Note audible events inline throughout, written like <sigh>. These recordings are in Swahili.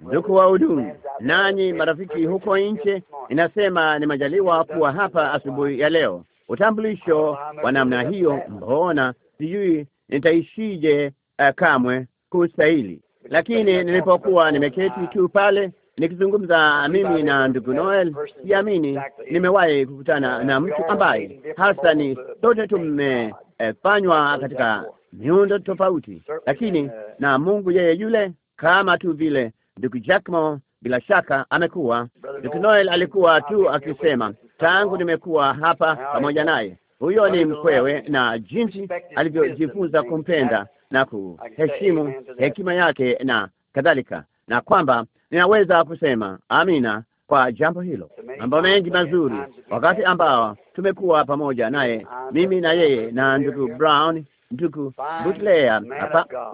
nduku wa udumu, nanyi marafiki huko nje, inasema nimejaliwa kuwa hapa asubuhi ya leo. Utambulisho wa namna hiyo, mbona sijui nitaishije uh, kamwe kustahili. Lakini nilipokuwa nimeketi tu pale nikizungumza mimi na ndugu Noel, siamini nimewahi kukutana na mtu ambaye hasa ni sote tumefanywa eh, katika miundo tofauti, lakini na Mungu yeye yule, kama tu vile Ndugu Jackmo bila shaka amekuwa. Ndugu Noel alikuwa tu akisema, tangu nimekuwa hapa pamoja naye. Huyo ni mkwewe, na jinsi alivyojifunza kumpenda na kuheshimu hekima yake na kadhalika, na kwamba ninaweza kusema amina kwa jambo hilo. Mambo mengi mazuri wakati ambao tumekuwa pamoja naye, mimi na yeye na ndugu Brown ndugu Butlea,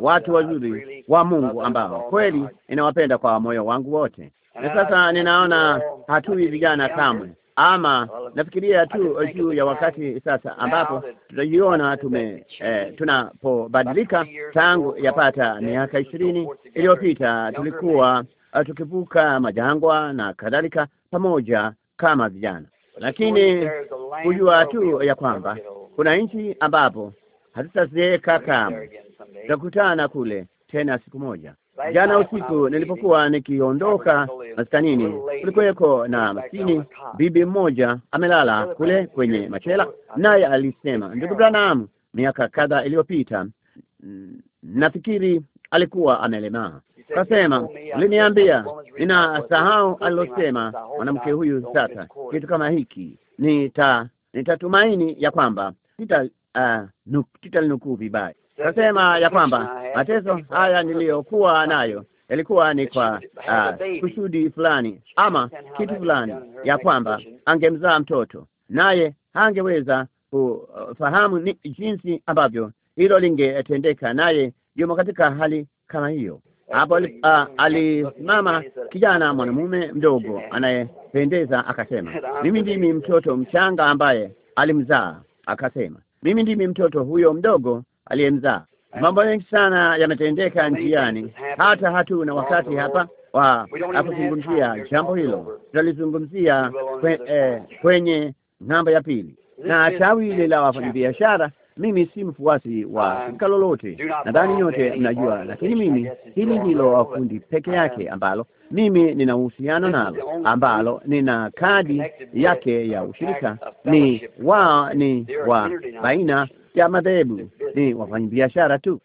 watu wazuri wa Mungu ambao kweli inawapenda kwa moyo wangu wote. Na sasa ninaona hatui vijana kamwe, ama nafikiria tu juu ya wakati sasa ambapo tutajiona tume eh, tunapobadilika. Tangu yapata miaka ishirini iliyopita tulikuwa tukivuka majangwa na kadhalika pamoja kama vijana, lakini kujua tu ya kwamba kuna nchi ambapo hatutazeeka kamwe, tutakutana kule tena siku moja. Jana usiku nilipokuwa nikiondoka maskanini, kulikuweko na maskini bibi mmoja amelala kule kwenye machela, naye alisema, ndugu Branham, miaka kadhaa iliyopita, nafikiri alikuwa amelemaa. Kasema, uliniambia nina sahau alilosema mwanamke huyu. Sasa kitu kama hiki nita- nitatumaini ya kwamba sita uh, ah, nuk, nukuu vibaya. Nasema ya kwamba mateso haya niliyokuwa nayo yalikuwa ni kwa uh, kusudi fulani ama kitu fulani, ya kwamba angemzaa mtoto naye hangeweza kufahamu ni jinsi ambavyo hilo lingetendeka, naye yumo katika hali kama hiyo. Hapo ah, alisimama kijana mwanamume mdogo anayependeza, akasema mimi ndimi mtoto mchanga ambaye alimzaa, akasema mimi ndimi mtoto huyo mdogo aliyemzaa. Eh. Mambo mengi sana yametendeka njiani, hata hatuna wakati hapa wa kuzungumzia jambo hilo. Tutalizungumzia kwenye, eh, kwenye namba ya pili na tawi ile la wafanyabiashara mimi si mfuasi wa um, shirika lolote, nadhani nyote mnajua, lakini mimi hili ndilo wafundi peke yake um, ambalo mimi nina uhusiano nalo, ambalo nina kadi yake ya ushirika. Ni wa ni wa baina ya madhehebu, ni biashara tu.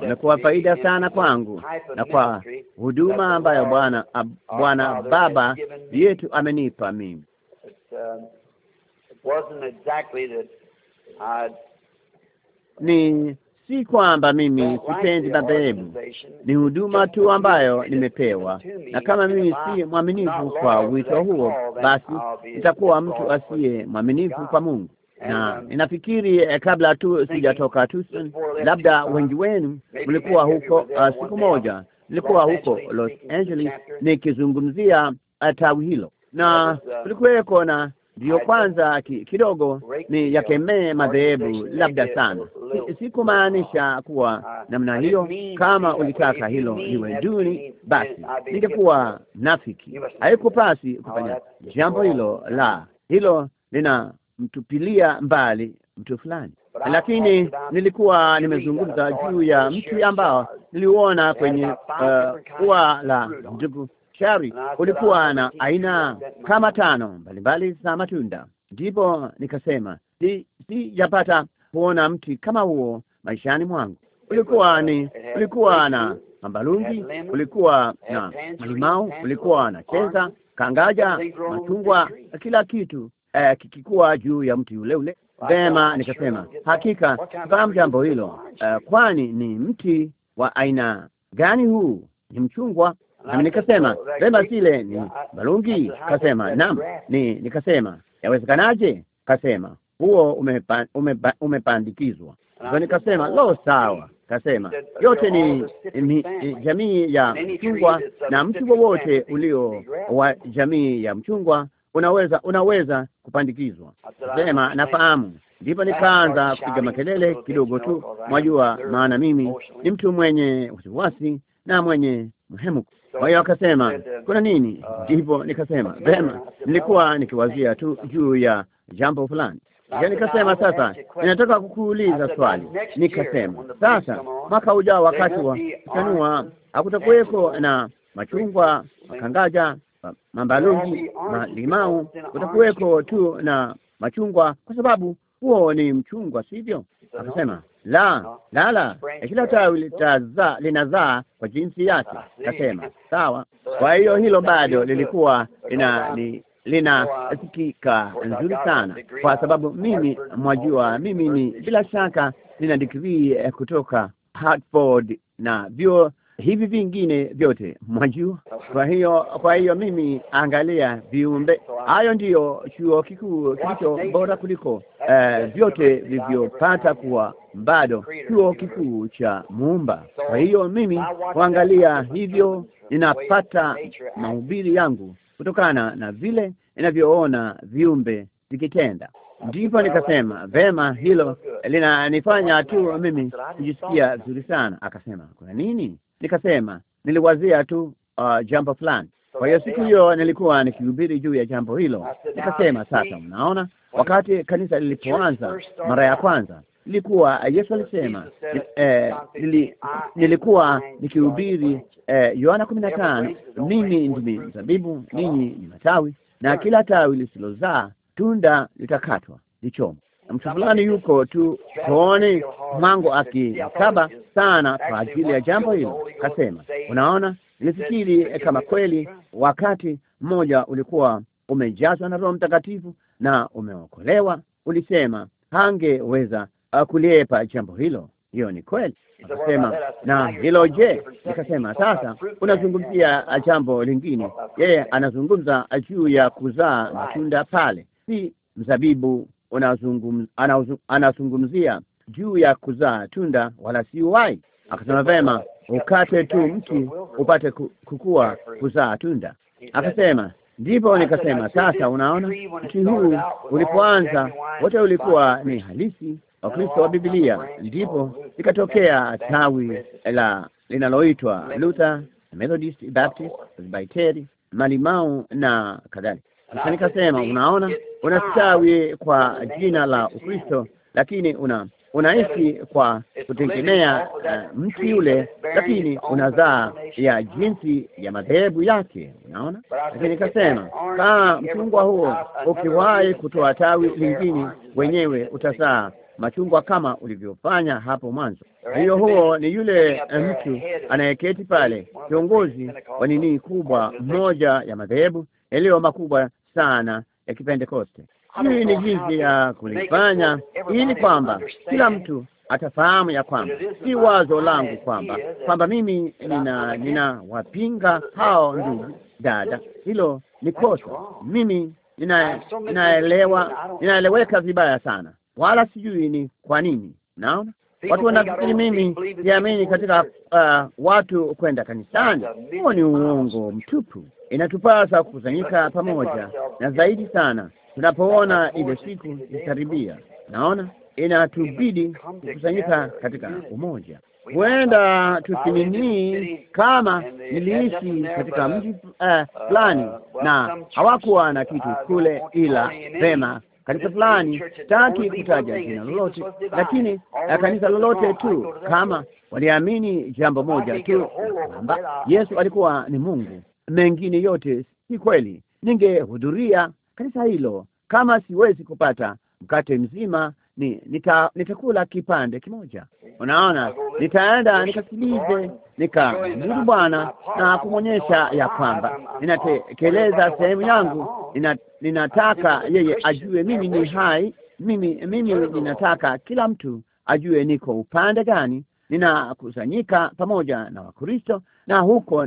Wamekuwa faida sana kwangu na kwa huduma ambayo Bwana Bwana Baba yetu amenipa mimi. Uh, ni si kwamba mimi sipendi madhehebu, ni huduma tu ambayo nimepewa, na kama mimi si mwaminifu kwa wito huo, basi nitakuwa mtu asiye mwaminifu kwa Mungu. Na ninafikiri eh, kabla tu sijatoka Tucson, labda wengi wenu mlikuwa huko. Uh, siku moja nilikuwa huko Los Angeles nikizungumzia ah, tawi hilo, na uh, kulikuweko na ndiyo kwanza ki, kidogo ni yakemee madhehebu labda sana. Sikumaanisha uh, kuwa uh, namna hiyo. Kama ulitaka hilo liwe duni, basi ningekuwa nafiki. Haikupasi kufanya jambo hilo, la hilo linamtupilia mbali mtu fulani, lakini nilikuwa nimezungumza juu ya mtu ambao niliuona kwenye uh, ua la ndugu daktari kulikuwa na aina kama tano mbalimbali za matunda, ndipo nikasema sijapata si kuona mti kama huo maishani mwangu. Ulikuwa uh, ni ulikuwa na mabalungi, ulikuwa na malimau, ulikuwa na cheza, kangaja, machungwa, kila kitu eh, kikikuwa juu ya mti ule ule. Vema, nikasema hakika fahamu jambo hilo eh, kwani ni mti wa aina gani huu? Ni mchungwa nami nikasema vema, sile ni balungi. Kasema naam, ni nikasema yawezekanaje? Kasema huo umepandikizwa. Ndio nikasema lo, sawa. Kasema yote ni jamii ya mchungwa, na mtu wowote ulio wa jamii ya mchungwa unaweza unaweza kupandikizwa. sema nafahamu. Ndipo nikaanza kupiga makelele kidogo tu, mwajua, maana mimi ni mtu mwenye wasiwasi na mwenye mhemuko. Kwa hiyo akasema kuna nini? Ndipo ah. nikasema vema, nilikuwa nikiwazia tu juu ya jambo fulani. Ya nikasema sasa, ninataka kukuuliza swali. Nikasema sasa, mwaka ujao wakati wa kuchanua hakutakuweko na machungwa, makangaja, mambalungi, malimau. Kutakuweko tu na machungwa, kwa sababu huo ni mchungwa, sivyo? Akasema Ah, la la la, kila tawi litazaa linazaa kwa jinsi ah, yake. Kasema sawa. Kwa hiyo hilo bado lilikuwa lina uh, ni uh, linasikika nzuri sana, kwa sababu uh, mimi mwajua, mimi ni bila shaka nina degree eh, kutoka Hartford na vyo hivi vingine vyote mwajua. Kwa hiyo kwa hiyo mimi angalia viumbe hayo, ndiyo chuo kikuu kilicho bora kuliko eh, vyote vilivyopata kuwa bado chuo kikuu cha Muumba. Kwa hiyo mimi kuangalia hivyo, ninapata mahubiri yangu kutokana na vile ninavyoona viumbe vikitenda. Ndipo nikasema vema, hilo linanifanya tu mimi kujisikia vizuri sana. Akasema kwa nini? nikasema niliwazia tu uh, jambo fulani. Kwa hiyo siku hiyo nilikuwa nikihubiri juu ya jambo hilo, nikasema sasa, mnaona, wakati kanisa lilipoanza mara ya kwanza ilikuwa uh, Yesu alisema eh, nili, nilikuwa nikihubiri eh, Yohana eh, kumi na tano, mimi ndimi mzabibu, ninyi ni matawi, na kila tawi lisilozaa tunda litakatwa lichoma mtu fulani yuko tu kooni mwangu akikaba sana kwa ajili ya jambo hilo. Kasema, unaona, nilifikiri eh, kama kweli wakati mmoja ulikuwa umejazwa na Roho Mtakatifu na umeokolewa, ulisema hangeweza eh, kuliepa jambo hilo. Hiyo ni kweli. Akasema, na hilo je? Nikasema, sasa unazungumzia eh, jambo lingine. Yeye anazungumza juu ya kuzaa matunda pale, si mzabibu anazungumzia juu ya kuzaa tunda wala si uwai. Akasema vema, ukate tu mti upate kukua kuzaa tunda. Akasema ndipo nikasema, sasa unaona, mti huu ulipoanza wote ulikuwa ni halisi wa Kristo wa Biblia, ndipo ikatokea tawi la linaloitwa Luther, Methodist, Baptist, Presbyteri, Malimau na kadhalika. Kisha nikasema, unaona, unastawi kwa jina la Ukristo, lakini una unaishi kwa kutegemea uh, mti yule, lakini unazaa ya jinsi ya madhehebu yake, unaona. Lakini nikasema kama ah, mchungwa huo ukiwahi kutoa tawi lingine, wenyewe utazaa machungwa kama ulivyofanya hapo mwanzo. Hiyo huo ni yule eh, mtu anayeketi pale, kiongozi wa nini kubwa moja ya madhehebu yaliyo makubwa sana ya Kipentekoste. Hii ni jinsi ya kulifanya ili kwamba kila mtu atafahamu ya kwamba si wazo langu kwamba kwamba mimi nina ninawapinga hao ndugu dada, hilo ni kosa. Mimi nina ninaelewa ninaeleweka vibaya sana, wala sijui ni kwa nini. Naona Watu wanafikiri mimi siamini katika uh, watu kwenda kanisani. Huo ni uongo mtupu. Inatupasa kukusanyika pamoja na zaidi sana tunapoona ile siku ikaribia. Naona inatubidi kukusanyika katika umoja. Huenda tusininii kama niliishi katika mji uh, fulani, uh, na hawakuwa na kitu uh, kule, ila vema kanisa fulani, sitaki kutaja jina lolote, lakini eh, kanisa lolote tu, kama waliamini jambo moja tu kwamba Yesu alikuwa ni Mungu, mengine yote si kweli, ningehudhuria kanisa hilo. Kama siwezi kupata mkate mzima ni, nita, nitakula kipande kimoja. Unaona, nitaenda nikasikilize nikamshukuru Bwana na kumwonyesha ya kwamba ninatekeleza sehemu yangu. ninataka yeye ajue mimi ni hai, mimi mimi ninataka kila mtu ajue niko upande gani. Ninakusanyika pamoja na Wakristo na huko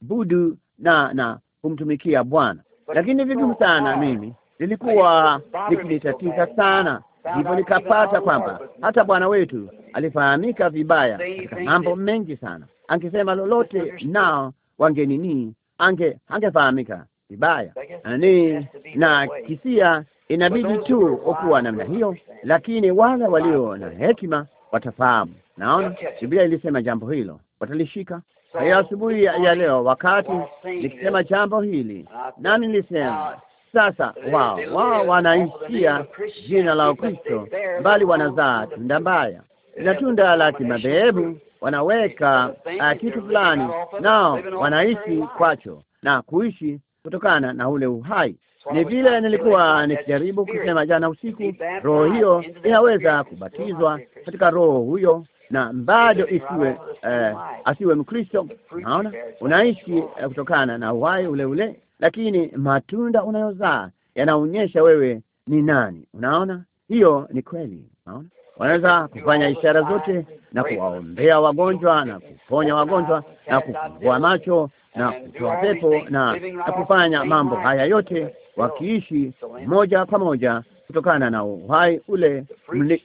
budu na na kumtumikia Bwana, lakini vigumu sana. Mimi nilikuwa nikinitatiza sana ndipo nikapata kwamba hata Bwana wetu alifahamika vibaya katika mambo mengi sana. Angesema lolote nao wangenini, ange angefahamika vibaya nani, na kisia inabidi tu kuwa namna hiyo, lakini wale walio na hekima watafahamu. Naona Biblia ilisema jambo hilo, watalishika. Kwa hiyo asubuhi ya leo, wakati nikisema jambo hili, nami nilisema sasa wao wao wanaishia jina la Ukristo, bali wanazaa tunda mbaya na tunda la kimadhehebu. Wanaweka uh, kitu fulani, nao wanaishi kwacho na kuishi kutokana na ule uhai. Ni vile nilikuwa nikijaribu kusema jana usiku, roho hiyo inaweza kubatizwa katika roho huyo na bado isiwe uh, asiwe Mkristo. naona unaishi uh, kutokana na uhai ule ule lakini matunda unayozaa yanaonyesha wewe ni nani. Unaona, hiyo ni kweli. Unaona, wanaweza kufanya ishara zote na kuwaombea wagonjwa na kuponya wagonjwa na kufungua macho na kutoa pepo na, na kufanya mambo haya yote wakiishi moja kwa moja kutokana na uhai ule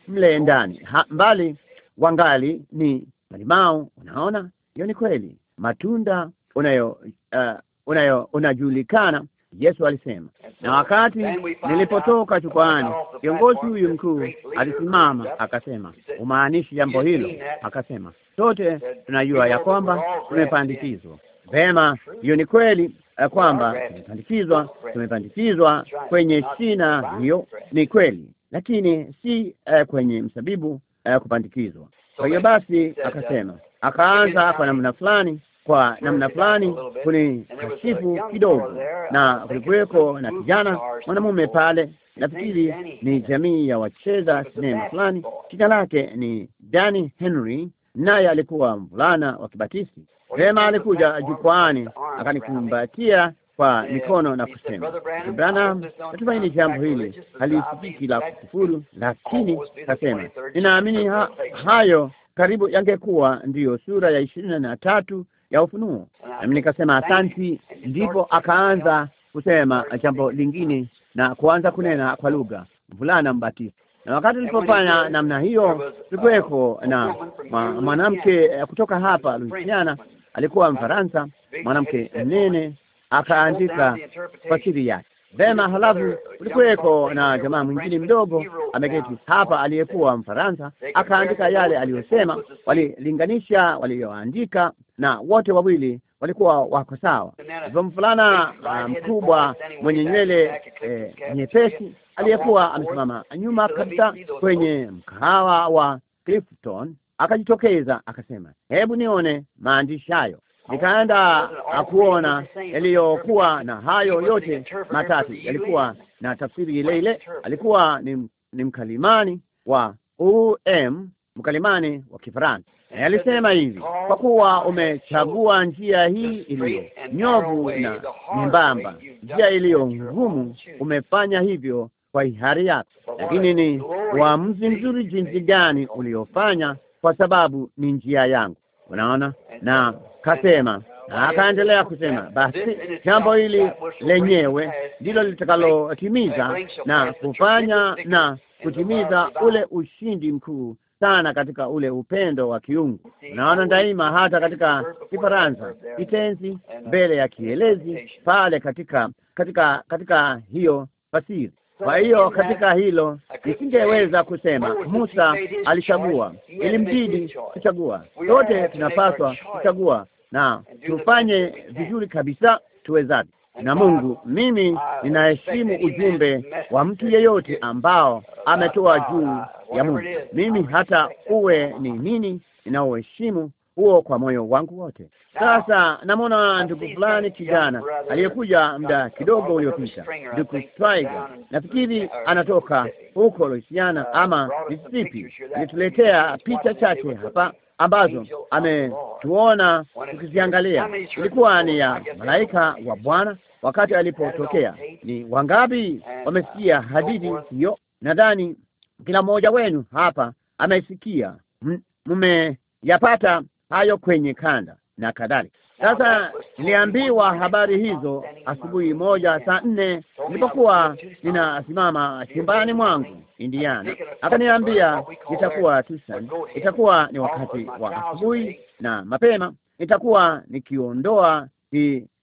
mle, ndani ha, mbali wangali ni malimao. Unaona, hiyo ni kweli. Matunda unayo uh, unayo unajulikana. Yesu alisema, na wakati nilipotoka chukwani, kiongozi huyu mkuu alisimama akasema, umaanishi jambo hilo? Akasema, sote tunajua ya kwamba tumepandikizwa. Vema, hiyo ni kweli ya kwamba tumepandikizwa, tumepandikizwa kwenye shina, hiyo ni kweli, lakini si uh, kwenye msabibu uh, kupandikizwa. Kwa hiyo basi, uh, akasema, akaanza kwa namna fulani kwa namna fulani kuni kunikasifu kidogo, na kulikuwepo na kijana mwanamume pale, nafikiri ni jamii ya wacheza sinema fulani, jina lake ni Danny Henry, naye alikuwa mvulana wa Kibatisti. Vema, alikuja jukwaani akanikumbatia kwa mikono na kusema, Branham, natumaini jambo hili halisikiki la kufuru, lakini kasema, ninaamini ha hayo karibu yangekuwa ndiyo sura ya ishirini na tatu ya ufunuo. Nami nikasema asanti. Ndipo akaanza kusema jambo lingine na kuanza kunena kwa lugha, mvulana mbatisi Na wakati nilipofanya namna hiyo, uh, tulikuweko na mwanamke eh, kutoka hapa Louisiana, alikuwa Mfaransa, mwanamke mnene, akaandika fasiri yake Vema, halafu kulikuweko na jamaa mwingine mdogo ameketi hapa, aliyekuwa Mfaransa, akaandika yale aliyosema, walilinganisha waliyoandika, na wote wawili walikuwa wako sawa. Hivyo mfulana ah, mkubwa mwenye nywele eh, nyepesi aliyekuwa amesimama nyuma kabisa kwenye mkahawa wa Clifton akajitokeza akasema, hebu nione maandishi hayo nikaenda kuona yaliyokuwa na hayo yote matatu yalikuwa na tafsiri ile ile. Alikuwa ni, ni mkalimani wa um mkalimani wa Kifaransa na alisema hivi, kwa kuwa umechagua njia hii iliyo nyovu na nyembamba, njia iliyo ngumu, umefanya hivyo kwa hiari yako, lakini ni uamuzi mzuri jinsi gani uliofanya, kwa sababu ni njia yangu. Unaona na kasema na akaendelea kusema, basi jambo hili lenyewe ndilo litakalotimiza na kufanya na kutimiza ule ushindi mkuu sana katika ule upendo wa kiungu. Unaona, daima hata katika Kifaransa kitenzi mbele ya kielezi pale katika katika katika hiyo fasiri. Kwa hiyo katika hilo nisingeweza kusema Musa alichagua, ilimbidi kuchagua. Sote tunapaswa kuchagua na tufanye vizuri kabisa tuwezavyo. Na Mungu, mimi ninaheshimu ujumbe wa mtu yeyote ambao uh, ametoa juu uh, ya Mungu. Mimi hata uwe ni nini, ninaoheshimu huo kwa moyo wangu wote. Sasa namwona ndugu fulani kijana aliyekuja muda kidogo uliopita, ndugu Striga, nafikiri uh, anatoka huko Louisiana ama Mississippi. Nituletea picha chache hapa ambazo uh, ametuona tukiziangalia ilikuwa ni ya malaika wa Bwana wakati alipotokea. Ni wangapi wamesikia uh, hadithi hiyo? Nadhani kila mmoja wenu hapa amesikia, mmeyapata hayo kwenye kanda na kadhalika. Sasa niliambiwa habari hizo asubuhi moja saa nne nilipokuwa ninasimama chumbani mwangu Indiana. Akaniambia nitakuwa Tucson, itakuwa ni wakati wa asubuhi na mapema, nitakuwa nikiondoa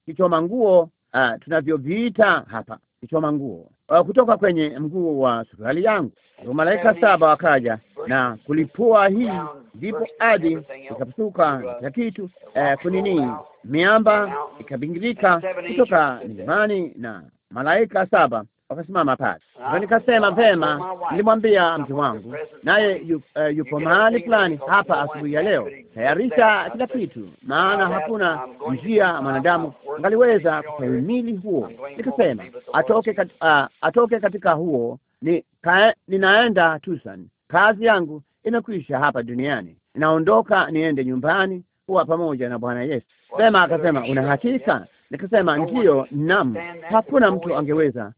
kichoma nguo uh, tunavyoviita hapa kichoma nguo uh, kutoka kwenye mguu wa suruali yangu. Malaika saba wakaja na kulipua hii, ndipo ardhi ikapasuka na kitu eh, kunini, miamba ikabingirika kutoka milimani na malaika saba wakasimama pale. Nikasema vema, nilimwambia mtu wangu, naye eh, yupo mahali fulani hapa asubuhi ya leo, tayarisha kila kitu, maana hakuna njia mwanadamu angaliweza kustahimili huo. Nikasema atoke, kat, uh, atoke katika huo ni, ninaenda Tucson kazi yangu imekwisha hapa duniani, naondoka niende nyumbani kuwa pamoja na Bwana Yesu. Sema akasema, una hakika? Nikasema ndiyo, nam, Hakuna mtu angeweza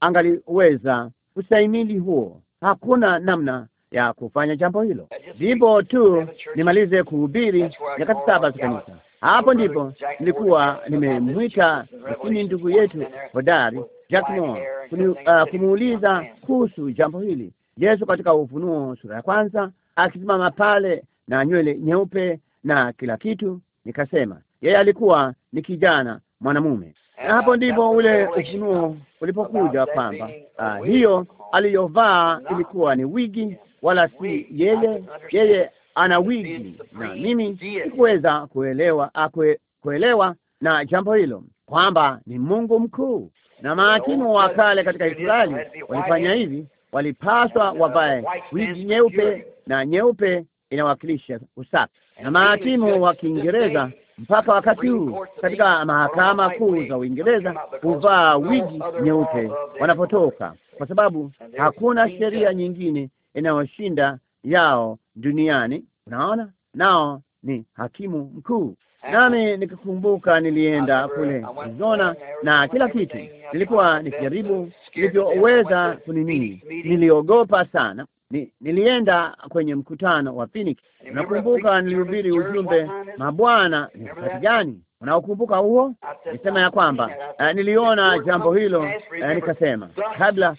angaliweza kusaimili huo, hakuna namna ya kufanya jambo hilo. Ndipo tu nimalize kuhubiri nyakati saba za kanisa, hapo ndipo nilikuwa nimemwita lakini ndugu yetu hodari Jack Moore uh, kumuuliza kuhusu jambo hili Yesu katika Ufunuo sura ya kwanza akisimama pale na nywele nyeupe na kila kitu, nikasema yeye alikuwa ni kijana mwanamume. Na hapo ndipo ule ufunuo ulipokuja kwamba ah, hiyo aliyovaa ilikuwa ni wigi, wala si yeye. Yeye ana wigi, na mimi sikuweza kuelewa akwe, ah, kuelewa na jambo hilo kwamba ni Mungu mkuu, na mahakimu wa kale katika Israeli walifanya hivi walipaswa uh, wavae wigi nyeupe, na nyeupe inawakilisha usafi. Na mahakimu wa Kiingereza mpaka wakati huu katika mahakama kuu za Uingereza huvaa wigi nyeupe wanapotoka, kwa sababu hakuna sheria nyingine inayoshinda yao duniani. Unaona, nao ni hakimu mkuu nami nikikumbuka, nilienda kule Arizona na kila kitu nilikuwa nikijaribu nilivyoweza kuninii, niliogopa sana ni, nilienda kwenye mkutano wa Phoenix. Unakumbuka nilihubiri ujumbe mabwana ni wakati gani? Unaokumbuka huo? Nisema ya kwamba uh, niliona jambo hilo uh, nikasema kabla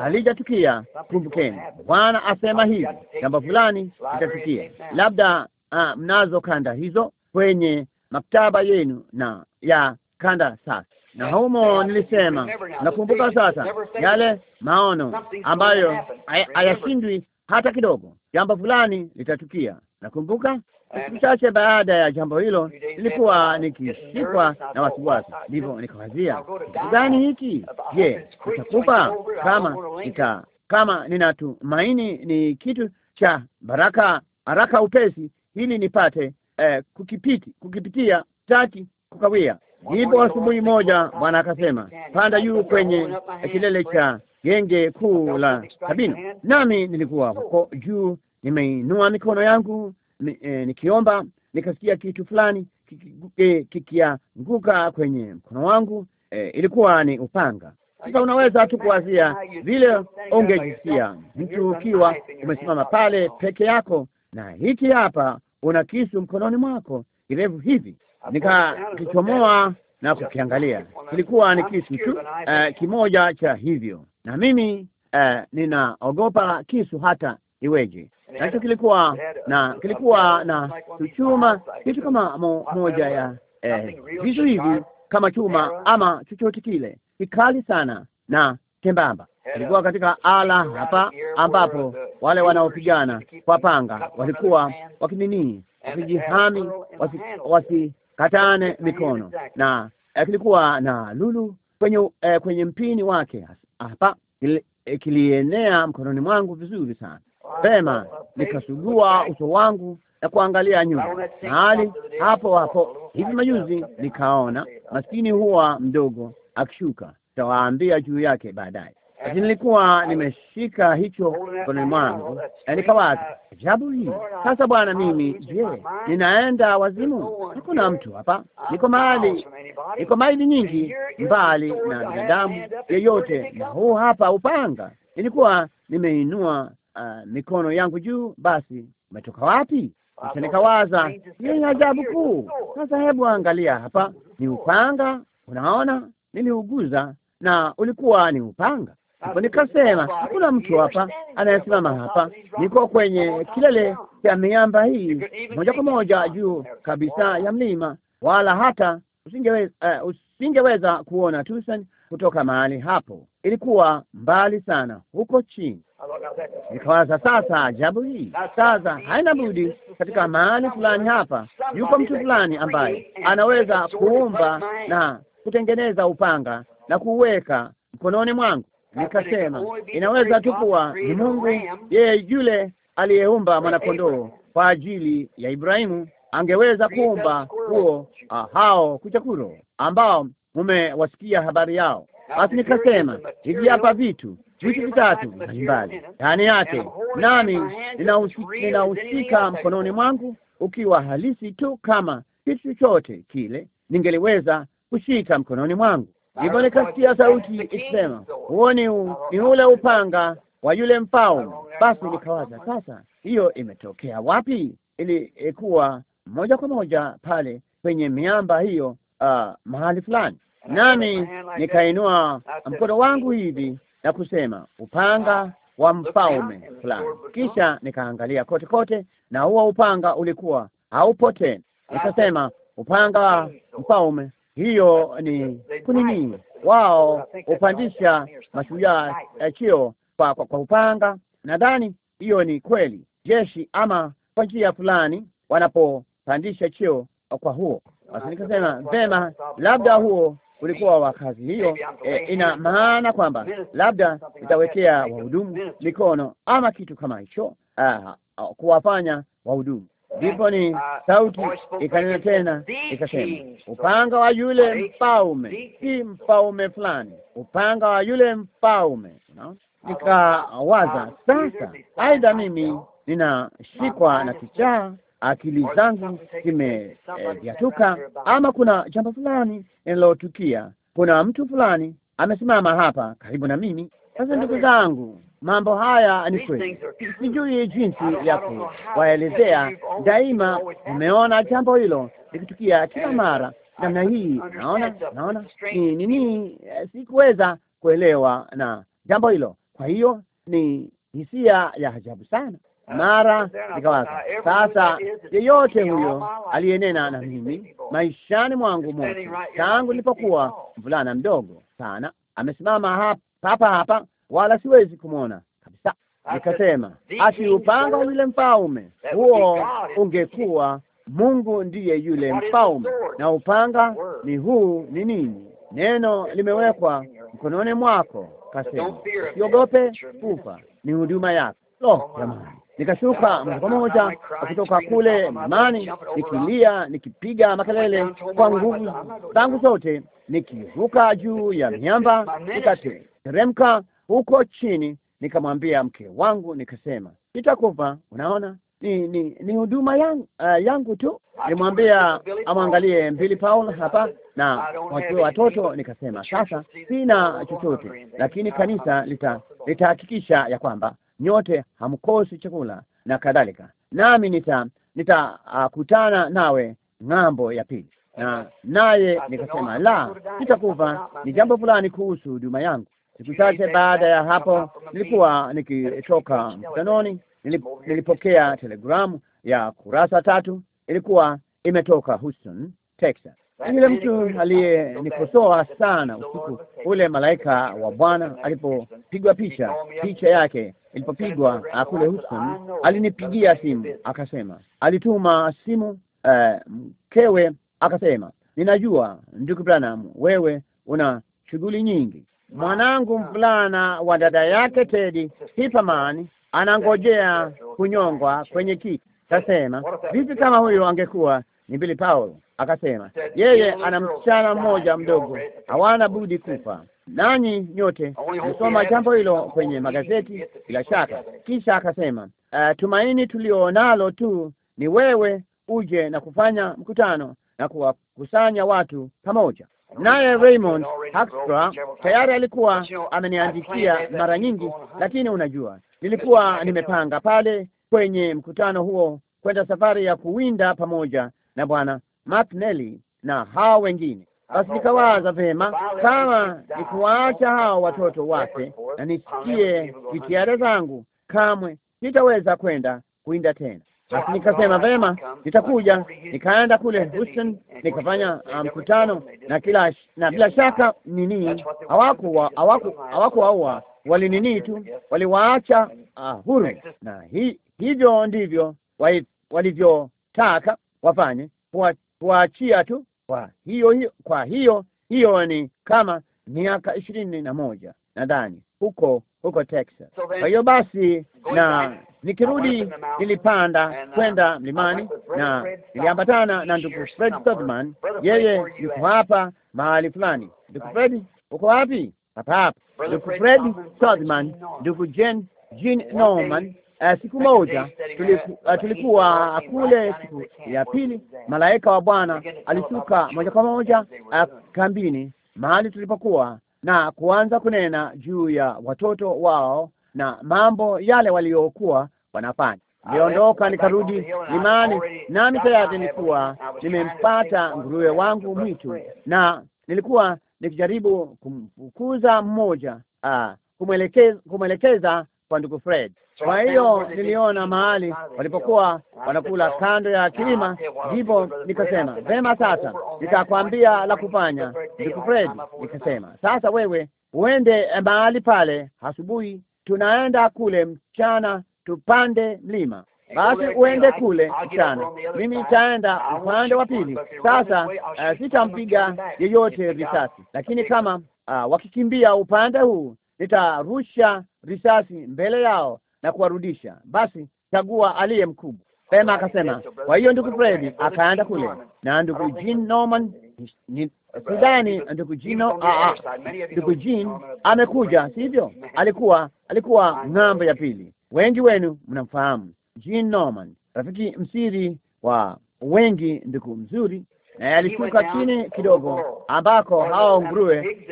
halijatukia, kumbukeni, Bwana asema hivi, jambo fulani litatukia. Labda uh, mnazo kanda hizo kwenye maktaba yenu na ya kanda sasa na humo nilisema, nakumbuka sasa yale maono ambayo hayashindwi hata kidogo. Jambo fulani litatukia. Nakumbuka siku chache baada ya jambo hilo nilikuwa nikishikwa na wasiwasi, ndivyo nikawazia kitu gani hiki? Je, nitakufa? Kama nita kama ninatumaini ni kitu cha baraka haraka upesi, ili nipate eh, kukipiti kukipitia tati kukawia. Hivyo asubuhi moja Bwana akasema, panda juu kwenye kilele cha genge kuu la Sabina, nami nilikuwa huko juu, nimeinua mikono yangu mi, eh, nikiomba, nikasikia kitu fulani kikianguka eh, kwenye mkono wangu eh, ilikuwa ni upanga. Sasa unaweza tu kuwazia vile ungejisikia mtu ukiwa umesimama pale peke yako, na hiki hapa una kisu mkononi mwako kirefu hivi. Nikakichomoa na kukiangalia, kilikuwa ni kisu tu uh, kimoja cha hivyo, na mimi uh, ninaogopa kisu hata iweje. Nacho kilikuwa na kilikuwa na chuma kitu kama mo, moja ya eh, vitu hivi kama chuma ama chochote kile, kikali sana na tembamba Ilikuwa katika ala hapa ambapo wale wanaopigana kwa panga walikuwa wakinini, wakijihami, wasikatane wasi mikono, na eh, kilikuwa na lulu kwenye eh, kwenye mpini wake hapa eh, kilienea mkononi mwangu vizuri sana pema, nikasugua uso wangu na kuangalia nyuma mahali hapo hapo. Hivi majuzi nikaona maskini huwa mdogo akishuka, tawaambia juu yake baadaye lakini nilikuwa nimeshika hicho mkononi mwangu nikawaza, yaani ajabu hii sasa. Bwana, mimi je, ninaenda wazimu? Hakuna mtu hapa, niko mahali, niko maili nyingi mbali na binadamu yeyote, na huu hapa upanga. Nilikuwa nimeinua uh, mikono yangu juu, basi umetoka wapi? Kisha nikawaza hii ajabu kuu. Sasa hebu angalia hapa, ni upanga, unaona, niliuguza na ulikuwa ni upanga Nikasema hakuna mtu hapa anayesimama hapa, niko kwenye kilele cha miamba hii moja kwa moja juu kabisa ya mlima, wala hata usingeweza, uh, eh, usingeweza kuona Tucson kutoka mahali hapo, ilikuwa mbali sana huko chini. Nikawaza sasa, ajabu hii sasa haina budi, katika mahali fulani hapa yuko mtu fulani ambaye anaweza kuumba na kutengeneza upanga na kuweka mkononi mwangu nikasema inaweza tu kuwa ni Mungu yeye yule aliyeumba mwanakondoo kwa ajili ya Ibrahimu angeweza kuumba huo ah, hao kuchakuro ambao mumewasikia habari yao. Basi nikasema hivi, hapa vitu vitu vitatu mbalimbali ndani yake, nami ninahusika mkononi mwangu, ukiwa halisi tu kama kitu chochote kile ningeliweza kushika mkononi mwangu. Ndipo nikasikia sauti ikisema, huo ni ule upanga wa yule mfalme. Basi nikawaza sasa, hiyo imetokea wapi? Ilikuwa eh, moja kwa moja pale kwenye miamba hiyo, uh, mahali fulani, nami nikainua mkono wangu hivi na kusema upanga wa mfalme fulani. Kisha nikaangalia kote kote, na huo upanga ulikuwa haupo tena. Nikasema upanga wa mfalme hiyo ni kunini, wao hupandisha mashujaa ya cheo kwa, kwa, kwa upanga. Nadhani hiyo ni kweli jeshi, ama kwa njia fulani wanapopandisha cheo kwa huo. Basi nikasema vema, labda huo ulikuwa wa kazi hiyo. E, ina maana kwamba labda itawekea wahudumu mikono ama kitu kama hicho, ah, kuwafanya wahudumu Ndipo ni uh, sauti ikanena tena ikasema, upanga wa yule mfalme, si mfalme fulani, upanga wa yule mfalme. Nikawaza uh, sasa, aidha mimi ninashikwa uh, na kichaa, akili zangu zimeviatuka, eh, ama kuna jambo fulani linalotukia. Kuna mtu fulani amesimama hapa karibu na mimi. Sasa ndugu zangu Mambo haya ni kweli, sijui jinsi ya kuwaelezea. Daima umeona jambo hilo likitukia kila mara namna hii, naona naona ni nini, sikuweza kuelewa na jambo hilo. Kwa hiyo ni hisia ya ajabu sana. Uh, mara nikawaza uh, sasa, yeyote huyo aliyenena na mimi maishani mwangu mote tangu nilipokuwa mvulana mdogo sana, amesimama hapa hapa wala siwezi kumwona kabisa. Nikasema ati upanga yule mfalme huo ungekuwa Mungu ndiye yule mfalme, na upanga ni huu. Ni nini? Neno limewekwa mkononi mwako. Kasema siogope kufa, ni huduma yako. Lo, jamani! Nikashuka moja kwa moja kutoka kule mlimani, nikilia, nikipiga makelele kwa nguvu zangu zote, nikivuka juu ya miamba, nikateremka huko chini, nikamwambia mke wangu nikasema, nitakufa. Unaona, ni ni ni huduma yangu, uh, eh, yangu tu. Nilimwambia amwangalie Billy Paul hapa na wakiwa watoto, nikasema sasa sina chochote, lakini kanisa lita litahakikisha ya kwamba nyote hamkosi chakula na kadhalika, nami nita nitakutana ah, uh, nawe ng'ambo ya pili na naye nikasema, la, sitakufa. Ni jambo fulani kuhusu huduma yangu. Siku chache baada ya hapo, nilikuwa nikitoka mkutanoni, nilipokea telegramu ya kurasa tatu. Ilikuwa imetoka Houston, Texas. Yule mtu aliyenikosoa sana usiku ule, malaika wa Bwana alipopigwa picha picha yake ilipopigwa kule Houston, alinipigia simu akasema, alituma simu uh, mkewe akasema, ninajua ndugu Branham, wewe una shughuli nyingi, mwanangu mvulana wa dada yake Teddy Hipperman anangojea kunyongwa kwenye kiti. Kasema vipi kama huyo angekuwa ni Billy Paul? Akasema yeye ana msichana mmoja mdogo, hawana budi kufa. Nanyi nyote msoma jambo hilo kwenye magazeti bila shaka. Kisha akasema uh, tumaini tulionalo tu ni wewe uje na kufanya mkutano na kuwakusanya watu pamoja naye Raymond Hoekstra tayari alikuwa ameniandikia mara nyingi, lakini unajua, nilikuwa nimepanga pale kwenye mkutano huo kwenda safari ya kuwinda pamoja na bwana Mark Nelly na hao wengine. Basi nikawaza vema, kama nikuwaacha hao watoto wake na nisikie jitihada zangu, kamwe nitaweza kwenda kuwinda tena. Basi nikasema vema, nitakuja. Nikaenda kule Houston nikafanya uh, mkutano, um, na kila na bila shaka nini, hawakuwa hawakuwaua, wali nini tu waliwaacha uh, huru, na hi, hivyo ndivyo walivyotaka wafanye, kuwaachia tu. Kwa hiyo hiyo, kwa hiyo hiyo ni kama miaka ishirini na moja nadhani huko huko Texas. Kwa hiyo basi na Nikirudi nilipanda uh, kwenda mlimani na niliambatana na ndugu Fred Stockman. Yeye yuko hapa mahali fulani. Ndugu Fred, uko wapi? Hapa hapa. Ndugu Fred Stockman, ndugu Jen Jean Norman. Uh, siku moja tuliku, uh, eh, tulikuwa kule siku ya pili, malaika wa Bwana alishuka moja kwa moja uh, kambini mahali tulipokuwa na kuanza kunena juu ya watoto wao na mambo yale waliokuwa wanafanya. Ah, Niliondoka nikarudi limani, nami tayari nilikuwa nimempata nguruwe wangu mwitu, na nilikuwa nikijaribu kumfukuza mmoja, uh, kumwelekeza kumwelekeza kwa ndugu Fred. Kwa hiyo niliona mahali walipokuwa wanakula kando ya kilima, ndipo nikasema vema, sasa nitakwambia la kufanya, ndugu Fred. Nikasema sasa, wewe uende mahali pale asubuhi, tunaenda kule mchana tupande mlima eh, basi uende kule sana mimi nitaenda ah, upande wa pili. Sasa uh, sitampiga yeyote risasi, lakini kama uh, wakikimbia upande huu, nitarusha risasi mbele yao na kuwarudisha. Basi chagua aliye mkubwa, pema Akasema kwa hiyo ndugu fredi akaenda kule na ndugu Jean Norman ni sidhani ndugu Jino, ah, ndugu Jean amekuja, sivyo? Alikuwa alikuwa ng'ambo ya pili Wengi wenu mnamfahamu Jean Norman, rafiki msiri wa wengi, ndugu mzuri, naye alishuka chini kidogo, ambako hao nguruwe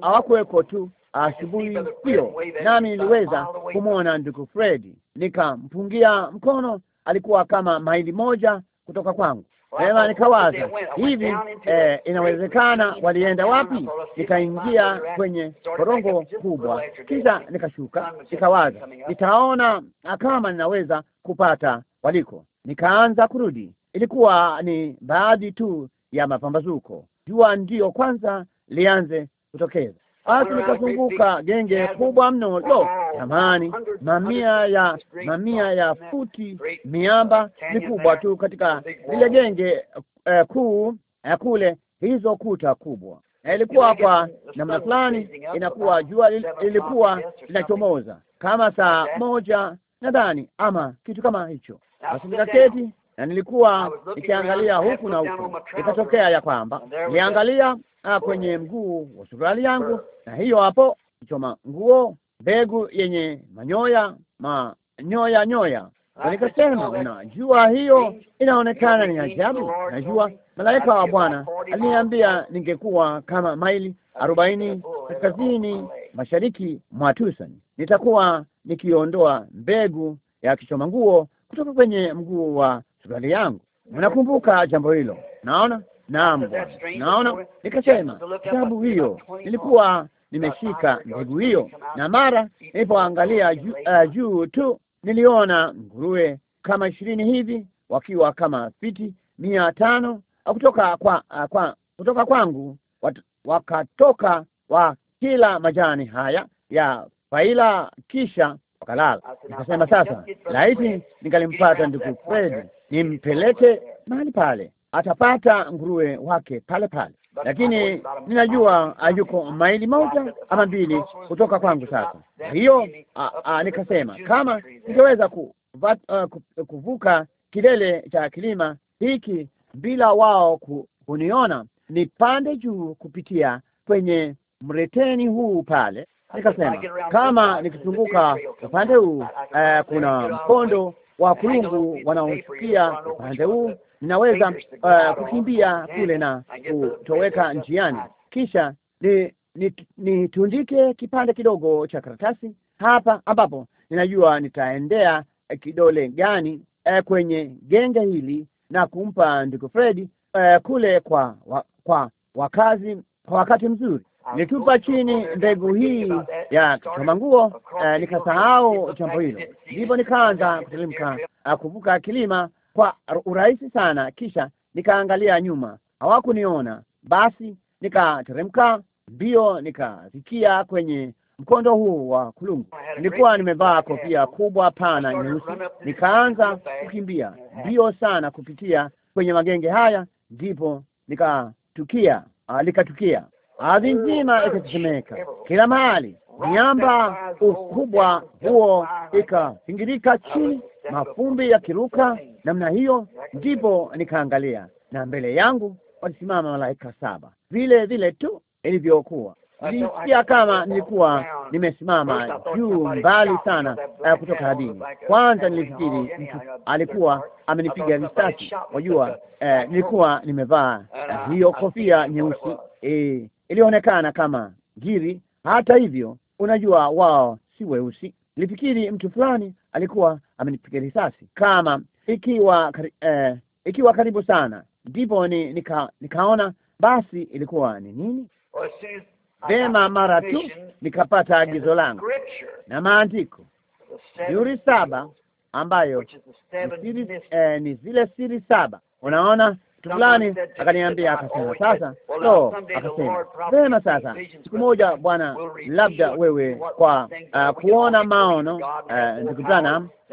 hawakuweko tu asubuhi hiyo, nami niliweza kumwona ndugu Fredi, nikampungia mkono. Alikuwa kama maili moja kutoka kwangu. Ema nikawaza hivi, eh, inawezekana walienda wapi? Nikaingia kwenye korongo kubwa, kisha nikashuka, nikawaza nitaona kama ninaweza kupata waliko. Nikaanza kurudi, ilikuwa ni baadhi tu ya mapambazuko, jua ndiyo kwanza lianze kutokeza basi nikazunguka genge kubwa mno. Lo, jamani, mamia ya mamia ya futi, miamba mikubwa tu katika lile genge uh, kuu uh, kule hizo kuta kubwa na eh, ilikuwa kwa namna fulani, inakuwa jua lilikuwa linachomoza kama saa moja nadhani, ama kitu kama hicho. Basi nikaketi na nilikuwa nikiangalia huku na huku, ikatokea ya kwamba niliangalia ah, kwenye mguu wa suruali yangu, na hiyo hapo kichoma nguo mbegu yenye manyoya manyoya nyoya. Nikasema, unajua, hiyo inaonekana ni ajabu. Najua malaika wa Bwana aliniambia ningekuwa kama maili arobaini oh, kaskazini mashariki mwa Tucson, nitakuwa nikiondoa mbegu ya kichoma nguo kutoka kwenye mguu wa suruali yangu. Mnakumbuka jambo hilo? Naona naam, naona nikasema, sababu hiyo nilikuwa nimeshika mbegu hiyo, na mara nilipoangalia uh, juu uh, tu niliona nguruwe kama ishirini hivi wakiwa kama fiti mia tano kutoka kwa, uh, kwa kutoka kwangu wat, wakatoka wa kila majani haya ya faila kisha wakalala. Nikasema sasa laiti ningalimpata ndugu Fredi nimpeleke mahali pale, atapata nguruwe wake pale pale, lakini ninajua yuko maili moja ama mbili kutoka kwangu. Sasa hiyo nikasema, kama ningeweza ku, uh, kuvuka kilele cha kilima hiki bila wao kuniona, nipande juu kupitia kwenye mreteni huu pale. Nikasema kama nikizunguka upande huu, uh, kuna mkondo wakulungu wanaosikia upande huu, ninaweza uh, kukimbia kule na kutoweka njiani, kisha nitundike ni, ni kipande kidogo cha karatasi hapa ambapo ninajua nitaendea kidole gani uh, kwenye genge hili na kumpa ndugu Fredi uh, kule kwa wa, kwa wakazi kwa wakati mzuri nitupa chini mbegu hii ya kitoma nguo eh, nikasahau jambo hilo, ndipo nikaanza kutelemka eh, kuvuka kilima kwa urahisi sana. Kisha nikaangalia nyuma, hawakuniona. Basi nikateremka mbio, nikafikia kwenye mkondo huu wa kulungu. Nilikuwa nimevaa kofia kubwa pana nyeusi, nikaanza kukimbia mbio sana kupitia kwenye magenge haya, ndipo nikatukia eh, likatukia ardhi nzima ikatetemeka kila mahali, miamba ukubwa huo ikafingirika chini, mafumbi yakiruka namna hiyo. Ndipo nikaangalia na mbele yangu walisimama malaika saba, vile vile tu ilivyokuwa. Nilisikia kama nilikuwa nimesimama juu mbali sana eh, kutoka hadini. Kwanza nilifikiri mtu alikuwa amenipiga risasi, wajua. Eh, nilikuwa nimevaa eh, hiyo kofia nyeusi eh, ilionekana kama ngiri. Hata hivyo, unajua wao si weusi. Nilifikiri mtu fulani alikuwa amenipiga risasi kama ikiwa eh, ikiwa karibu sana, ndipo ni, nika, nikaona basi ilikuwa ni nini vema. Mara tu nikapata agizo langu na maandiko yuri saba ambayo ni, siri, eh, ni zile siri saba. Unaona mtu fulani akaniambia, akasema sasa, lo, akasema vema, sasa siku moja Bwana, labda wewe kwa uh, kuona maono uh, ndugu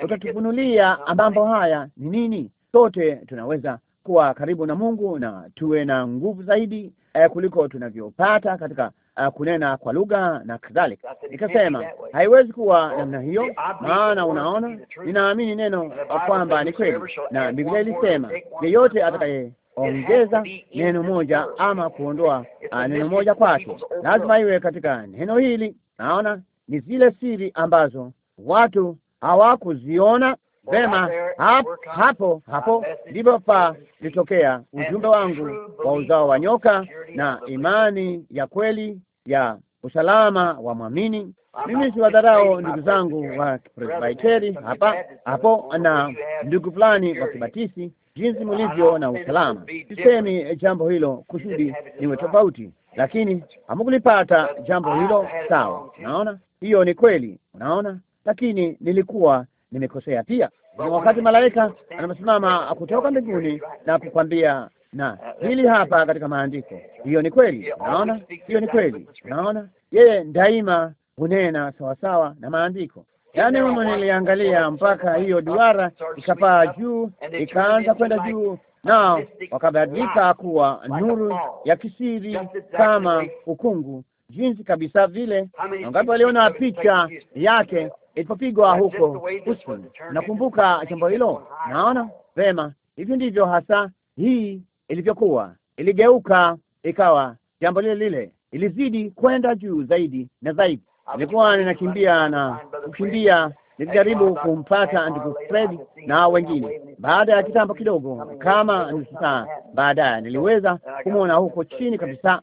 utatufunulia mambo haya ni nini. Sote tunaweza kuwa karibu na Mungu na tuwe na nguvu zaidi uh, kuliko tunavyopata katika uh, kunena kwa lugha na kadhalika. Nikasema haiwezi kuwa namna hiyo, maana unaona, ninaamini neno kwamba ni kweli, na Biblia ilisema yeyote atakaye ongeza neno moja ama kuondoa uh, neno moja kwake lazima iwe katika neno hili. Naona ni zile siri ambazo watu hawakuziona vema. Hap, hapo hapo ndipo pa litokea ujumbe wangu wa uzao wa nyoka na imani ya kweli ya usalama wa mwamini. Mimi si wadharau ndugu zangu wa Presbiteri hapa hapo na ndugu fulani wa Kibatisi, jinsi mlivyo na usalama. Sisemi jambo hilo kusudi niwe tofauti, lakini hamkulipata jambo hilo sawa. Unaona, hiyo ni kweli, unaona, lakini nilikuwa nimekosea pia. Ni wakati malaika anaposimama kutoka mbinguni na kukwambia na uh, hili hapa katika maandiko. Hiyo ni kweli, naona hiyo ni kweli, naona yeye daima hunena sawasawa na maandiko. Yaani humo niliangalia mpaka hiyo duara ikapaa juu, ikaanza kwenda juu, nao wakabadilika kuwa nuru ya kisiri kama ukungu, jinsi kabisa vile. Wangapi waliona picha yake ilipopigwa huko usiku? Nakumbuka jambo hilo, naona vema. Hivi ndivyo hasa hii ilivyokuwa, iligeuka ikawa jambo lile lile, ilizidi kwenda juu zaidi na zaidi. Nilikuwa ninakimbia na kukimbia, nilijaribu kumpata ndugu Fred na wengine. Baada ya kitambo kidogo, kama nusu saa baadaye, niliweza kumwona huko chini kabisa,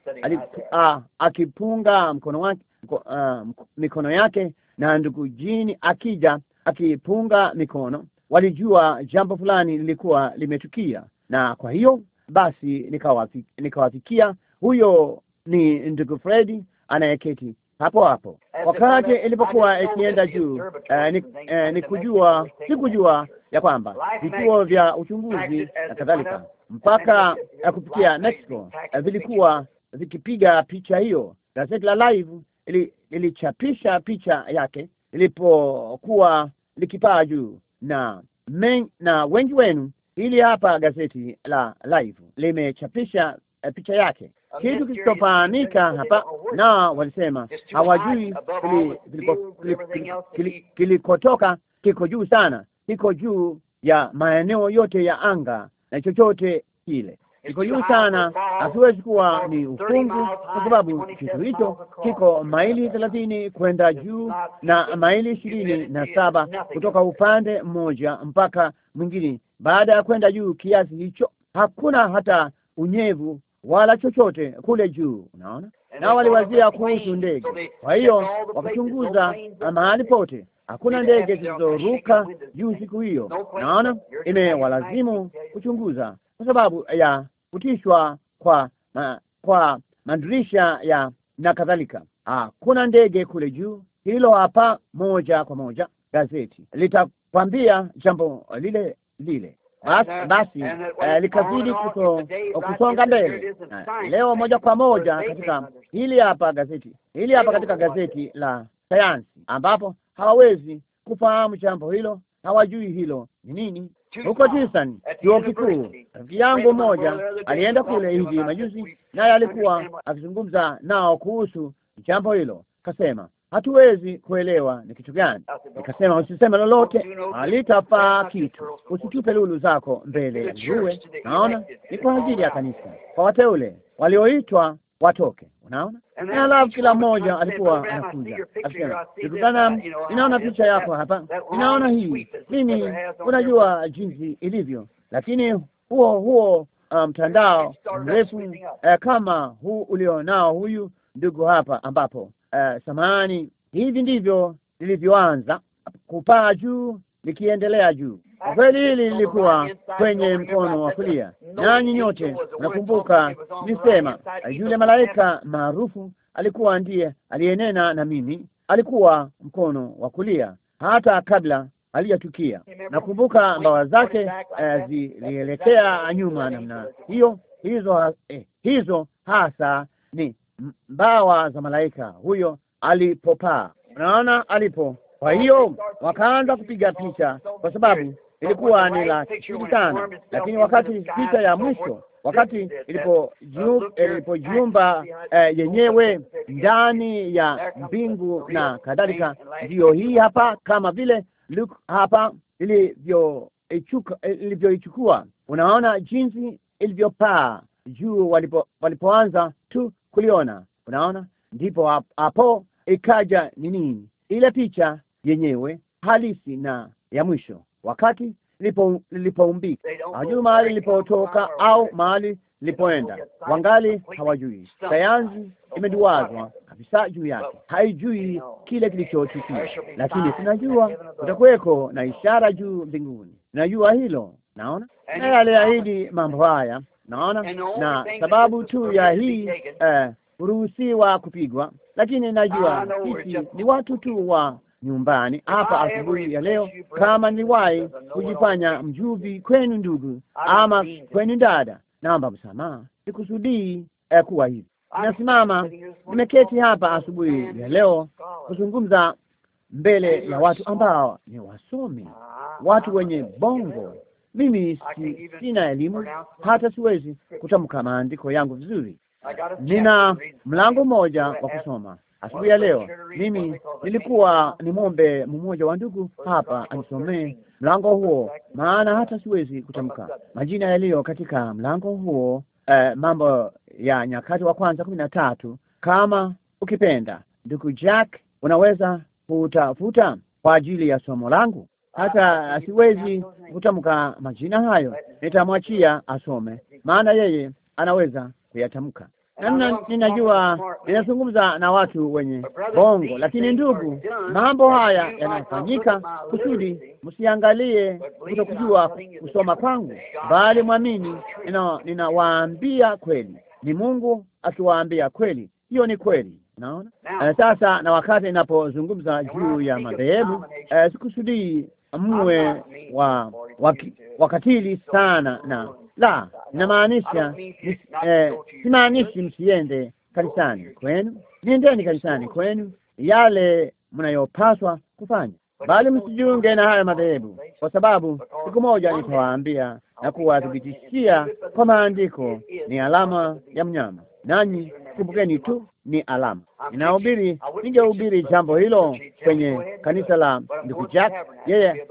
akipunga mkono wake mko, a, mikono yake na ndugu jini akija akipunga mikono. Walijua jambo fulani lilikuwa limetukia, na kwa hiyo basi nikawafikia. Huyo ni ndugu Fredi anayeketi hapo hapo. Wakati ilipokuwa ikienda juu, eh, ni, eh, nikujua sikujua ya kwamba vituo vya uchunguzi na kadhalika mpaka ya kupitia Mexico eh, vilikuwa vikipiga picha hiyo. Gazeti la Live lilichapisha picha yake ilipokuwa likipaa juu, na men, na wengi wenu Hili hapa gazeti la Live limechapisha uh, picha yake, kitu kilichofahamika hapa, na walisema hawajui kilikotoka, kiko juu sana, kiko juu ya maeneo yote ya anga na chochote kile iko juu sana, hasiwezi kuwa ni ukungu, kwa sababu kitu hicho kiko maili thelathini kwenda juu na maili ishirini na saba kutoka upande mmoja mpaka mwingine. Baada ya kwenda juu kiasi hicho, hakuna hata unyevu wala chochote kule juu. Unaona, na waliwazia kuhusu ndege. Kwa hiyo wakachunguza mahali pote, hakuna ndege zilizoruka juu siku hiyo. Naona imewalazimu kuchunguza kwa sababu ya kufutishwa kwa ma, kwa madirisha ya na kadhalika. Ah, kuna ndege kule juu. Hilo hapa moja kwa moja gazeti litakwambia jambo lile lile. Bas, uh, basi uh, eh, likazidi kuso, kusonga mbele eh, leo moja kwa moja katika hili hapa gazeti hili hapa katika gazeti la sayansi, ambapo hawawezi kufahamu jambo hilo, hawajui hilo ni nini huko Tisani, chuo kikuu. Rafiki yangu mmoja alienda kule hivi majuzi, naye alikuwa akizungumza nao kuhusu jambo hilo. Kasema hatuwezi kuelewa ni kitu gani. Nikasema usiseme lolote, alitafaa kitu. Usitupe lulu zako mbele ya Naona ni kwa ajili ya kanisa, kwa wateule walioitwa watoke, unaona. Na alafu kila mmoja alikuwa anakuja akisema, ikutana, ninaona picha yako hapa, ninaona hii mimi, unajua jinsi ilivyo, lakini huo huo um, mtandao mrefu eh, kama huu ulionao huyu ndugu hapa, ambapo eh, samani, hivi ndivyo lilivyoanza kupaa juu likiendelea juu Kweli hili lilikuwa kwenye mkono wa kulia, nanyi nyote nakumbuka nisema, yule malaika maarufu alikuwa ndiye aliyenena na mimi, alikuwa mkono wa kulia hata kabla aliyatukia. Nakumbuka mbawa zake eh, zilielekea nyuma namna hiyo. Hizo eh, hizo hasa ni mbawa za malaika huyo alipopaa. Unaona alipo. Kwa hiyo wakaanza kupiga picha, kwa sababu ilikuwa ni la chini sana, lakini wakati picha ya mwisho, wakati ilipojiumba eh, yenyewe ndani ya mbingu na kadhalika, ndiyo hii hapa, kama vile Luke hapa ilivyoichukua. Unaona jinsi ilivyopaa juu walipo, walipoanza tu kuliona. Unaona, ndipo hapo ikaja ni nini ile picha yenyewe halisi na ya mwisho wakati lilipoumbika, hajui mahali lilipotoka au mahali lilipoenda, wangali hawajui. Sayansi imeduwazwa kabisa juu yake, haijui kile kilichotukia, lakini tunajua kutakuweko na ishara juu mbinguni. Najua hilo, naona naye aliahidi mambo haya, naona na sababu tu ya hii huruhusiwa eh, kupigwa, lakini najua sisi ni watu tu wa nyumbani hapa asubuhi ya leo, kama niliwahi kujifanya mjuvi kwenu ndugu, ama kwenu dada, naomba msamaha, sikusudii eh, kuwa hivi. Nasimama, nimeketi hapa asubuhi ya leo kuzungumza mbele ya watu ambao ni wasomi, ah, watu wenye bongo. Mimi si, sina elimu hata siwezi kutamka maandiko yangu vizuri. Nina mlango mmoja wa kusoma asubuhi ya leo mimi nilikuwa nimwombe mmoja wa ndugu hapa anisomee mlango huo, maana hata siwezi kutamka majina yaliyo katika mlango huo. Uh, Mambo ya Nyakati wa Kwanza kumi na tatu. Kama ukipenda ndugu Jack, unaweza kutafuta kwa ajili ya somo langu. Hata siwezi kutamka majina hayo, nitamwachia asome, maana yeye anaweza kuyatamka namna ninajua ninazungumza na watu wenye bongo, lakini ndugu, mambo haya yanafanyika kusudi msiangalie kutokujua kusoma kwangu, bali mwamini. Ninawaambia kweli, ni Mungu akiwaambia kweli, hiyo ni kweli. Naona eh, sasa, na wakati ninapozungumza juu ya madhehebu eh, sikusudii mwe wa, wa, wakatili sana na la, inamaanisha eh, simaanishi msiende kanisani kwenu, niendeni kanisani kwenu, yale mnayopaswa kufanya, bali msijiunge na haya madhehebu, kwa sababu siku moja nitawaambia na kuwathibitishia kwa maandiko, ni alama ya mnyama, nanyi kumbukeni tu ni alama. Ninahubiri, ningehubiri jambo hilo kwenye kanisa la ndugu Jack, yeye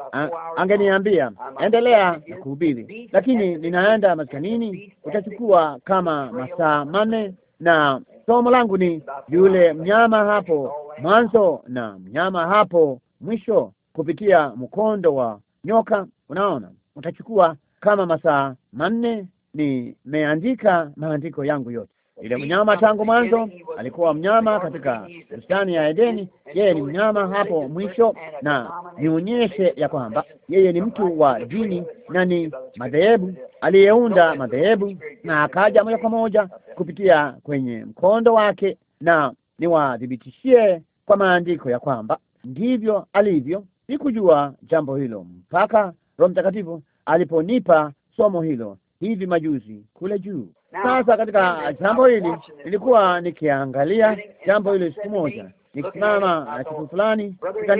angeniambia endelea na kuhubiri, lakini ninaenda maskanini, utachukua kama masaa manne, na somo langu ni yule mnyama hapo mwanzo na mnyama hapo mwisho, kupitia mkondo wa nyoka. Unaona, utachukua kama masaa manne. Nimeandika maandiko yangu yote ile mnyama tangu mwanzo alikuwa mnyama katika bustani ya Edeni. Yeye ni mnyama hapo mwisho, na nionyeshe ya kwamba yeye ni mtu wa dini na ni madhehebu, aliyeunda madhehebu na akaja moja kwa moja kupitia kwenye mkondo wake, na niwadhibitishie kwa maandiko ya kwamba ndivyo alivyo. Sikujua jambo hilo mpaka Roho Mtakatifu aliponipa somo hilo hivi majuzi kule juu. Sasa katika jambo hili nilikuwa nikiangalia jambo hili siku moja, nikisimama na kitu fulani uh,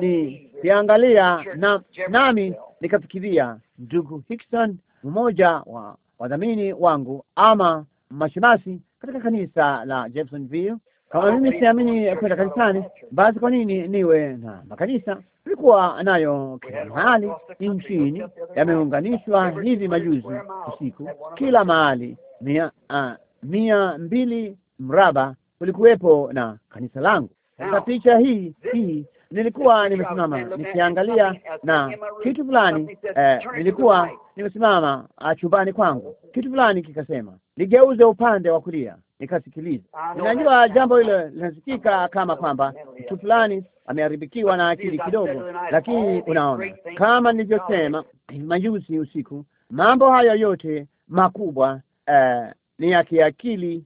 ni kiangalia na, nami nikafikiria ndugu Hickson, mmoja wa wadhamini wangu ama mashemasi katika kanisa la Jeffersonville kama mimi siamini kwenda kanisani, basi kwa nini niwe na makanisa? Tulikuwa nayo kila mahali nchini, yameunganishwa hivi majuzi usiku. Kila mahali mia, uh, mia mbili mraba ulikuwepo na kanisa langu. Sasa picha hii hii nilikuwa nimesimama nikiangalia na kitu fulani eh, nilikuwa nimesimama ah, chumbani kwangu, kitu fulani kikasema nigeuze upande wa kulia, nikasikiliza. Ah, Ninajua eh, eh, jambo eh. hilo linasikika kama kwamba mtu fulani ameharibikiwa na akili kidogo, lakini unaona, kama nilivyosema majuzi usiku, mambo haya yote makubwa eh, ni ya kiakili,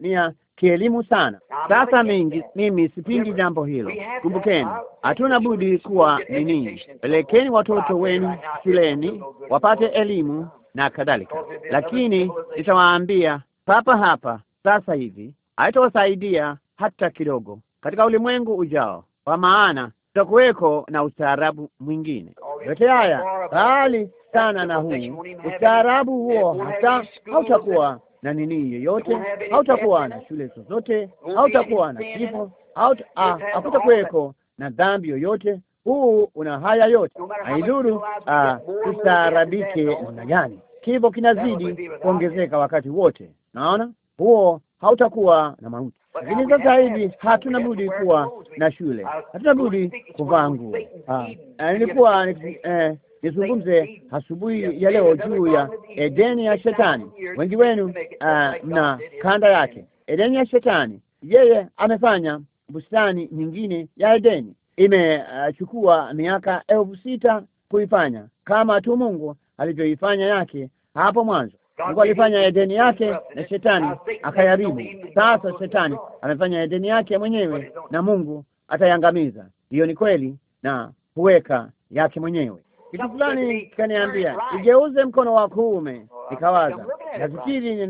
ni ya kielimu sana. Sasa mingi, mimi sipingi jambo hilo. Kumbukeni, hatuna budi kuwa nini, pelekeni watoto wenu shuleni wapate elimu na kadhalika, lakini nitawaambia papa hapa sasa hivi haitawasaidia hata kidogo katika ulimwengu ujao, kwa maana kutakuweko na ustaarabu mwingine. Yote haya bali sana na huu ustaarabu huo, hata hautakuwa na nini yoyote, hautakuwa na shule zozote, hautakuwa na kifo, ah, hakutakuweko na dhambi yoyote. Huu una haya yote, haidhuru ah, ustaarabike namna gani, kifo kinazidi kuongezeka wakati wote. Naona huo hautakuwa na mauti. Lakini sasa hivi hatuna budi kuwa na shule, hatuna budi kuvaa nguo. Ah, nilikuwa eh, nizungumze asubuhi ya leo juu ya Edeni ya Shetani. Wengi wenu mna ah, kanda yake, Edeni ya Shetani. Yeye amefanya bustani nyingine ya Edeni, imechukua miaka elfu sita kuifanya kama tu Mungu alivyoifanya yake hapo mwanzo. Mungu alifanya Edeni yake na shetani akayaribu Sasa shetani amefanya Edeni yake mwenyewe na Mungu ataiangamiza. Hiyo ni kweli, na huweka yake mwenyewe. Kitu fulani kikaniambia igeuze mkono wa kuume, nikawaza, nafikiri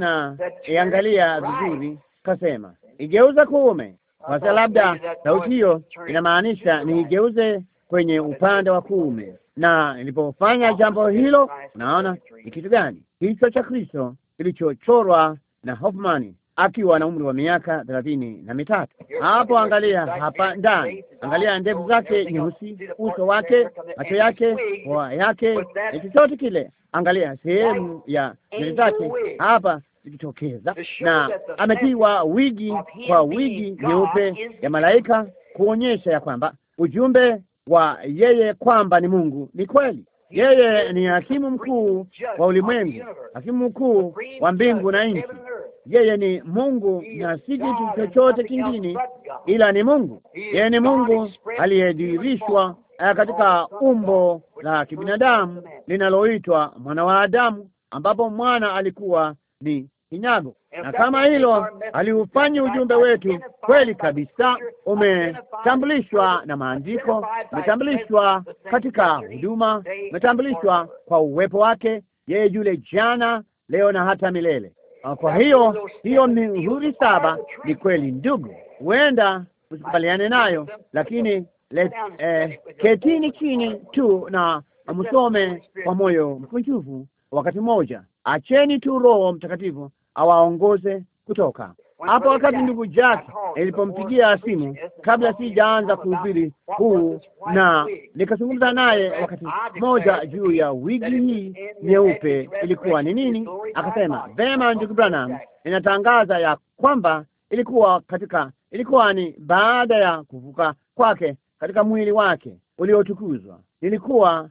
iangalia vizuri, kasema igeuza kuume. Sasa labda sauti hiyo inamaanisha niigeuze kwenye upande wa kuume na nilipofanya jambo hilo, unaona ni kitu gani kichwa cha Kristo kilichochorwa na Hoffman akiwa na umri wa miaka thelathini na mitatu. Hapo angalia hapa ndani, angalia ndevu zake nyeusi, uso wake, macho yake, pua yake, chochote kile, angalia sehemu ya nywele zake hapa zikitokeza, na ametiwa wigi kwa wigi nyeupe ya malaika, kuonyesha ya kwamba ujumbe wa yeye kwamba ni Mungu ni kweli. Yeye ni hakimu mkuu wa ulimwengu, hakimu mkuu wa mbingu na nchi. Yeye ni Mungu na si kitu chochote kingine ila ni Mungu. Yeye ni Mungu aliyedirishwa eh, katika umbo la kibinadamu linaloitwa mwana wa Adamu, ambapo mwana alikuwa ni kinyago, na kama hilo aliufanyi ujumbe wetu kweli kabisa. Umetambulishwa na maandiko, umetambulishwa katika huduma, umetambulishwa kwa uwepo wake, yeye yule jana, leo na hata milele. Kwa hiyo hiyo mihuri saba ni kweli, ndugu, huenda msikubaliane nayo, lakini let, eh, ketini chini tu na msome kwa moyo mkunjufu wakati mmoja. Acheni tu Roho Mtakatifu awaongoze kutoka hapo. Wakati ndugu Jack nilipompigia simu kabla sijaanza kuhubiri huu, na nikazungumza naye wakati mmoja juu ya wigi hii nyeupe ilikuwa ni nini, akasema vema, ndugu Branham, inatangaza ya kwamba ilikuwa katika ilikuwa ni baada ya kuvuka kwake katika mwili wake uliotukuzwa. Nilikuwa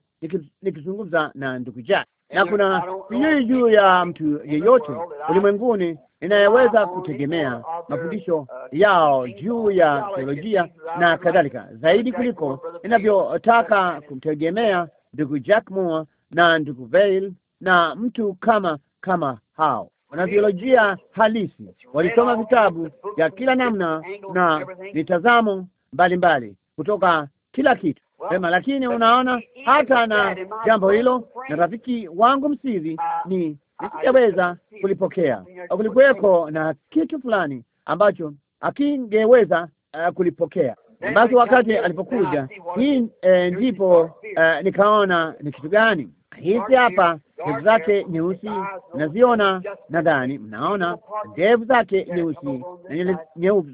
nikizungumza na ndugu Jack na kuna sijui juu ya mtu yeyote ulimwenguni inayeweza kutegemea mafundisho uh, yao juu ya teolojia na kadhalika zaidi kuliko inavyotaka kumtegemea ndugu Jack Moore na ndugu Vail na mtu kama kama hao wanabiolojia halisi walisoma vitabu vya kila namna na mitazamo mbalimbali kutoka kila kitu Sema, lakini unaona, hata na jambo hilo, na rafiki wangu msizi, ah, ni nisingeweza kulipokea. Kulikuweko na kitu fulani ambacho akingeweza uh, eh, kulipokea. Basi wakati alipokuja hii eh, ndipo uh, nikaona ni kitu gani hizi hapa ndevu zake nyeusi naziona, nadhani mnaona ndevu zake nyeusi na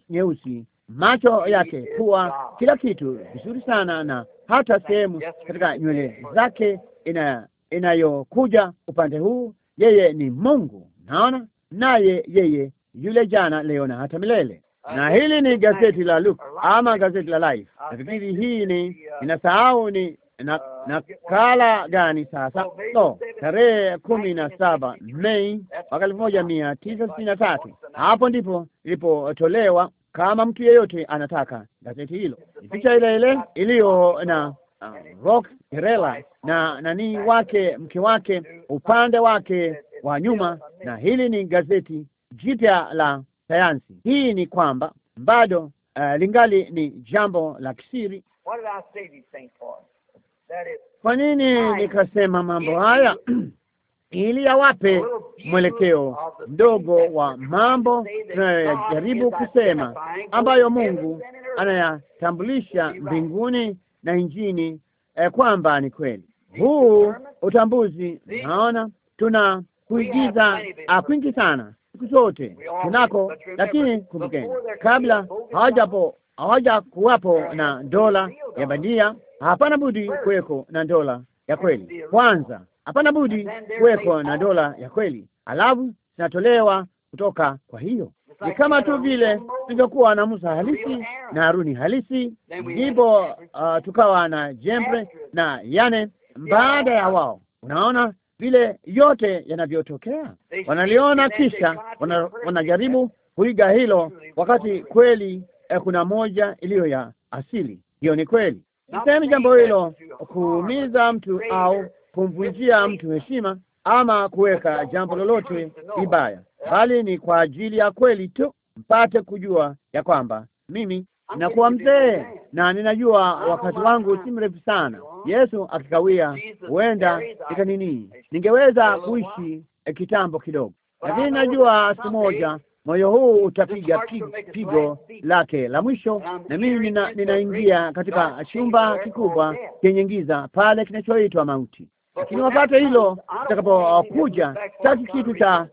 nyeusi macho yake kuwa kila kitu vizuri sana, na hata sehemu katika nywele zake ina inayokuja upande huu. Yeye ni Mungu, naona naye yeye yule jana, leo na hata milele. Na hili ni gazeti la Luke ama gazeti la Life. Nafikiri hii ni uh, inasahau ni na, uh, nakala gani sasa? No, tarehe kumi na saba Mei mwaka elfu moja mia tisa sitini na tatu. Hapo ndipo ilipotolewa kama mtu yeyote anataka gazeti hilo. Ni picha ile ile iliyo na uh, Rock Perella na nani wake mke wake upande wake wa nyuma, na hili ni gazeti jipya la sayansi. Hii ni kwamba bado uh, lingali ni jambo la kisiri. Kwa nini nikasema mambo haya? ili awape mwelekeo mdogo wa mambo tunayojaribu kusema, ambayo Mungu anayatambulisha mbinguni na injini eh, kwamba ni kweli. Huu utambuzi, naona tuna kuigiza ah, kwingi sana siku zote kunako, lakini kumbukeni, kabla hawajapo hawaja kuwapo na dola ya bandia, hapana budi kuweko na dola ya kweli kwanza hapana budi kuwekwa na dola ya kweli, alafu natolewa kutoka. Kwa hiyo ni kama tu vile tulivyokuwa na Musa halisi na Haruni halisi, ndipo uh, tukawa na Jembre na Yane baada ya wao. Unaona vile yote yanavyotokea, wanaliona kisha wana, wanajaribu kuiga hilo, wakati kweli eh, kuna moja iliyo ya asili. Hiyo ni kweli. Sisemi jambo hilo kuumiza mtu au kumvunjia mtu heshima ama kuweka jambo lolote vibaya, bali ni kwa ajili ya kweli tu, mpate kujua ya kwamba mimi ninakuwa mzee na ninajua wakati wangu si mrefu sana. Yesu akikawia, huenda ikanini, ningeweza kuishi kitambo kidogo, lakini najua siku moja moyo huu utapiga pigo lake la mwisho, na mimi nina, ninaingia katika chumba kikubwa chenye giza pale kinachoitwa mauti lakini wakati hilo itakapokuja taki kitu cha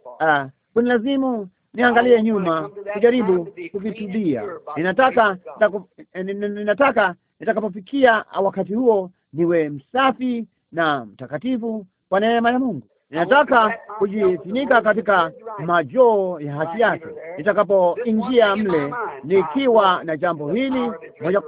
uh, lazimu niangalie nyuma kujaribu kuvitudia. Ninataka ninataka nitakapofikia wakati huo niwe msafi na mtakatifu kwa neema ya Mungu. Ninataka kujifunika katika majoo ya haki yake nitakapoingia mle, nikiwa na jambo hili moja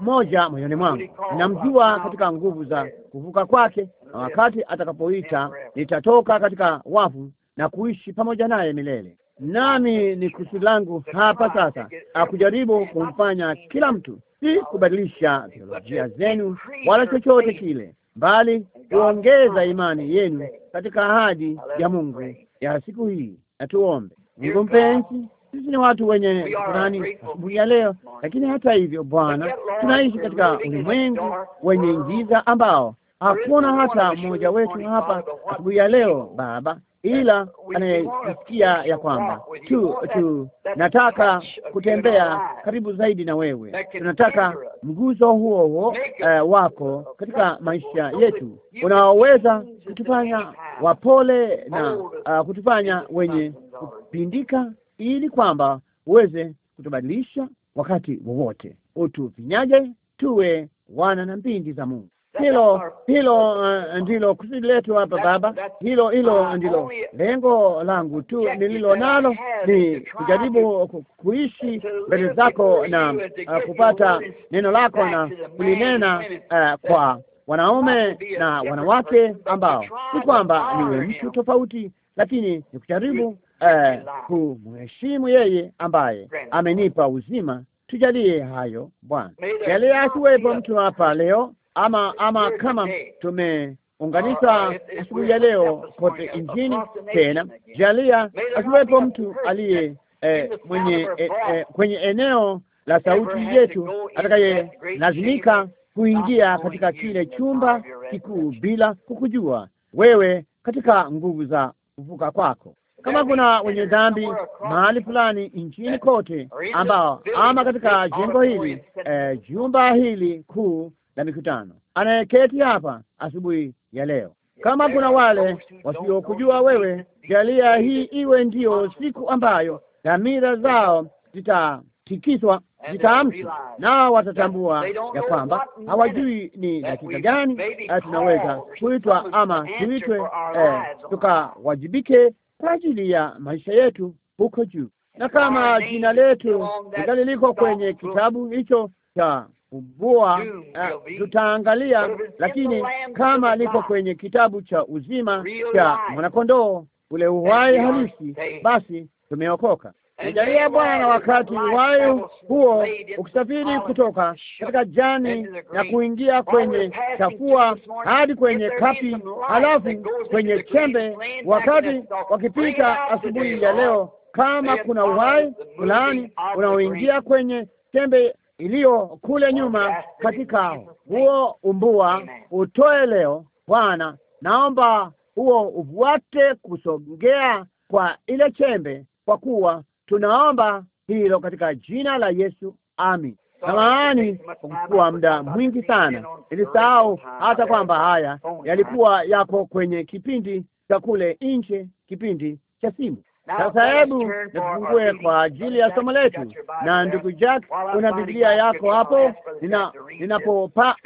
mmoja moyoni mwangu, namjua katika nguvu za kuvuka kwake, na wakati atakapoita nitatoka katika wafu na kuishi pamoja naye milele. Nami ni kusudi langu hapa sasa akujaribu kumfanya kila mtu, si kubadilisha teolojia zenu wala chochote kile, bali kuongeza imani yenu katika ahadi ya Mungu ya siku hii. Natuombe. Mungu mpenzi sisi ni watu wenye shukrani asubuhi ya leo, lakini hata hivyo, Bwana, tunaishi katika ulimwengu wenye giza ambao hakuna hata mmoja wetu hapa asubuhi ya leo Baba, ila anayesikia ya kwamba tu, tu nataka kutembea karibu zaidi na wewe, tunataka mguso huo huo uh, wako katika maisha yetu unaoweza kutufanya wapole na uh, kutufanya wenye kupindika ili kwamba uweze kutubadilisha wakati wowote, utufinyaje tuwe wana na mbindi za Mungu. Hilo hilo uh, ndilo kusudi letu hapa Baba. Hilo hilo ndilo lengo langu tu nililo nalo, ni kujaribu kuishi mbele zako na uh, kupata neno lako na kulinena uh, kwa wanaume na wanawake ambao si kwamba niwe mtu tofauti, lakini ni kujaribu eh, kumheshimu yeye ambaye amenipa uzima. Tujalie hayo Bwana, jalia asiwepo mtu hapa leo ama ama kama tumeunganisha asubuhi ya leo kote nchini tena, jalia asiwepo mtu aliye eh, mwenye eh, eh, kwenye eneo la sauti yetu atakayelazimika kuingia katika kile chumba kikuu bila kukujua wewe katika nguvu za kuvuka kwako. Kama kuna wenye dhambi mahali fulani nchini kote, ambao ama katika jengo hili eh, jumba hili kuu la mikutano, anayeketi hapa asubuhi ya leo, kama kuna wale wasiokujua wewe, jalia hii iwe ndiyo siku ambayo dhamira zao zitatikiswa, zitaamshwa, nao watatambua ya kwamba hawajui ni dakika gani eh, tunaweza kuitwa ama tuitwe, eh, tukawajibike kwa ajili ya maisha yetu huko juu, na kama jina letu ligali liko kwenye kitabu hicho cha kubua, eh, tutaangalia lakini kama liko kwenye kitabu cha uzima cha mwanakondoo ule uhai halisi, basi tumeokoka. Nijalia Bwana, na wakati wayo huo ukisafiri kutoka katika jani na kuingia kwenye chafua hadi kwenye kapi, halafu kwenye chembe, wakati wakipita asubuhi ya leo, kama kuna uhai fulani unaoingia kwenye chembe iliyo kule nyuma katika huo umbua, utoe leo Bwana. Naomba huo uvuate kusongea kwa ile chembe, kwa kuwa Tunaomba hilo katika jina la Yesu, amin. Samahani kwa kuchukua muda mwingi sana, nilisahau hata kwamba haya yalikuwa yako kwenye kipindi cha kule nje, kipindi cha simu. Sasa hebu nikufungue kwa ajili ya somo letu. Na ndugu Jack, kuna Biblia yako hapo?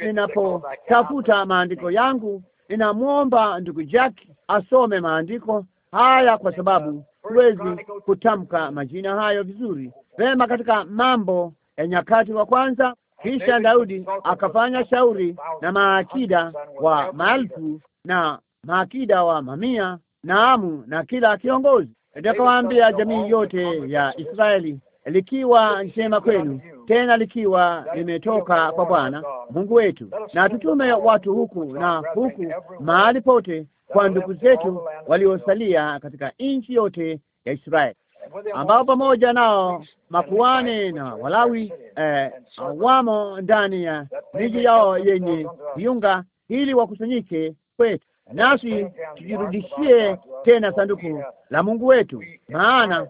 Nina maandiko yangu, ninamwomba ndugu Jack asome maandiko haya kwa sababu siwezi kutamka majina hayo vizuri vema, katika Mambo ya Nyakati wa Kwanza. Kisha Daudi akafanya shauri na maakida wa maelfu na maakida wa mamia, Naamu na kila kiongozi, nitakawaambia jamii yote ya Israeli likiwa njema kwenu, tena likiwa limetoka kwa Bwana Mungu wetu, na tutume watu huku na huku mahali pote kwa ndugu zetu waliosalia katika nchi yote ya Israeli, ambao pamoja nao makuane na Walawi eh, wamo ndani ya miji yao yenye viunga, ili wakusanyike kwetu, nasi tujirudishie tena sanduku la Mungu wetu, maana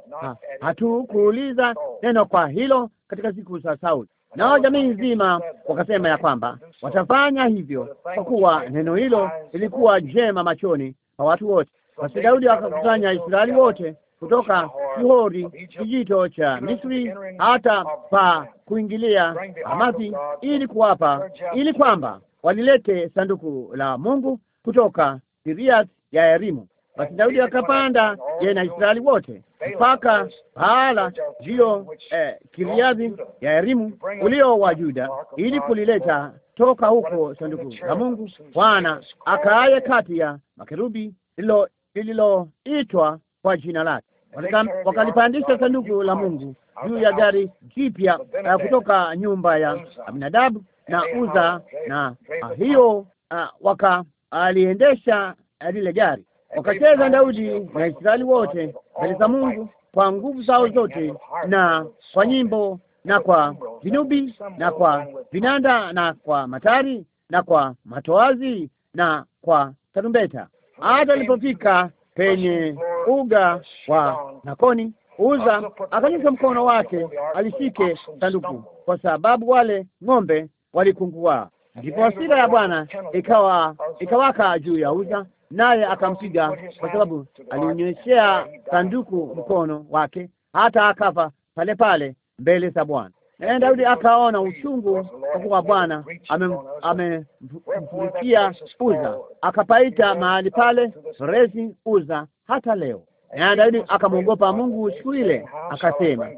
hatukuuliza neno kwa hilo katika siku za Sauli nao jamii nzima wakasema ya kwamba watafanya hivyo kwa kuwa neno hilo lilikuwa jema machoni kwa watu wote. Basi Daudi akakusanya Israeli wote kutoka kihori kijito cha Misri hata pa kuingilia Hamathi, ili kuwapa ili kwamba walilete sanduku la Mungu kutoka Siriath ya Yerimu. Basi Daudi akapanda yeye na Israeli wote mpaka pahala jio eh, Kiriathi ya erimu ulio wa Yuda, ili kulileta toka huko sanduku la Mungu Bwana akaaye kati ya makerubi lililoitwa kwa jina lake. Wakalipandisha sanduku la Mungu juu ya gari jipya uh, kutoka nyumba ya Abinadabu na Uza na uh, hiyo uh, waka aliendesha uh, lile gari wakacheza Daudi, na israeli wote mbele za Mungu kwa nguvu zao zote, na kwa nyimbo na kwa vinubi na kwa vinanda na kwa matari na kwa matoazi na kwa tarumbeta. Hata alipofika penye uga wa Nakoni, Uza akanyosha mkono wake alishike sanduku, kwa sababu wale ng'ombe walikungua. Ndipo hasira ya Bwana ikawa ikawaka juu ya Uza, naye akampiga kwa sababu alinyoshea sanduku mkono wake, hata akafa pale pale mbele za Bwana. Naye Daudi akaona uchungu kwa kuwa Bwana amemfukia Uza, akapaita mahali pale rezi Uza hata leo. Naye Daudi akamwogopa Mungu siku ile, akasema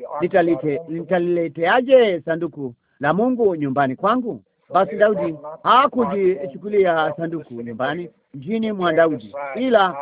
nitalileteaje sanduku la Mungu nyumbani kwangu? Basi Daudi hakujichukulia sanduku nyumbani, mjini mwa Daudi, ila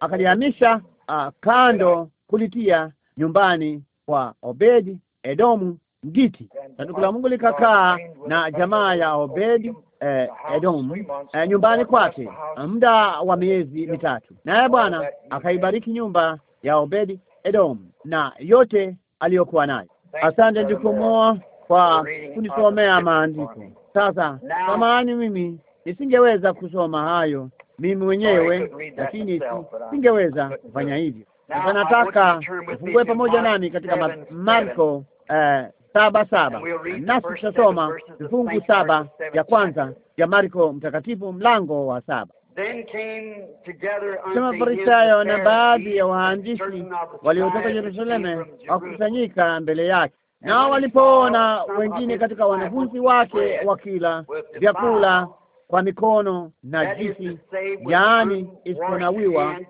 akalihamisha uh, ah, kando kulitia nyumbani kwa Obedi Edomu Mgiti. Sanduku la Mungu likakaa na jamaa ya Obedi eh, Edomu eh, nyumbani kwake muda wa miezi mitatu, naye Bwana akaibariki nyumba ya Obedi Edomu na yote aliyokuwa nayo. Asante ndikumoa kwa kunisomea maandiko. Sasa samahani, mimi nisingeweza kusoma hayo mimi mwenyewe, lakini singeweza uh, uh, kufanya hivyo. nataka ufungue pamoja nami katika Marko eh, saba saba, nasi tutasoma vifungu saba vya kwanza vya Marko mtakatifu mlango wa saba. Kisha Mafarisayo na baadhi ya waandishi waliotoka Yerusalemu wakusanyika mbele yake, nao walipoona wengine katika wanafunzi wake wakila vyakula kwa mikono na jisi, yaani isiponawiwa,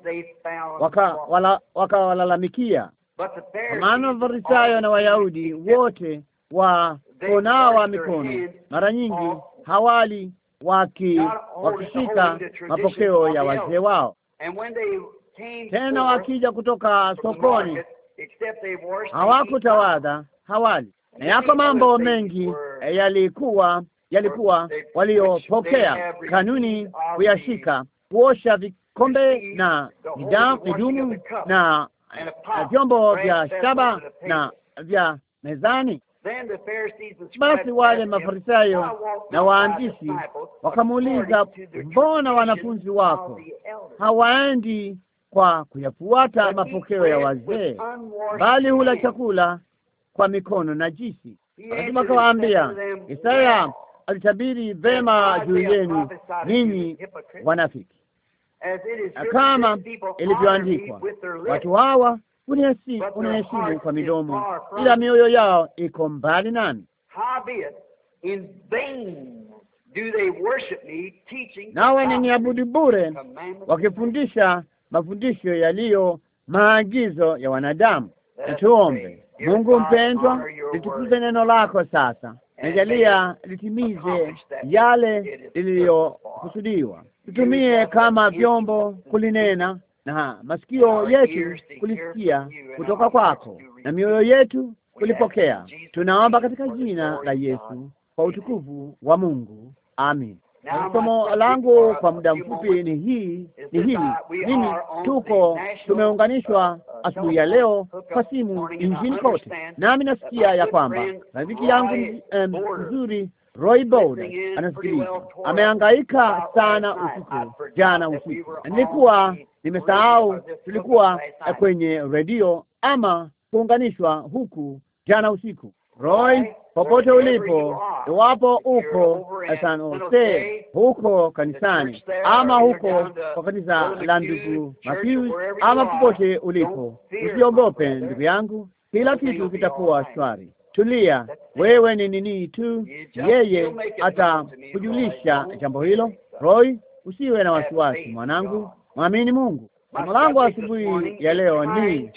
wakawalalamikia wala, waka maana Farisayo na Wayahudi wote wa konawa mikono mara nyingi hawali waki wakishika mapokeo ya wazee wao. Tena wakija kutoka sokoni hawakutawadha hawali, na yako mambo mengi yalikuwa yalikuwa waliopokea kanuni, kuyashika, kuosha vikombe na vidumu na vyombo vya shaba na vya mezani. Basi wale Mafarisayo na waandishi wakamuuliza, mbona wanafunzi wako hawaendi kwa kuyafuata mapokeo ya wazee, bali hula chakula kwa mikono najisi? Akasema, akawaambia, Isaya alitabiri vema juu yenu ninyi wanafiki, kama ilivyoandikwa, watu hawa huniheshimu kwa midomo, ila mioyo yao iko mbali nani. Nao wananiabudu bure, wakifundisha mafundisho yaliyo maagizo ya wanadamu. Natuombe. Mungu mpendwa, litukuze neno lako sasa najalia litimize yale liliyokusudiwa. Tutumie kama vyombo kulinena na masikio yetu kulisikia kutoka kwako na mioyo yetu kulipokea. Tunaomba katika jina la Yesu kwa utukufu wa Mungu, amin. Yaani somo langu kwa muda mfupi ni hii ni hili nini, tuko tumeunganishwa uh, asubuhi ya leo kwa simu nchini kote, nami nasikia ya kwamba rafiki yangu eh, mzuri Roy Bode anasikiliza. ameangaika sana usiku jana usiku, nilikuwa nimesahau, tulikuwa kwenye redio ama kuunganishwa huku jana usiku. Roy popote ulipo, iwapo uko San Jose, huko kanisani, ama huko kwa kanisa la ndugu Makiwi, ama popote ulipo, usiogope ndugu yangu, kila kitu kitakuwa shwari. Tulia, wewe ni nini tu, yeye atakujulisha jambo hilo. Roy, usiwe na wasiwasi mwanangu, mwamini Mungu. Somo langu asubuhi ya leo ni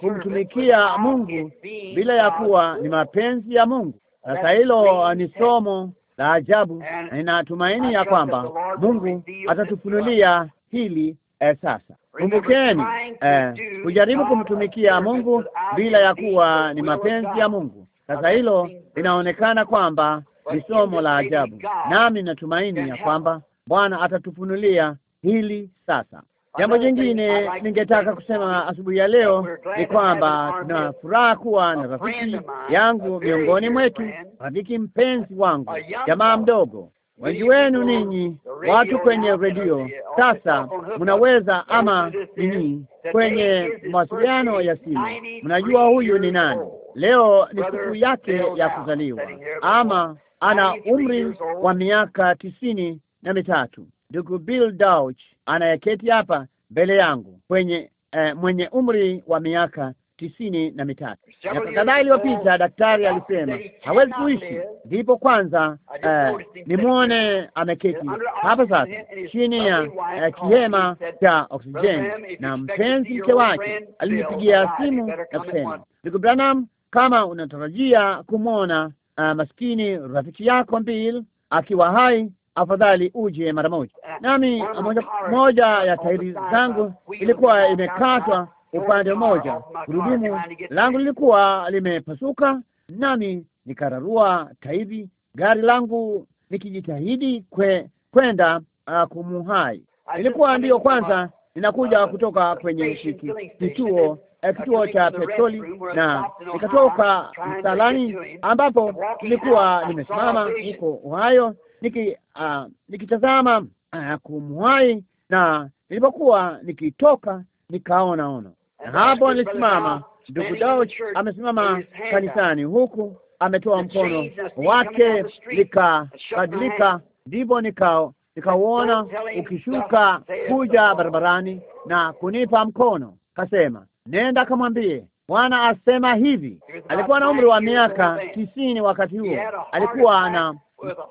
kumtumikia Mungu bila ya kuwa ni mapenzi ya Mungu. Sasa hilo ni somo la ajabu, na ninatumaini ya kwamba Mungu atatufunulia hili. Eh, sasa kumbukeni, eh, kujaribu kumtumikia Mungu bila ya kuwa ni mapenzi ya Mungu. Sasa hilo linaonekana kwamba ni somo la ajabu, nami natumaini ya kwamba Bwana atatufunulia hili sasa. Jambo jingine ningetaka kusema asubuhi ya leo ni kwamba tuna furaha kuwa na rafiki yangu miongoni mwetu, rafiki mpenzi wangu, jamaa mdogo. Wengi wenu ninyi watu kwenye redio sasa mnaweza ama nini, kwenye mawasiliano ya simu mnajua huyu ni nani. Leo ni siku yake ya kuzaliwa, ama ana umri wa miaka tisini na mitatu, ndugu Bill Dauch anayeketi hapa mbele yangu kwenye eh, mwenye umri wa miaka tisini na mitatu. Miaka kadhaa iliyopita daktari alisema hawezi kuishi, ndipo kwanza eh, nimwone ameketi hapa sasa chini ya eh, kihema cha oksijeni, na mpenzi mke wake alinipigia simu na kusema, ndugu Branham, kama unatarajia kumwona uh, maskini rafiki yako Bill akiwa hai afadhali uje mara moja. Eh, nami moja, moja ya tairi zangu uh, ilikuwa imekatwa upande mmoja, gurudumu langu lilikuwa limepasuka, nami nikararua tairi gari langu nikijitahidi kwe, kwenda uh, kumuhai. Ilikuwa ndiyo kwanza ninakuja uh, kutoka kwenye shiki, kituo eh, kituo cha petroli na nikatoka msalani ambapo nilikuwa nimesimama huko Ohio niki uh, nikitazama uh, ah, kumwai na nilipokuwa nikitoka nikaona ono, na hapo nilisimama. Ndugu Dodge amesimama kanisani huku ametoa mkono wake, likabadilika. Ndipo nikao nikauona ukishuka kuja barabarani na kunipa mkono, kasema, nenda kamwambie Bwana asema hivi. Alikuwa na umri wa miaka tisini wakati huo, alikuwa na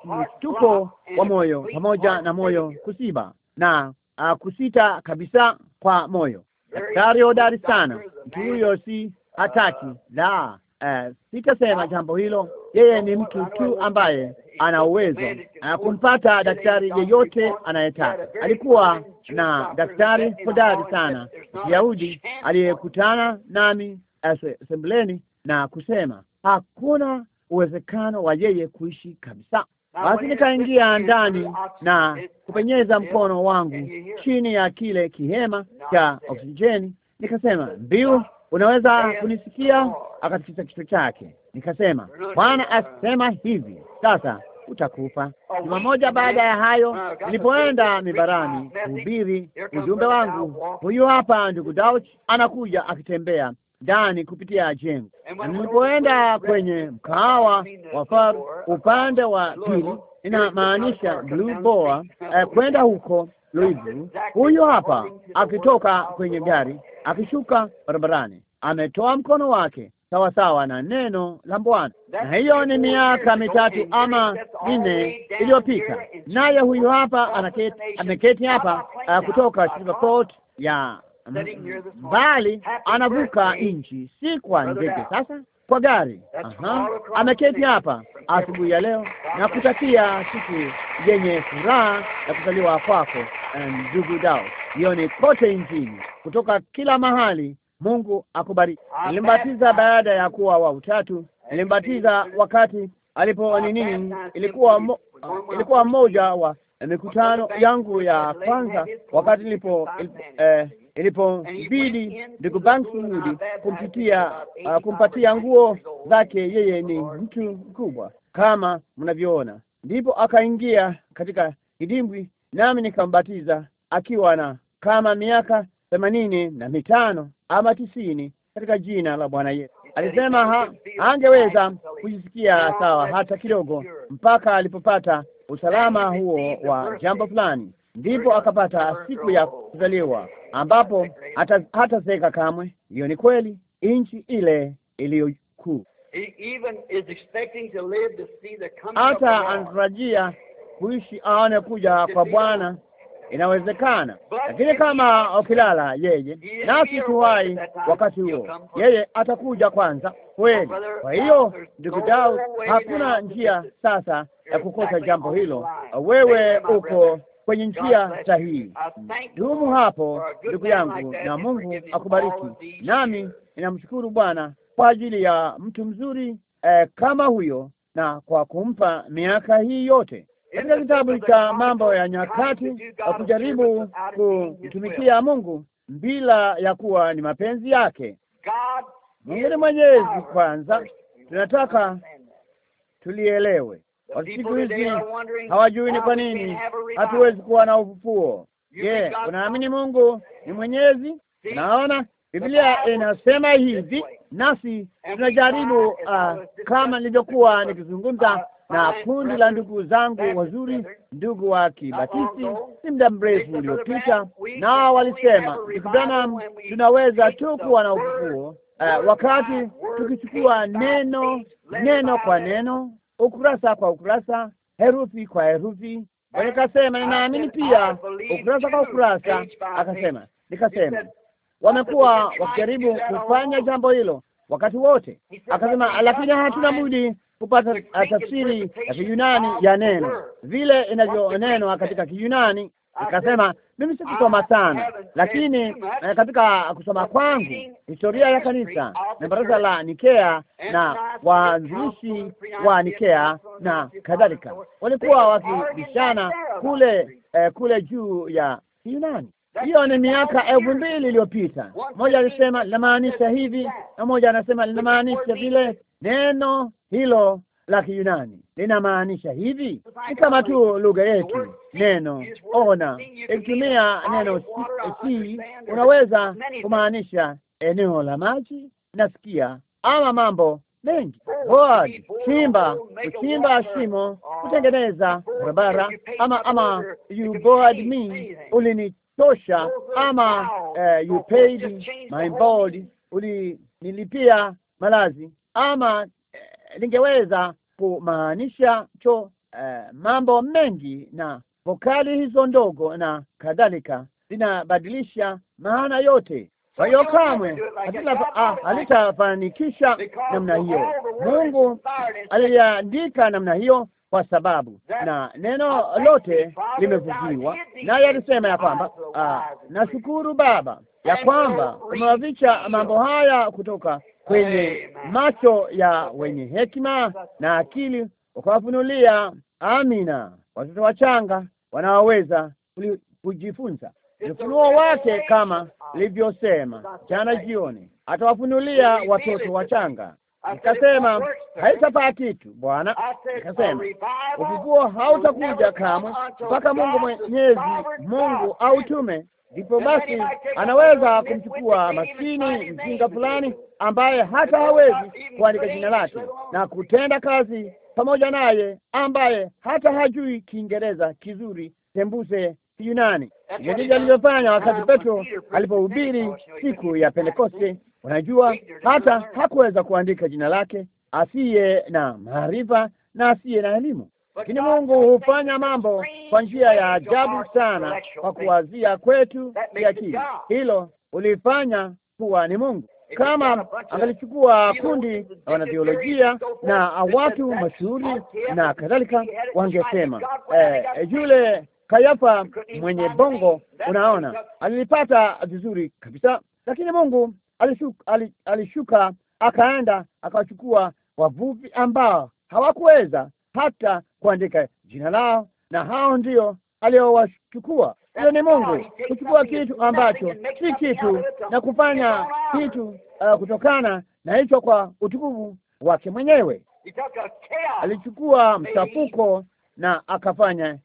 mshtuko wa moyo pamoja na moyo kusiba na uh, kusita kabisa kwa moyo. Daktari hodari sana mtu huyo, si hataki la uh, sitasema jambo hilo. Yeye ni mtu tu ambaye ana uwezo uh, kumpata daktari yeyote anayetaka. Alikuwa na daktari hodari sana Yahudi aliyekutana nami asembleni eh, na kusema hakuna uwezekano wa yeye kuishi kabisa. Basi nikaingia ndani na kupenyeza mkono wangu chini ya kile kihema cha eh, oksijeni, nikasema, mbiu, eh, unaweza eh, kunisikia? Oh. Akatikisa kichwa chake. Nikasema, Bwana asema hivi sasa utakufa. Oh, Juma moja baada ya hayo, ah, nilipoenda mibarani kuhubiri ujumbe wangu, huyu hapa ndugu Dauch anakuja akitembea ndani kupitia jengo. Nilipoenda kwenye mkahawa wa far upande wa pili, inamaanisha Blue Boa, eh, kwenda huko Louisville. Huyu hapa akitoka kwenye gari akishuka barabarani, ametoa mkono wake sawasawa na neno la Bwana, na hiyo ni miaka mitatu ama minne iliyopita. Naye huyu hapa anaketi, ameketi hapa uh, kutoka Shreveport ya bali anavuka nchi, si kwa ndege sasa, kwa gari. ameketi hapa asubuhi ya leo na kutakia siku yenye furaha ya kuzaliwa kwako, ndugu dao yoni kote nchini, kutoka kila mahali. Mungu akubariki. Nilimbatiza baada ya kuwa wa utatu, nilimbatiza wakati alipo ni nini, ilikuwa mo, ilikuwa mmoja wa mikutano yangu ya kwanza wakati nilipo eh, ilipobidi ndugu Banks Moody uh, kumpitia uh, kumpatia nguo zake, yeye ni mtu mkubwa kama mnavyoona, ndipo akaingia katika kidimbwi, nami nikambatiza akiwa na kama miaka themanini na mitano ama tisini katika jina la Bwana Yesu. Alisema ha, angeweza kujisikia sawa hata kidogo, mpaka alipopata usalama huo wa jambo fulani, ndipo akapata siku ya kuzaliwa ambapo hata hataseka kamwe. Hiyo ni kweli, nchi ile iliyokuu. Hata anatarajia kuishi aone kuja kwa Bwana. Inawezekana, lakini kama ukilala yeye nasi tuwai wakati huo, yeye atakuja kwanza kweli. Kwa hiyo ndugu Daud, hakuna njia sasa ya kukosa jambo hilo. Wewe uko kwenye njia sahihi. Dumu hapo ndugu yangu, na Mungu akubariki. Nami ninamshukuru Bwana kwa ajili ya mtu mzuri eh, kama huyo na kwa kumpa miaka hii yote katika kitabu cha Mambo ya Nyakati wa kujaribu kumtumikia Mungu bila ya kuwa ni mapenzi yake. Mungu ni mwenyezi kwanza, tunataka tulielewe wa hizi hawajui ni kwa nini hatuwezi kuwa na ufufuo. Je, unaamini Mungu ni mwenyezi? Unaona, Biblia inasema hivi, nasi tunajaribu uh, kama nilivyokuwa nikizungumza uh, na kundi la ndugu zangu wazuri, ndugu wa Kibatisti, si muda mrefu uliopita, na walisema ndugu Branham, tunaweza tu kuwa na ufufuo uh, wakati tukichukua neno neno kwa neno ukurasa kwa ukurasa, herufi kwa herufi. Nikasema ninaamini pia ukurasa kwa ukurasa, akasema. Nikasema wamekuwa wakijaribu kufanya jambo hilo wakati wote, akasema, lakini hatuna budi kupata tafsiri ya Kiyunani ya neno vile inavyonenwa katika Kiyunani. Akasema mimi sikusoma sana, lakini eh, katika kusoma kwangu historia ya kanisa na baraza la Nikea na waanzilishi wa Nikea na kadhalika, walikuwa wakibishana kule eh, kule juu ya Yunani. Hiyo ni miaka elfu mbili iliyopita. Mmoja alisema linamaanisha hivi na mmoja anasema linamaanisha vile. Neno hilo la Kiyunani linamaanisha hivi, si kama tu lugha yetu neno ona ikitumia neno si, unaweza kumaanisha eneo la maji, nasikia ama mambo mengi board, chimba, kuchimba shimo, kutengeneza barabara, ama ama you board me, ulinitosha, ama uh, you paid my board, ulinilipia malazi, ama lingeweza kumaanisha cho eh, mambo mengi na vokali hizo ndogo na kadhalika zinabadilisha maana yote. Kwa hiyo kamwe ah, halitafanikisha namna hiyo. Mungu aliandika namna hiyo kwa sababu na neno lote limevuviwa, naye alisema ya kwamba ah, nashukuru Baba ya kwamba umewavicha mambo haya kutoka kwenye macho ya wenye hekima na akili, ukawafunulia. Amina, watoto wachanga wanaoweza kujifunza ufunuo wake, kama ah, ilivyosema jana jioni, atawafunulia watoto wachanga. Nikasema haitapaa kitu Bwana, nikasema ufufuo hautakuja kamwe mpaka Mungu Mwenyezi Mungu au tume. Ndipo basi anaweza kumchukua maskini mjinga fulani ambaye hata hawezi kuandika jina lake na kutenda kazi pamoja naye, ambaye hata hajui Kiingereza kizuri tembuse Kiyunani. Ndivyo alivyofanya wakati ah, Petro alipohubiri siku ya Pentekoste. Unajua, hata hakuweza kuandika jina lake, asiye na maarifa na asiye na elimu, lakini Mungu hufanya mambo kwa njia ya ajabu sana, kwa kuwazia kwetu kiakili. Hilo ulifanya kuwa ni Mungu kama angalichukua kundi la wanatheolojia na watu mashuhuri na kadhalika, wangesema eh, yule Kayafa mwenye bongo, unaona, alilipata vizuri kabisa, lakini Mungu alishuka, alishuka akaenda akawachukua wavuvi ambao hawakuweza hata kuandika jina lao, na hao ndio aliowachukua. Hiyo ni Mungu kuchukua kitu ambacho si kitu na kufanya kitu uh, kutokana na hicho kwa utukufu wake mwenyewe. Alichukua mchafuko na akafanya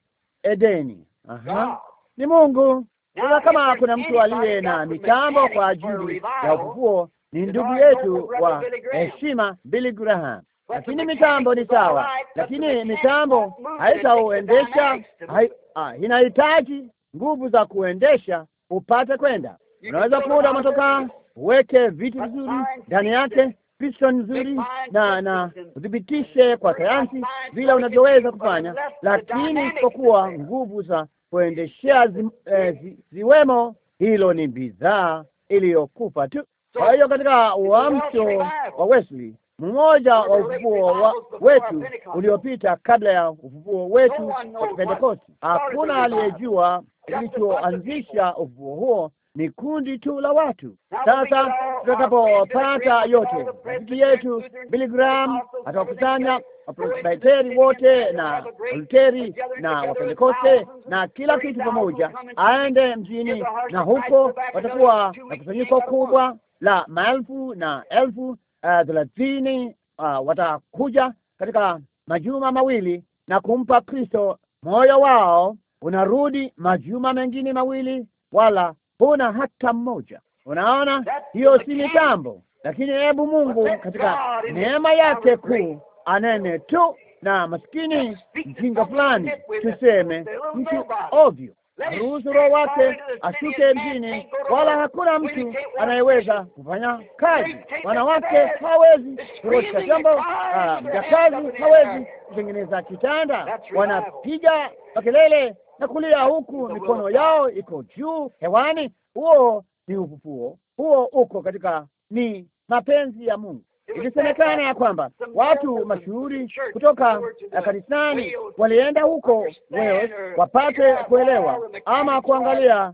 Edeni. Aha. Ni Mungu sasa. Kama kuna mtu aliye na mitambo kwa ajili ya ufufuo ni ndugu yetu wa heshima Billy Graham, lakini mitambo ni sawa, lakini mitambo haitauendesha hai, ah, inahitaji nguvu za kuendesha upate kwenda. Unaweza kuunda motokaa uweke vitu vizuri ndani yake, piston nzuri, na na udhibitishe kwa sayansi vile unavyoweza kufanya, lakini isipokuwa nguvu za kuendeshea zi, eh, zi, ziwemo, hilo ni bidhaa iliyokufa tu. Kwa hiyo katika uamsho wa Wesley mmoja wa ufufuo wetu uliopita kabla ya ufufuo wetu wa Pentekosti, hakuna aliyejua kilichoanzisha ufufuo huo ni kundi tu la watu. Sasa tutakapopata yote, rafiki yetu Billy atawakusanya wapresbiteri wote na waluteri na wapentekoste na kila kitu pamoja, aende mjini, na huko watakuwa na kusanyiko kubwa la maelfu na elfu uh, thelathini. Uh, watakuja katika majuma mawili na kumpa Kristo moyo wao, unarudi majuma mengine mawili wala huna hata mmoja. Unaona, hiyo si mitambo, lakini hebu Mungu katika neema yake kuu anene tu na maskini mjinga fulani, tuseme mtu ovyo, ruhusu roho wake ashuke mjini, wala hakuna mtu anayeweza kufanya kazi. Wanawake hawezi kurosha jambo, ah, mjakazi hawezi kutengeneza kitanda, wanapiga makelele na kulia, huku mikono yao iko juu hewani. Huo ni ufufuo, huo uko katika, ni mapenzi ya Mungu. Ilisemekana ya kwamba watu mashuhuri kutoka kanisani walienda huko Wales wapate kuelewa ama kuangalia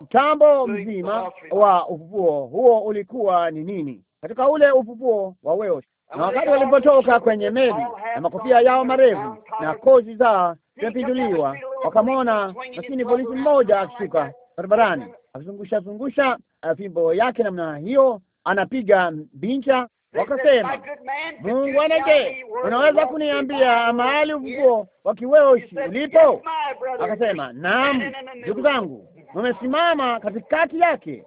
mtambo mzima wa ufufuo huo ulikuwa ni nini katika ule ufufuo wa Wales. Na wakati walipotoka kwenye meli na makofia yao marefu na kozi zao kimepinduliwa. wakamwona maskini polisi mmoja akishuka barabarani akizungusha zungusha eh, fimbo yake namna hiyo, anapiga bincha. Wakasema, Mungu anaje, unaweza kuniambia mahali ufufuo wa kiweoshi ulipo? Akasema, naam, ndugu zangu, mumesimama katikati yake.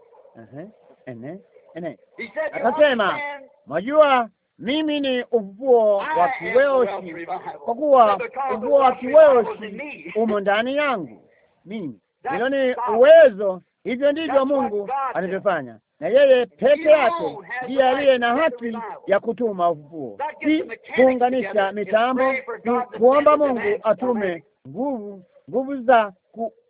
Akasema, mwajua mimi ni ufufuo wa kiweoshi, kwa kuwa ufufuo wa kiweoshi umo ndani yangu mimi. Hilo ni uwezo. Hivyo ndivyo Mungu anavyofanya, na yeye peke yake ndiye aliye na haki ya kutuma ufufuo, si kuunganisha mitambo, kuomba Mungu atume nguvu, nguvu za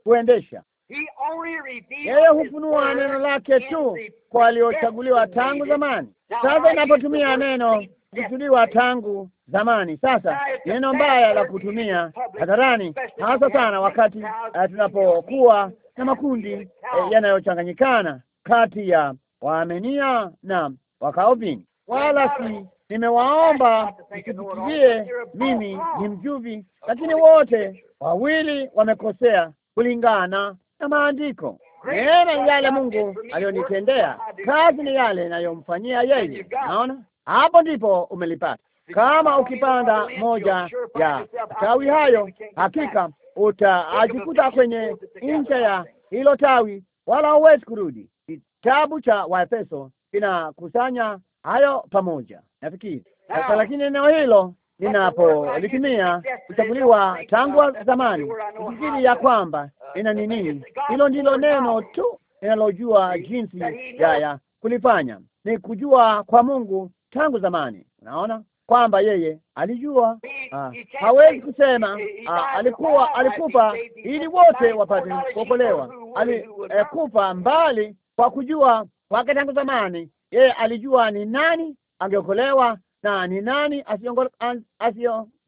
kuendesha yeye hufunua neno lake tu kwa aliochaguliwa tangu zamani. Sasa inapotumia neno kuchuliwa tangu zamani, sasa neno mbaya la kutumia hadharani, hasa sana wakati eh, tunapokuwa na makundi uh, yanayochanganyikana kati ya waamenia na wakaovini. Wala si nimewaomba msifikirie mimi ni mjuvi, lakini wote wawili wamekosea kulingana na Maandiko. Neema ni yale Mungu aliyonitendea, kazi ni yale inayomfanyia yeye. Naona hapo ndipo umelipata. Kama ukipanda moja ya tawi hayo, hakika utaajikuta kwenye ncha ya hilo tawi, wala huwezi kurudi. Kitabu cha Waefeso kinakusanya hayo pamoja, nafikiri sasa. Lakini eneo hilo ninapolitumia kuchaguliwa tangu zamani, ikizidi ya kwamba ina nini. Hilo ndilo neno tu ninalojua jinsi yaya kulifanya ni kujua kwa Mungu tangu zamani. Unaona kwamba yeye alijua. ha, ah, hawezi kusema ha, ah, alikuwa alikufa ili wote wapate kuokolewa. Alikufa eh, mbali kwa kujua kwake tangu zamani. Yeye alijua ni nani angeokolewa na ni nani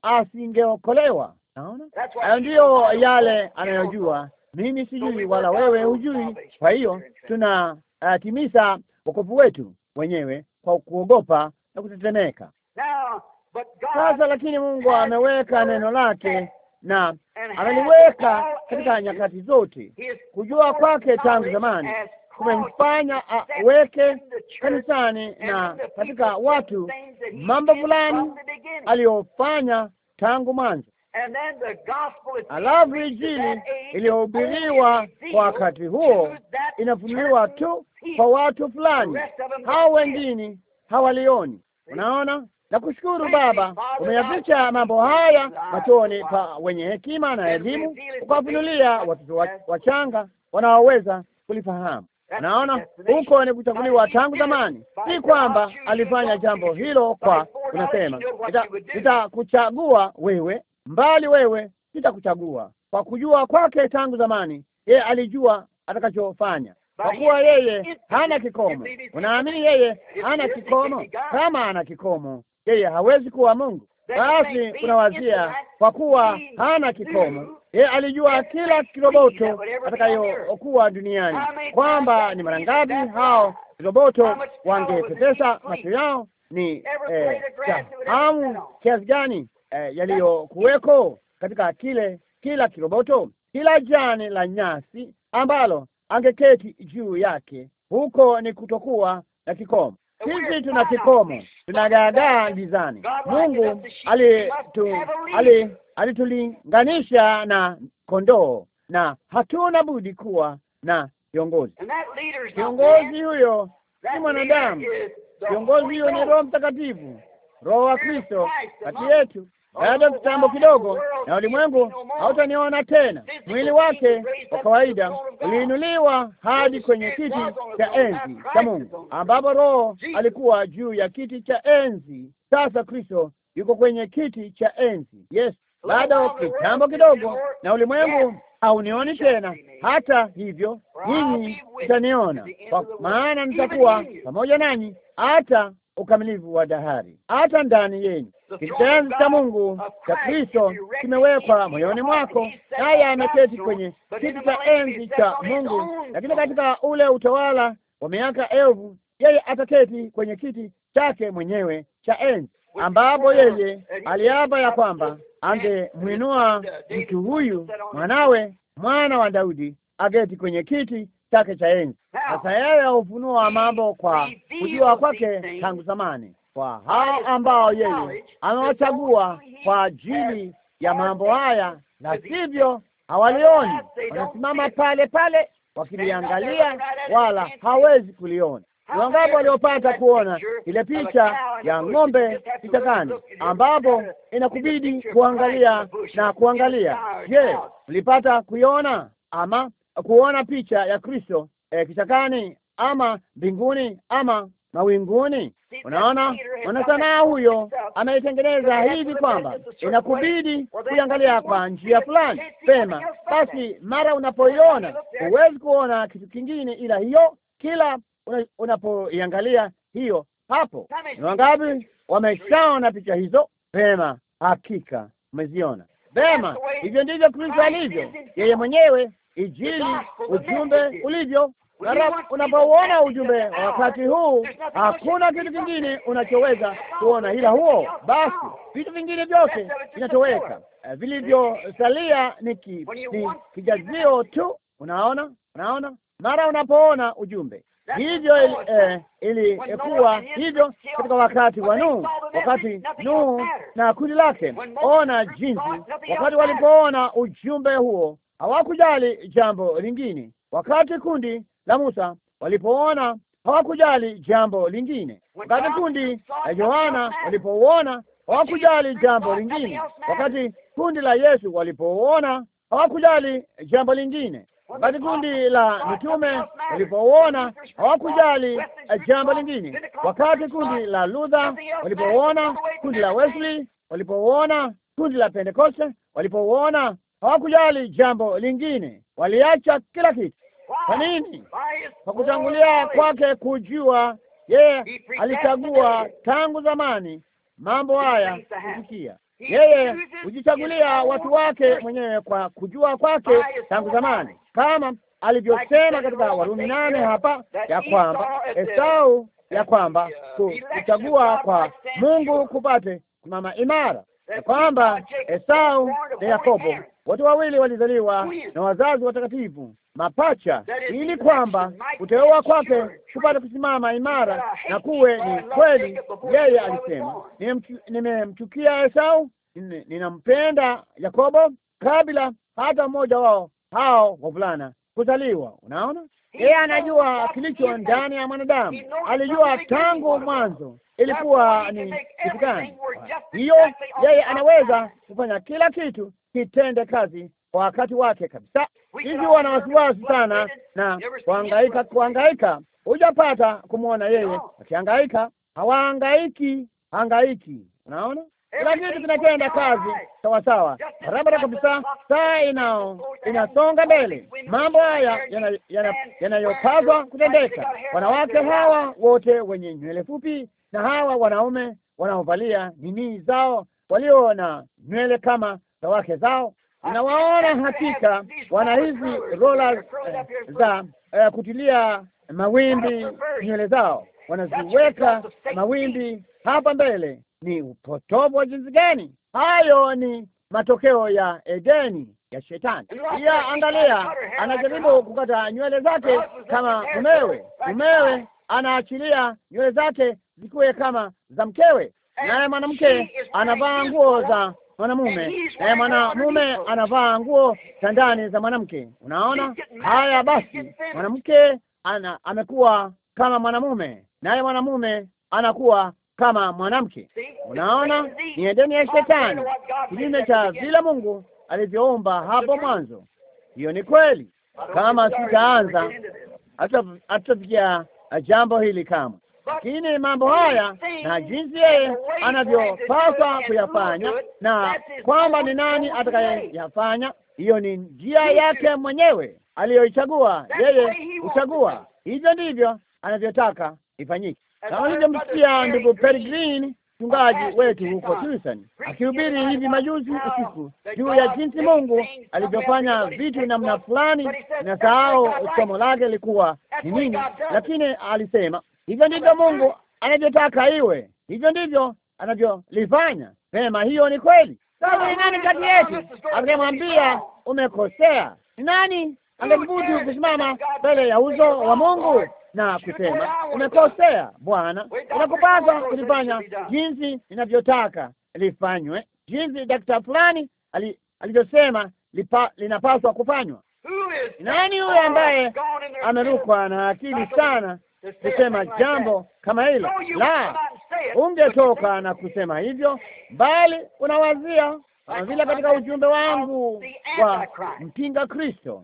asingeokolewa? Naona hayo ndiyo yale anayojua. Mimi sijui wala wewe hujui. Kwa hiyo tunatimiza uh, wokovu wetu wenyewe kwa kuogopa na kutetemeka. Sasa lakini Mungu ameweka neno lake na ameliweka katika nyakati zote, kujua kwake tangu zamani kumemfanya aweke ah, kanisani na katika watu mambo fulani aliyofanya tangu mwanzo, alafu Injili iliyohubiriwa kwa wakati huo inafunuliwa tu kwa watu fulani, hao wengine hawalioni. Unaona? Nakushukuru Baba, umeyaficha mambo haya machoni pa wenye hekima na elimu, ukawafunulia watoto wachanga wanaoweza kulifahamu. Naona huko ni kuchaguliwa tangu zamani, si kwamba alifanya jambo hilo kwa, unasema nitakuchagua wewe, mbali wewe nitakuchagua. Kwa kujua kwake tangu zamani, yeye alijua atakachofanya kwa kuwa yeye hana kikomo. Unaamini yeye hana kikomo? Kama ana kikomo, yeye hawezi kuwa Mungu. Basi unawazia, kwa kuwa hana kikomo, yeye alijua kila kiroboto atakayokuwa duniani, kwamba ni mara ngapi hao viroboto wangepepesa macho yao, ni jahamu eh, kiasi gani eh, yaliyokuweko katika kile kila kiroboto, kila jani la nyasi ambalo angeketi juu yake. Huko ni kutokuwa na kikomo. Sisi tuna kikomo, tunagaagaa gizani. Mungu alitulinganisha ali, na kondoo, na hatuna budi kuwa na kiongozi. Kiongozi huyo si mwanadamu, kiongozi huyo ni Roho Mtakatifu, Roho wa Kristo kati yetu ya kitambo kidogo, na ulimwengu hautaniona tena. Mwili wake wa kawaida uliinuliwa hadi kwenye kiti cha enzi cha Mungu, ambapo Roho alikuwa juu ya kiti cha enzi. Sasa Kristo yuko kwenye kiti cha enzi. Yes, bado kitambo kidogo, na ulimwengu haunioni tena. Hata hivyo, nyinyi mtaniona, kwa maana nitakuwa pamoja nanyi hata ukamilifu wa dahari. Hata ndani yenu kitanzi cha Mungu cha Kristo kimewekwa moyoni mwako, naye ameketi kwenye kiti cha enzi cha Mungu. Lakini katika ule utawala wa miaka elfu, yeye ataketi kwenye kiti chake mwenyewe cha enzi, ambapo yeye aliapa ya kwamba angemwinua mtu huyu mwanawe, mwana wa Daudi, aketi kwenye kiti chake cha enzi. Sasa yeye hufunua mambo kwa kujua kwake tangu zamani, kwa hao ambao yeye amewachagua kwa ajili ya mambo haya, na sivyo hawalioni, wanasimama pale pale wakiliangalia, wala hawezi kuliona. Wangapi waliopata kuona ile picha ya ng'ombe kichakani, ambapo inakubidi kuangalia na kuangalia? Je, mlipata kuiona ama kuona picha ya Kristo eh, kichakani ama mbinguni ama mawinguni. Unaona, mwanasanaa huyo ameitengeneza hivi kwamba inakubidi kuiangalia kwa njia fulani. Sema basi, mara unapoiona huwezi kuona kitu kingine ila hiyo, kila unapoiangalia hiyo hapo. Ni wangapi wameshaona picha hizo? Pema, hakika umeziona. pema hivyo ndivyo Kristo alivyo, yeye mwenyewe Injili, ujumbe ulivyo. Unapouona ujumbe wakati huu, hakuna kitu kingine unachoweza kuona ila huo. Basi vitu vingine vyote vinatoweka, eh, vilivyosalia ni kijazio tu. Unaona, unaona, mara unapoona ujumbe hivyo eh, ili, eh, ilikuwa hivyo katika wakati wa Nuhu, wakati Nuhu na kundi lake. Ona jinsi wakati walipoona ujumbe huo hawakujali jambo lingine. Wakati kundi la Musa walipoona, hawakujali jambo lingine. Wakati kundi la Yohana walipoona, hawakujali jambo lingine. Wakati kundi la Yesu walipoona, hawakujali jambo lingine. Wakati kundi la mitume walipoona, hawakujali jambo lingine. Wakati kundi la Luther walipoona, kundi la Wesley walipoona, kundi la Pentekoste walipoona, hawakujali jambo lingine, waliacha kila kitu. Kwa nini? Kwa kutangulia kwake kujua, yeye alichagua tangu zamani mambo haya kufikia yeye hujichagulia watu wake mwenyewe kwa kujua kwake tangu zamani, kama alivyosema katika Warumi nane hapa ya kwamba Esau, ya kwamba kuchagua kwa Mungu kupate kumama imara, ya kwamba Esau na Yakobo Watu wawili walizaliwa na wazazi watakatifu mapacha, ili kwamba kuteua kwake kupata kusimama imara na kuwe ni kweli. Yeye alisema nimemchukia Esau, ninampenda Yakobo, kabla hata mmoja wao hao wavulana kuzaliwa. Unaona, yeye anajua kilicho ndani ya mwanadamu, alijua tangu mwanzo ilikuwa ni kitu gani hiyo. Yeye anaweza kufanya kila kitu kitende kazi kwa wakati wake kabisa. Hivi wana wasiwasi sana na kuhangaika, kuhangaika hujapata kumwona yeye akihangaika, hawahangaiki hangaiki, unaona kila kitu kinatenda kazi sawasawa barabara kabisa. Saa inao inasonga mbele, mambo haya yanayopaswa yana, kutendeka. Wanawake hawa wote wenye nywele fupi na hawa wanaume wanaovalia nini zao walio na nywele kama za wake zao. Ah, Inawaona hakika, wana hizi rola eh, za uh, kutilia mawimbi nywele zao, wanaziweka mawimbi hapa mbele. Ni upotovu wa jinsi gani! Hayo ni matokeo ya Edeni ya shetani. Pia angalia, anajaribu kukata nywele zake kama mumewe. Mumewe anaachilia nywele zake zikuwe kama za mkewe, naye mwanamke anavaa nguo za mwanamume eh, mwanamume anavaa nguo za ndani za mwanamke. Unaona haya? Basi mwanamke ana amekuwa kama mwanamume, naye mwanamume anakuwa kama mwanamke. Unaona, ni Edeni ya Shetani, kinyume cha vile Mungu alivyoumba hapo mwanzo. Hiyo ni kweli. Kama sitaanza hatutafikia jambo hili kamwe lakini mambo haya na jinsi yeye anavyopaswa kuyafanya na kwamba ni nani atakayeyafanya, hiyo ni njia yake mwenyewe aliyoichagua yeye, huchagua hivyo ndivyo anavyotaka ifanyike. Kama nilivyomsikia ndugu Peregrine mchungaji wetu huko uh, Tucson akihubiri hivi majuzi usiku juu ya jinsi Mungu alivyofanya vitu namna fulani, na sahau somo lake lilikuwa ni nini, lakini alisema Hivyo ndivyo Mungu anavyotaka iwe, hivyo ndivyo anavyolifanya. Sema hiyo ni kweli. Sasa ni nani kati yetu akamwambia umekosea? Ni nani angebudu kusimama mbele ya uzo wa Mungu na kusema umekosea, Bwana, inakupasa kulifanya jinsi ninavyotaka lifanywe, jinsi daktari fulani alivyosema linapaswa kufanywa? Nani huyo ambaye amerukwa na akili sana kusema jambo kama hilo, la ungetoka na kusema hivyo, bali unawazia kama vile katika ujumbe wangu wa mpinga Kristo,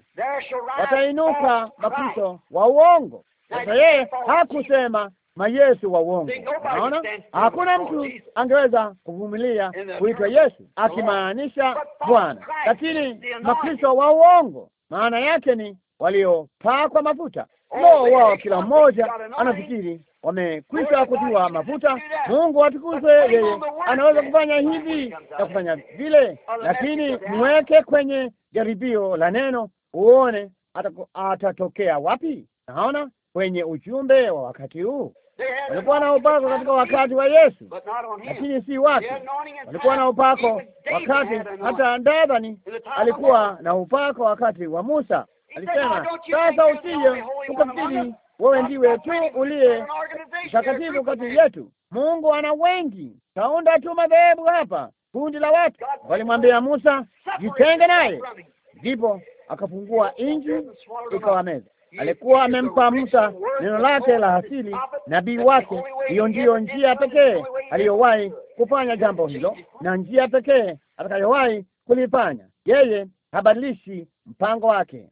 watainuka Makristo wa uongo. Sasa yeye hakusema mayesu wa uongo. Naona hakuna mtu angeweza kuvumilia kuitwa Yesu akimaanisha Bwana, lakini Makristo wa uongo maana yake ni waliopakwa mafuta Lo, eh, wao eh, kila eh, mmoja anafikiri wamekwisha kutiwa mafuta. Mungu atukuzwe, yeye anaweza kufanya hivi na kufanya vile, lakini mweke kwenye jaribio la neno, uone atatokea wapi. Naona kwenye ujumbe wa wakati huu walikuwa na upako katika wakati wa Yesu, lakini si wake. Walikuwa na upako wakati hata Davani alikuwa na upako wakati wa Musa alisema sasa, usije ukafikiri wewe ndiwe tu uliye mtakatifu kati yetu. Mungu ana wengi, taunda tu madhehebu hapa, kundi la watu. Walimwambia Musa, jitenge naye, ndipo akafungua inji ikawameza. Alikuwa amempa Musa neno lake la asili, nabii wake. Hiyo ndiyo njia pekee aliyowahi kufanya jambo hilo na njia pekee atakayowahi kulifanya. Yeye habadilishi mpango wake.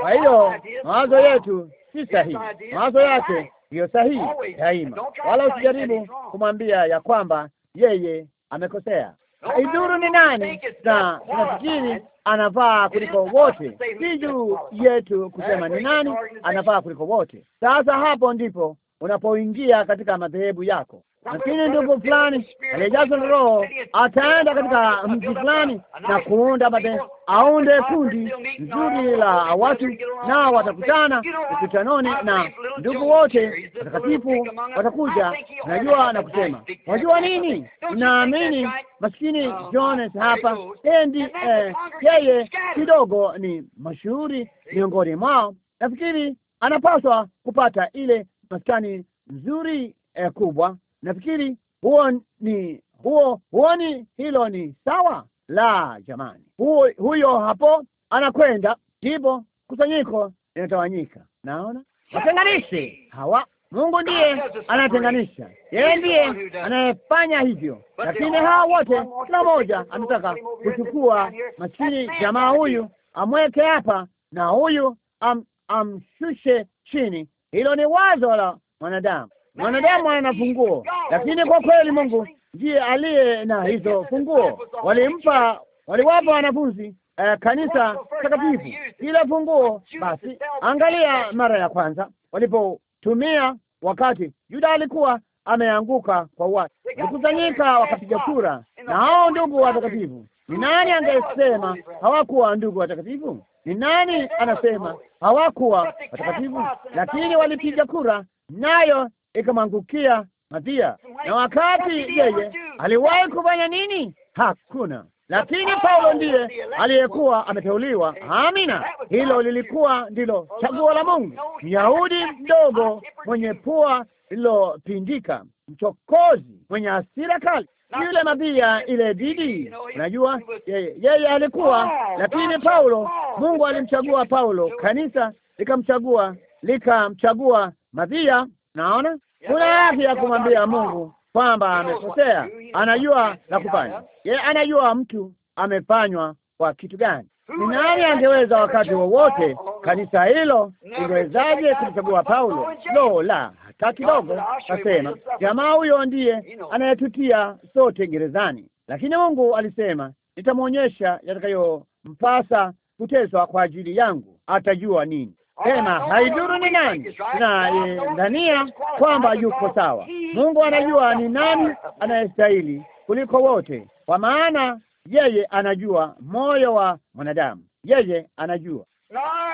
Kwa hiyo mawazo yetu si sahihi, mawazo yake ndiyo sahihi daima, wala usijaribu kumwambia ya kwamba yeye amekosea. Haidhuru ni nani, na tunafikiri anafaa kuliko wote, si juu yetu kusema ni nani anafaa kuliko wote. Sasa hapo ndipo unapoingia katika madhehebu yako lakini ndugu fulani aliyejazwa na Roho ataenda katika mji fulani na kuunda mate, aunde kundi nzuri la watu, nao watakutana mkutanoni, na ndugu wote watakatifu watakuja, najua na kusema, wajua nini? Naamini maskini Jones hapa, endi eh, yeye kidogo ni mashuhuri miongoni mwao, nafikiri anapaswa kupata ile maskani nzuri eh, kubwa Nafikiri huo ni huo huoni hilo ni sawa la jamani, huo huyo hapo anakwenda ndipo kusanyiko inatawanyika. Naona watenganishi hawa, Mungu ndiye anatenganisha, yeye ndiye anayefanya hivyo, lakini hawa wote, kila mmoja anataka kuchukua maskini jamaa huyu amweke hapa na huyu am, amshushe chini. Hilo ni wazo la mwanadamu mwanadamu ana funguo, lakini kwa kweli Mungu ndiye aliye na hizo funguo. Walimpa, waliwapa wanafunzi uh, kanisa takatifu kila funguo. Basi angalia, mara ya kwanza walipotumia, wakati Yuda alikuwa ameanguka kwa watu, walikusanyika wakapiga kura, na hao ndugu watakatifu ni nani angesema hawakuwa ndugu watakatifu? Ni nani anasema hawakuwa watakatifu? Lakini walipiga kura, nayo ikamwangukia Matia. Na wakati yeye aliwahi kufanya nini? Hakuna. Lakini oh, Paulo ndiye aliyekuwa ameteuliwa. Amina, hilo lilikuwa ndilo oh, chaguo la Mungu. Myahudi mdogo mwenye pua lililopindika, mchokozi mwenye hasira kali, yule mabia ile didi. Unajua yeye, yeye alikuwa. Lakini Paulo, Mungu alimchagua Paulo, kanisa likamchagua, likamchagua Mathia. Naona kuna haki ya kumwambia Mungu kwamba amekosea. Anajua la kufanya ye anajua mtu amefanywa kwa kitu gani. Ni nani angeweza wakati wowote wa kanisa hilo ingewezaje kumchagua Paulo? Lo la, hata kidogo. Kasema jamaa huyo ndiye anayetutia sote gerezani, lakini Mungu alisema nitamwonyesha yatakayompasa kuteswa kwa ajili yangu, atajua nini sema haiduru ni nani, inadhania eh, kwamba yuko sawa. Mungu anajua ni nani anayestahili kuliko wote, kwa maana yeye anajua moyo wa mwanadamu, yeye anajua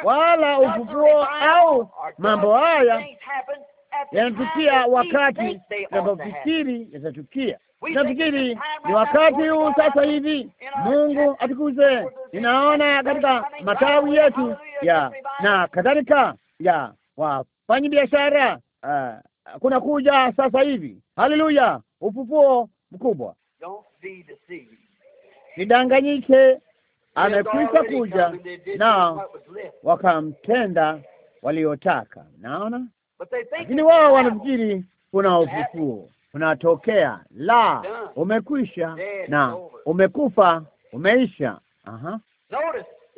wala ufufuo au mambo haya yanatukia wakati tunapofikiri yatatukia. Nafikiri ni wakati huu eh, sasa hivi Mungu atukuze. Ninaona katika matawi yetu ya na kadhalika ya wafanyi biashara uh, kuna kuja sasa hivi. Haleluya, ufufuo mkubwa. Nidanganyike, amekwisha kuja na wakamtenda waliotaka. Naona lakini wao wanafikiri kuna ufufuo unatokea la umekwisha na umekufa umeisha. Aha.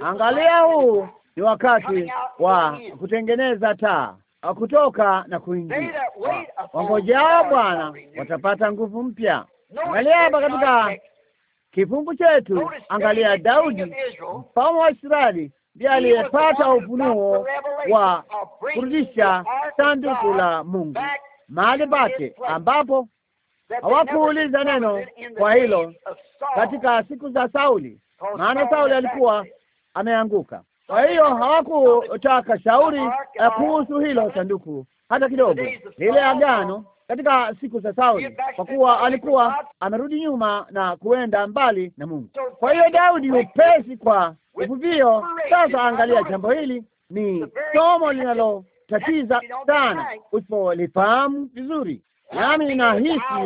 Angalia, huu ni wakati wa kutengeneza taa kutoka na kuingia. Wangojao Bwana watapata nguvu mpya. Angalia hapa katika kifungu chetu, angalia Daudi mfalme wa Israeli ndiye aliyepata ufunuo wa kurudisha sanduku la Mungu mahali pake ambapo hawakuuliza neno kwa hilo katika siku za Sauli, maana Sauli alikuwa ameanguka. Kwa hiyo hawakutaka shauri kuhusu hilo sanduku hata kidogo, lile agano katika siku za Sauli, kwa kuwa alikuwa amerudi nyuma na kuenda mbali na Mungu. Kwa hiyo Daudi upesi kwa uvuvio. Sasa angalia, jambo hili ni somo linalo tatiza sana usipolifahamu vizuri. Nami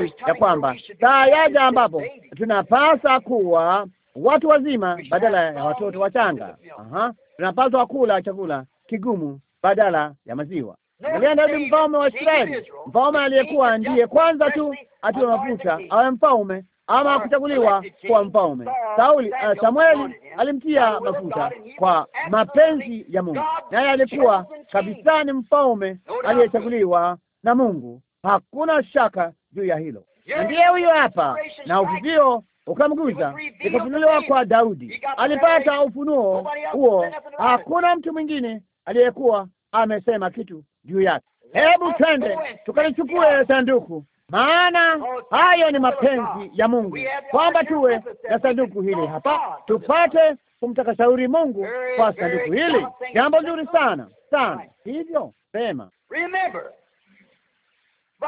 hisi ya kwamba saa yaja ambapo tunapasa kuwa watu wazima badala ya watoto wachanga. Aha, tunapaswa kula chakula kigumu badala ya maziwa. Angalia Daudi, mfalme wa Israeli, mfalme aliyekuwa ndiye kwanza tu atiwe mafuta awe mfalme, ama kuchaguliwa kwa mfalme. Sauli, uh, Samueli alimtia mafuta kwa mapenzi ya Mungu, naye alikuwa kabisa ni mfalme aliyechaguliwa na Mungu. Hakuna shaka juu ya hilo. Ndiye huyo hapa, na uvuvio ukamguza, ikafunuliwa kwa Daudi. Alipata ufunuo huo, hakuna mtu mwingine aliyekuwa amesema kitu juu yake. Hebu twende tukalichukue sanduku maana hayo ni mapenzi ya Mungu kwamba tuwe na sanduku hili hapa, tupate kumtakashauri Mungu kwa sanduku hili. Jambo zuri sana sana, hivyo sema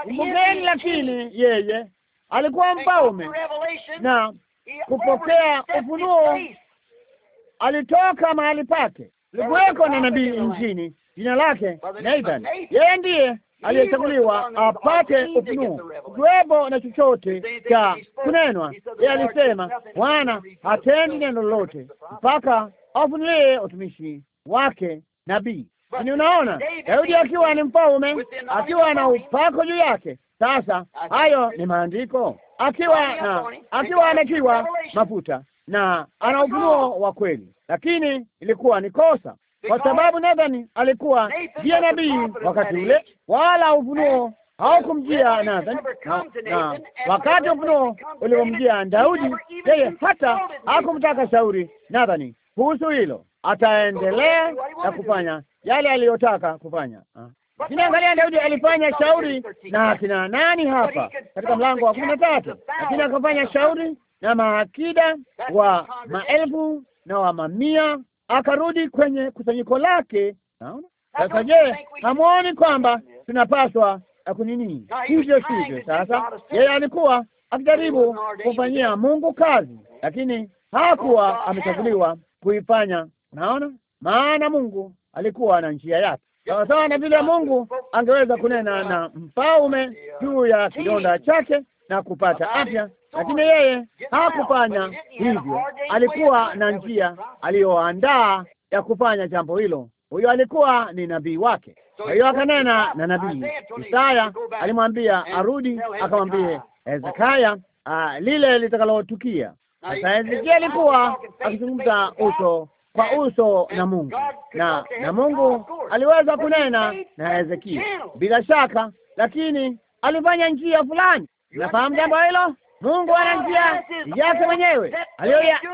Kumbukeni, lakini yeye alikuwa mfalme na kupokea ufunuo, alitoka mahali pake. Likuweko na nabii nchini, jina lake Nathan. Yeye ndiye aliyechaguliwa apate ufunuo, kukiwepo na chochote cha kunenwa. Yeye alisema Bwana hatendi neno lolote mpaka afunulie utumishi wake nabii. Ni unaona, Daudi akiwa ni mfalme, akiwa na upako juu yake. Sasa hayo ni maandiko, akiwa na akiwa amekiwa mafuta na ana ufunuo wa kweli, lakini ilikuwa ni kosa kwa sababu Nathani alikuwa ndiye nabii wakati ule, wala ufunuo haukumjia Nathani na, na wakati ufunuo ulipomjia Daudi, yeye hata hakumtaka shauri Nathani kuhusu hilo. Ataendelea na kufanya yale aliyotaka kufanya. Lakini ah. angalia, Daudi alifanya shauri na akina nani hapa katika mlango wa kumi na tatu, lakini akafanya shauri na maakida wa maelfu na wa mamia akarudi kwenye kusanyiko lake. Sasa je, hamwoni kwamba tunapaswa kunini? Hivyo sivyo? Sasa yeye alikuwa akijaribu kufanyia Mungu kazi, lakini hakuwa oh, amechaguliwa kuifanya. Unaona, maana Mungu alikuwa na njia yake, sawa sawa na vile Mungu angeweza kunena na mfalme juu ya kidonda chake na kupata afya lakini yeye hakufanya hivyo. Alikuwa na njia aliyoandaa ya kufanya jambo hilo. Huyo alikuwa ni nabii wake. Kwa hiyo akanena na nabii Isaya, alimwambia arudi, akamwambie Hezekaya ah, lile litakalotukia. Sasa Hezekia alikuwa akizungumza uso kwa uso na Mungu na na Mungu aliweza kunena na Hezekia bila shaka, lakini alifanya njia fulani. Unafahamu jambo hilo? Mungu ana njia yake mwenyewe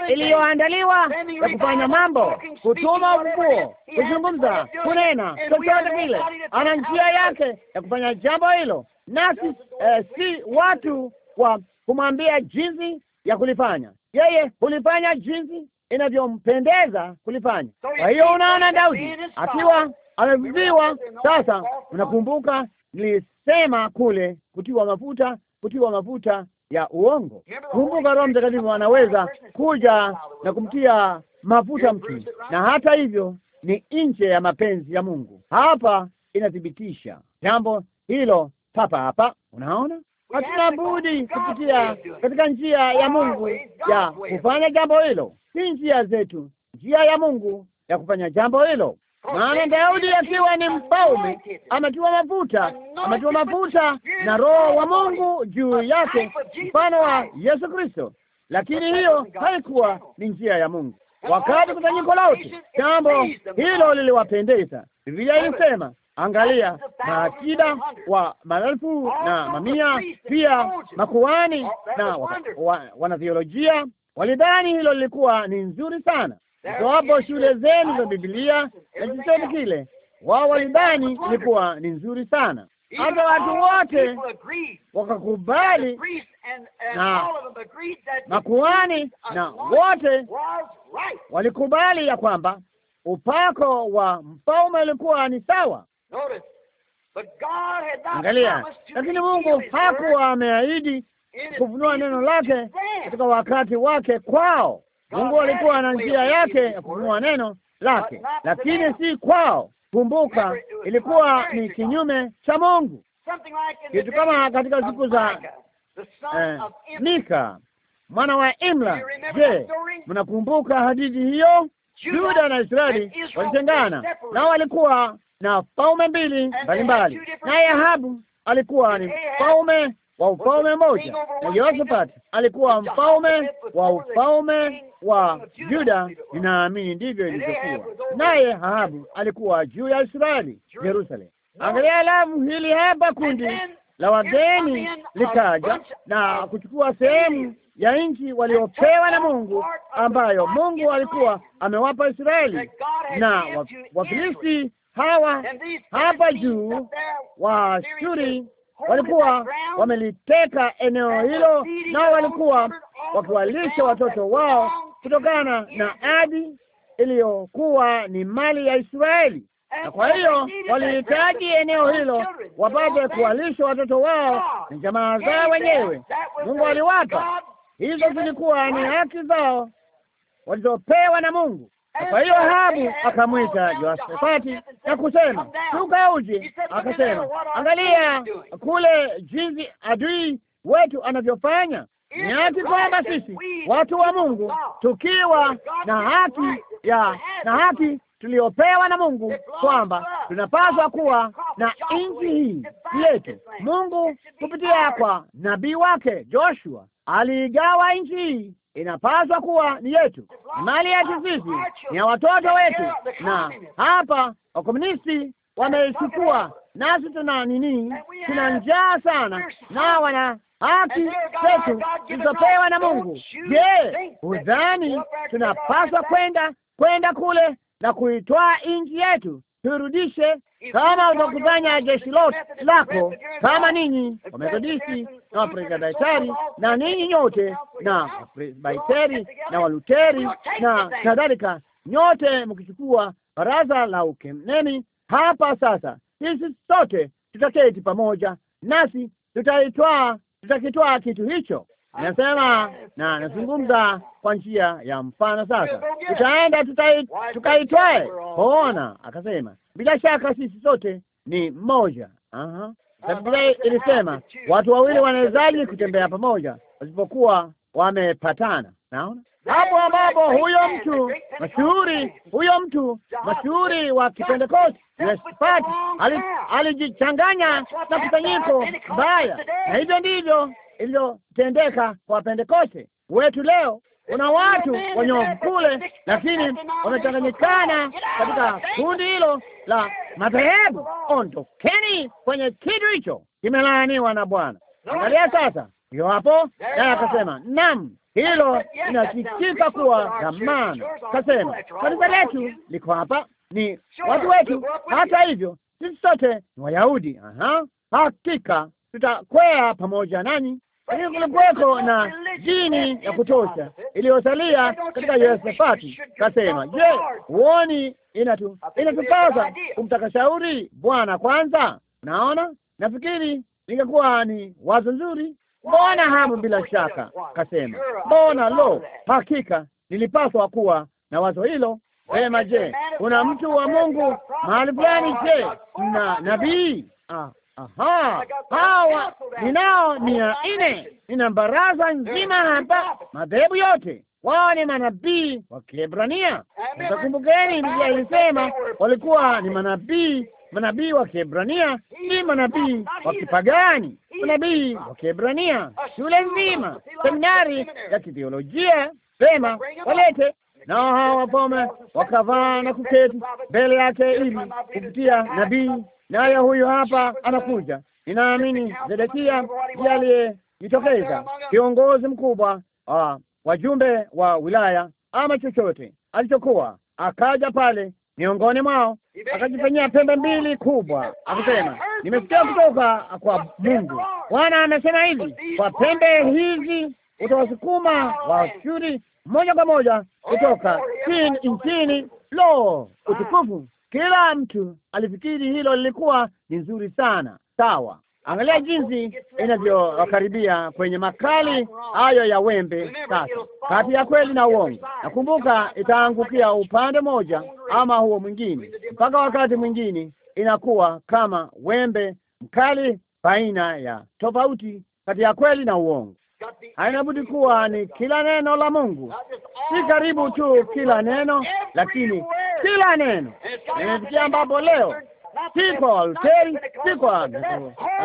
iliyoandaliwa ya kufanya mambo, kutuma ufufuo, kuzungumza, kunena, chochote vile. Ana njia yake ya kufanya jambo hilo, nasi eh, si watu kwa kumwambia jinsi ya kulifanya. Yeye hulifanya jinsi inavyompendeza kulifanya. Kwa hiyo unaona, Daudi akiwa ameviviwa. Sasa unakumbuka nilisema kule kutiwa mafuta, kutiwa mafuta ya uongo. Kumbuka, Roho Mtakatifu anaweza kuja na kumtia mafuta mtu, na hata hivyo ni nje ya mapenzi ya Mungu. Hapa inathibitisha jambo hilo papa hapa. Unaona, hatuna budi kupitia katika njia ya Mungu ya kufanya jambo hilo, si njia zetu, njia ya Mungu ya kufanya jambo hilo. Maana Daudi akiwa ni mfalme ametiwa mafuta, ametiwa mafuta na Roho wa Mungu juu yake, mfano wa Yesu Kristo. Lakini hiyo haikuwa ni njia ya Mungu. Wakati kusanyiko lote, jambo hilo liliwapendeza. Biblia ilisema, angalia, maakida wa maelfu na mamia, pia makuhani na wanatheolojia walidhani hilo lilikuwa ni nzuri sana. Ikawapo shule zenu za Biblia na chochote kile, wao walidhani ilikuwa ni nzuri sana, hata watu wote wakakubali, na makuhani na wote walikubali ya kwamba upako wa mfalme ulikuwa ni sawa. Angalia, lakini Mungu hakuwa ameahidi kufunua neno lake katika wakati wake kwao. Mungu alikuwa na njia yake ya kufunua neno lake, lakini si kwao. Kumbuka, ilikuwa ni kinyume cha Mungu, kitu kama katika siku za eh, Mika mwana wa Imla. Je, mnakumbuka hadithi hiyo? Juda na Israeli walitengana, nao walikuwa na paume mbili mbalimbali, naye Ahabu alikuwa ni paume wa ufalme mmoja, na Yehoshafati alikuwa mfalme wa ufalme wa Yuda, ninaamini ndivyo ilivyokuwa. Naye Ahabu alikuwa juu ya Israeli, Jerusalem. Angalia, alafu hili hapa kundi la wageni likaja na kuchukua sehemu ya nchi waliopewa na Mungu ambayo Mungu alikuwa amewapa Israeli, na Wafilisti hawa hapa juu, wa Shuri walikuwa wameliteka eneo hilo, nao walikuwa wakiwalisha watoto wao kutokana na ardhi iliyokuwa ni mali ya Israeli, na kwa hiyo walihitaji eneo hilo wapate kuwalisha watoto wao na jamaa zao wenyewe. Mungu aliwapa hizo, zilikuwa ni haki zao walizopewa na Mungu. Kwa hiyo Ahabu akamwita Yehoshafati na kusema, shuka uje. Akasema, angalia kule jinsi adui wetu anavyofanya. Ni haki kwamba sisi watu wa Mungu tukiwa na haki ya na haki tuliyopewa na Mungu kwamba tunapaswa kuwa na nchi hii yetu. Mungu kupitia kwa nabii wake Joshua aliigawa nchi hii inapaswa kuwa ni yetu, mali yetu sisi, ni ya watoto wetu, na hapa wakomunisti wameichukua, nasi tuna nini? Tuna njaa sana, na wana haki zetu zilizopewa na Mungu. Je, hudhani tunapaswa kwenda kwenda kule na kuitwaa nchi yetu tuirudishe kama utakusanya jeshi lote lako kama ninyi Wamethodisti na Wapresbiteri na ninyi nyote na Wapresbiteri na Waluteri na kadhalika, nyote mkichukua baraza la ukeneni hapa sasa, sisi sote tutaketi pamoja, nasi tutaitwaa tutakitwaa kitu hicho. Nasema na nazungumza kwa njia ya mfano. Sasa tutaenda tukaitwae. Ona akasema bila shaka sisi sote ni mmoja. Aha, Biblia ilisema watu wawili wanawezaje kutembea pamoja wasipokuwa wamepatana? Naona hapo ambapo huyo mtu mashuhuri, huyo mtu mashuhuri wa Kipentekoste Yehoshafati alijichanganya na kusanyiko mbaya, na hivyo ndivyo ilivyotendeka kwa Pentekoste wetu leo. Kuna watu wenye kule, lakini wamechanganyikana katika kundi hilo la madhehebu. Ondokeni kwenye kitu hicho, kimelaaniwa na Bwana. Angalia sasa, hiyo hapo. Naye akasema naam, hilo inasikika kuwa dhamana. Kasema kanisa letu liko hapa, ni watu wetu. Hata hivyo sisi sote ni Wayahudi. Aha, hakika tutakwea pamoja nanyi kwa hiyo kulikuwako na dini ya kutosha iliyosalia katika Yehoshafati. Kasema, je, huoni inatu inatupasa kumtaka shauri Bwana kwanza? Naona, nafikiri ingekuwa ni wazo nzuri. Mbona hapo? Bila shaka, kasema, mbona lo, hakika nilipaswa kuwa na wazo hilo. Sema, je, kuna mtu wa Mungu mahali fulani? Je, na nabii? Ah, Aha, hawa ninao mia nne. Nina baraza nzima hapa, madhehebu yote, wao ni manabii wa Kiebrania. Mtakumbukeni Biblia ilisema walikuwa ni manabii, manabii wa Kiebrania, si manabii wa kipagani, manabii wa Kiebrania. Shule nzima, seminari ya kitheolojia, pema walete nao hawa wapome, wakavaa na kuketi mbele yake ili kupitia nabii naye huyu hapa anakuja. Ninaamini Zedekia ndiye aliyejitokeza kiongozi mkubwa wa ah, wajumbe wa wilaya ama chochote alichokuwa, akaja pale miongoni mwao akajifanyia pembe mbili kubwa, akisema nimesikia kutoka kwa Mungu, Bwana amesema hivi, kwa pembe hizi utawasukuma Waashuri moja kwa moja kutoka chini nchini. Lo, utukufu! Kila mtu alifikiri hilo lilikuwa ni nzuri sana. Sawa, angalia jinsi inavyowakaribia kwenye makali hayo ya wembe. Sasa kati ya kweli na uongo, nakumbuka itaangukia upande mmoja ama huo mwingine, mpaka wakati mwingine inakuwa kama wembe mkali baina ya tofauti kati ya kweli na uongo haina budi kuwa ni kila neno la Mungu, si karibu tu kila neno, lakini kila neno. Nimefikia ambapo leo si kwa Waluteri, si kwa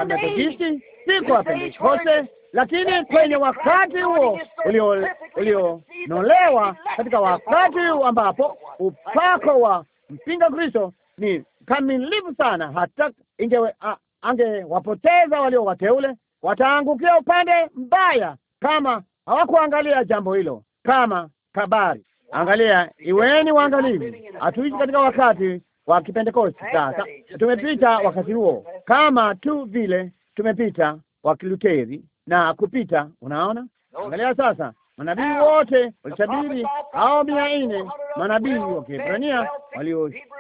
Methodisti, si kwa Pentekoste, lakini kwenye wakati huo ulionolewa, katika wakati huu ambapo upako wa mpinga Kristo ni kamilifu sana, hata ingewe angewapoteza walio wateule wataangukia upande mbaya kama hawakuangalia jambo hilo kama kabari. Angalia, iweni waangalizi Hatuishi katika wakati wa Kipentekosti sasa, tumepita wakati huo, kama tu vile tumepita wa Kiluteri na kupita. Unaona, angalia sasa, Manabii wote walitabiri, hao mia nne manabii wa Kiebrania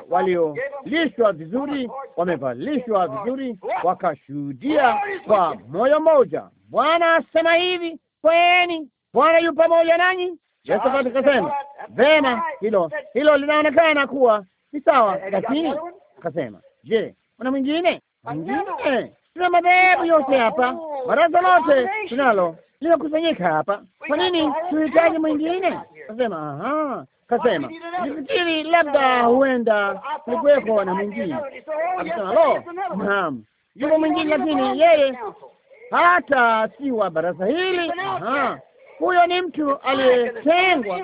waliolishwa vizuri, wamevalishwa vizuri, wakashuhudia kwa moyo mmoja, Bwana asema hivi, kweni, Bwana yu pamoja nanyi. Yesu akasema vema, hilo hilo linaonekana kuwa ni sawa, lakini akasema, je, kuna mwingine? Mwingine? Tuna madhehebu yote hapa, baraza lote tunalo limekusanyika hapa. Kwa nini tunahitaji mwingine? Kasema kasema nifikiri labda huenda kulikuweko na mwingine. Oh, Akasema lo, naam, yuko mwingine, lakini yeye hata si wa baraza hili. Huyo ni mtu aliyetengwa,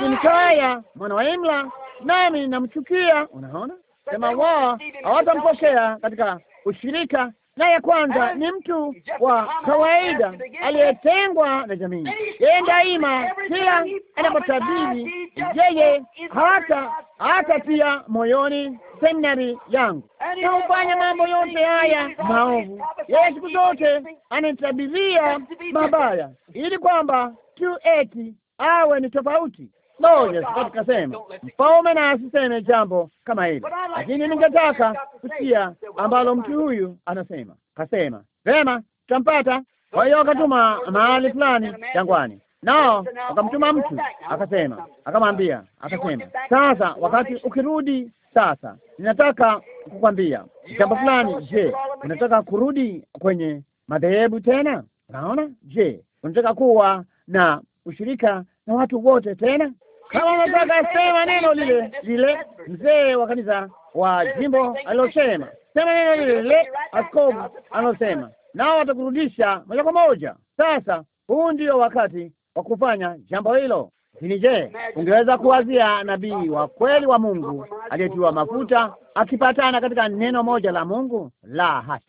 ni mwana wa Imla, nami namchukia. Unaona, sema wao hawatamposhea katika ushirika na ya kwanza ni mtu wa kawaida aliyetengwa na jamii. Yeye daima kila anapotabiri, yeye hata hata pia moyoni seminari yangu na hufanya oh, mambo yote haya maovu. Yeye siku zote anatabiria mabaya, ili kwamba tu eti awe ni tofauti Lo, Josephat kasema mfalme na asiseme jambo kama hili, lakini ningetaka kusikia ambalo mtu huyu anasema. Kasema vema, tutampata. Kwa hiyo akatuma mahali fulani jangwani, nao akamtuma mtu akasema, akamwambia, akasema, sasa wakati ukirudi sasa, ninataka kukwambia jambo fulani. Je, unataka kurudi kwenye madhehebu tena? Unaona, je, unataka kuwa na ushirika na watu wote tena? kama unataka sema neno lile lile, mzee wa kanisa wa jimbo alilosema, sema neno lile lile askofu analosema, nao watakurudisha moja kwa moja. Sasa huu ndio wakati wa kufanya jambo hilo. Lakini je, ungeweza kuwazia nabii wa kweli wa Mungu aliyetiwa mafuta akipatana katika neno moja la Mungu? La hasha!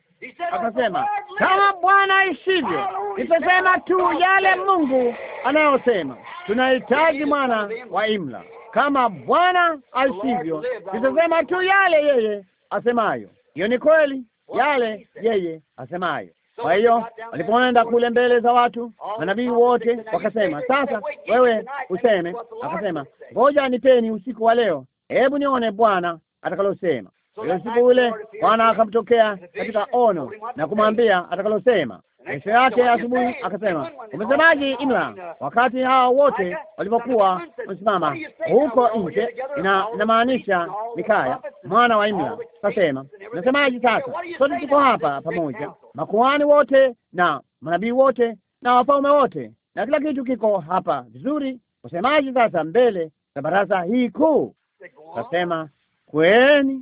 Akasema, kama Bwana aishivyo, nitasema tu yale Mungu anayosema. Tunahitaji mwana wa Imla. Kama Bwana aishivyo, nitasema tu yale yeye asemayo. Hiyo ni kweli, yale yeye asemayo. Kwa hiyo walipoenda kule mbele za watu, manabii wote wakasema, sasa wewe useme. Akasema, ngoja nipeni usiku wa leo, hebu nione Bwana atakalosema siku ule Bwana akamtokea katika ono na kumwambia atakalosema kesho yake asubuhi. Akasema, umesemaje Imla? Wakati hao wote walipokuwa wamesimama huko nje, inamaanisha Mikaya mwana wa Imla. Kasema, nasemaje sasa? Sote tuko hapa pamoja, makuhani wote na manabii wote na wafalme wote na kila kitu kiko hapa vizuri. Wasemaje sasa mbele za baraza hii kuu? Kasema, kweni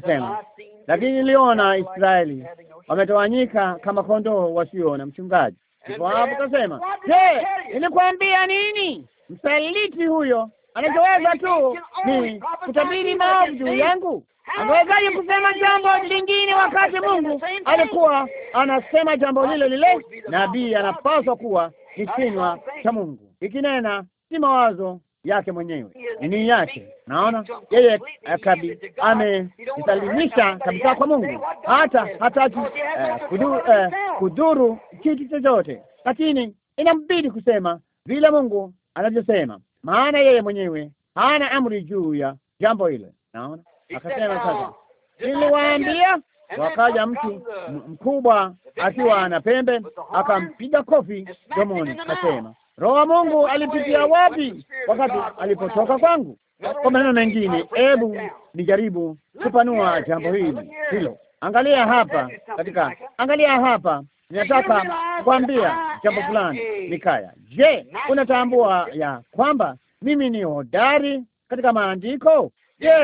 kasema, lakini niliona Israeli wametawanyika kama kondoo wasio na mchungaji. Ndipo hapo kasema, je, nilikwambia nini? Msaliti huyo anachoweza tu ni kutabiri maovu juu yangu. Angewezaje kusema jambo lingine wakati Mungu alikuwa anasema jambo lile lile? Nabii anapaswa kuwa ni kinywa cha Mungu ikinena, si mawazo yake mwenyewe nini yake. Naona yeye kabi amejisalimisha kabisa kwa Mungu, hata hataki uh, kudhuru, uh, kudhuru kitu chochote, lakini inambidi kusema vile Mungu anavyosema, maana yeye mwenyewe hana amri juu ya jambo hilo. Naona akasema sasa, niliwaambia wakaja mtu uh, mkubwa akiwa ana pembe, akampiga kofi domoni, akasema Roho wa Mungu alipitia wapi wakati alipotoka kwangu? Kwa maneno mengine, hebu nijaribu kupanua jambo hili hilo. Angalia hapa katika, angalia hapa, ninataka kukwambia jambo fulani. Mikaya, je, unatambua ya kwamba mimi ni hodari katika maandiko? Je,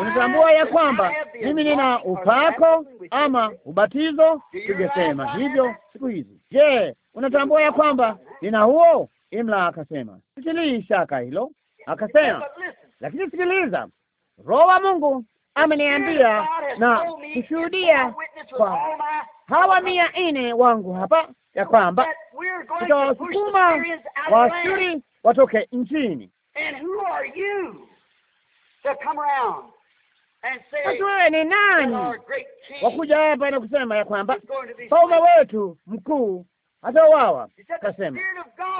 unatambua ya kwamba mimi nina upako ama ubatizo? Tungesema hivyo siku hizi. Je, unatambua ya kwamba nina huo Imla akasema sikilii shaka hilo, akasema lakini sikiliza, Roho wa Mungu ameniambia na kushuhudia kwa hawa mia nne wangu hapa ya kwamba tutawasukuma Waashuri watoke nchini. Basi wewe ni nani wakuja hapa na kusema ya kwamba mfalme wetu mkuu hata wawa. Kasema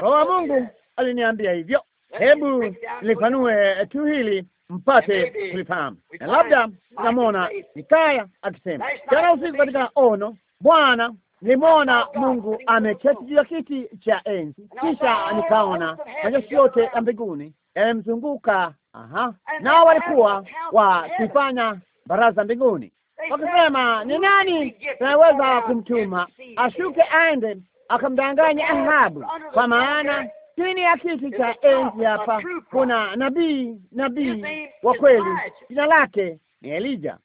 wawa, Mungu aliniambia hivyo. Hebu lifanue eh, tu hili mpate kulifahamu, na labda tunamwona Mikaya akisema jana usiku katika ono, Bwana nilimwona Mungu ameketi juu ya kiti cha enzi, kisha nikaona majeshi yote ya mbinguni yamemzunguka. Aha, nao walikuwa wakifanya baraza mbinguni wakisema, ni nani anaweza kumtuma ashuke aende akamdanganya Ahabu, kwa maana chini ya kiti cha enzi hapa kuna nabii nabii wa kweli, jina lake ni Elija,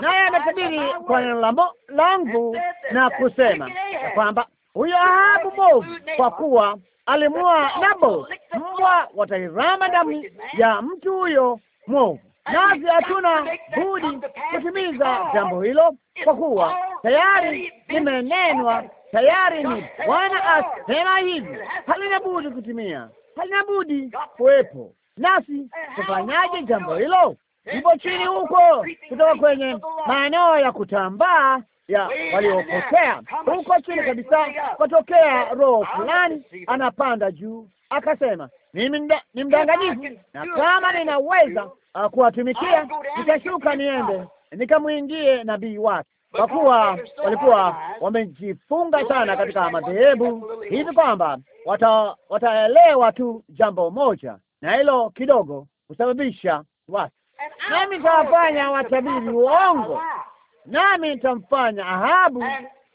naye ametabiri kwa neno langu na kusema ya kwamba huyo Ahabu bovu, kwa kuwa alimua nabo mbwa wataizama damu ya mtu huyo mwovu. Nasi hatuna budi kutimiza jambo hilo, kwa kuwa tayari limenenwa tayari ni Bwana asema hivi, halina budi kutimia, halina budi kuwepo. Nasi eh, eh, tufanyaje oh, jambo oh, hilo? Ipo eh, chini huko, oh, kutoka kwenye maeneo ya kutambaa ya waliopotea huko chini kabisa, kwatokea roho fulani anapanda juu, akasema ni mdanganyifu, na kama ninaweza uh, kuwatumikia, nitashuka niende nikamwingie nabii wake kwa kuwa walikuwa wamejifunga sana katika madhehebu hivi kwamba wata, wataelewa tu jambo moja, na hilo kidogo husababisha wasi. Nami nitawafanya watabiri uongo, nami nitamfanya Ahabu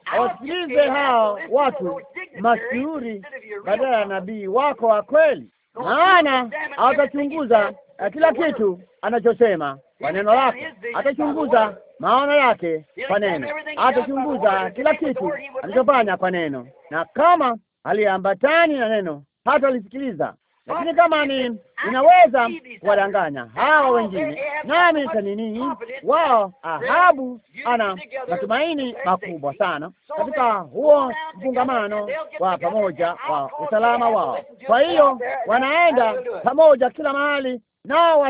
awasikilize hao watu mashuhuri badala ya nabii wako wa kweli, maana atachunguza eh, kila kitu anachosema kwa neno lako, atachunguza maana yake kwa neno, atachunguza kila kitu alichofanya kwa neno, na kama aliambatani na neno hata alisikiliza. Lakini kama ni inaweza kuwadanganya hawa oh, wengine, nami nini wao. Ahabu ana matumaini makubwa sana katika huo mfungamano wa pamoja wa usalama wao. Kwa hiyo wanaenda pamoja kila mahali, nao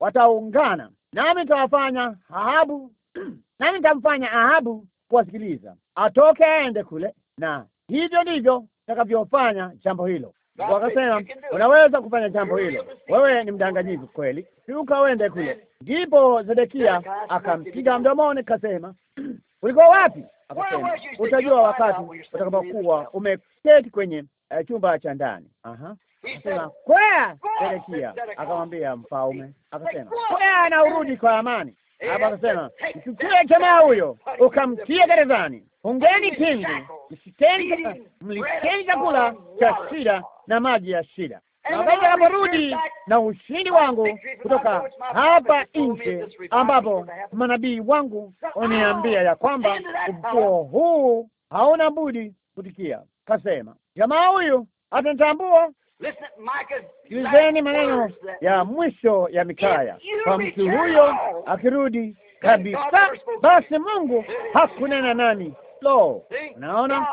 wataungana nami nitawafanya Ahabu <clears throat> nami nitamfanya Ahabu kuwasikiliza atoke aende kule, na hivyo ndivyo nitakavyofanya jambo hilo. Wakasema, unaweza kufanya jambo hilo, wewe ni mdanganyifu kweli, siuka uende kule. Ndipo Zedekia akampiga mdomoni, kasema <clears throat> ulikuwa wapi? Akasema, utajua wakati utakapokuwa umeketi kwenye eh, chumba cha ndani. Aha, Akasema, kwea Sedekia. Akamwambia mfalme, akasema, kwea na urudi kwa amani. Hapa akasema, mchukue jamaa huyo ukamtie gerezani, fungeni pingu, mliteni chakula cha shida na maji ya shida nabaji anaporudi na ushindi wangu kutoka hapa nje, ambapo manabii wangu oh, waniambia ya kwamba ufufuo huu hauna budi kutikia. Kasema jamaa huyu atatambua Sikilizeni maneno ya mwisho ya Mikaya, kwa mtu huyo akirudi kabisa, basi Mungu hakunena nani. Lo, naona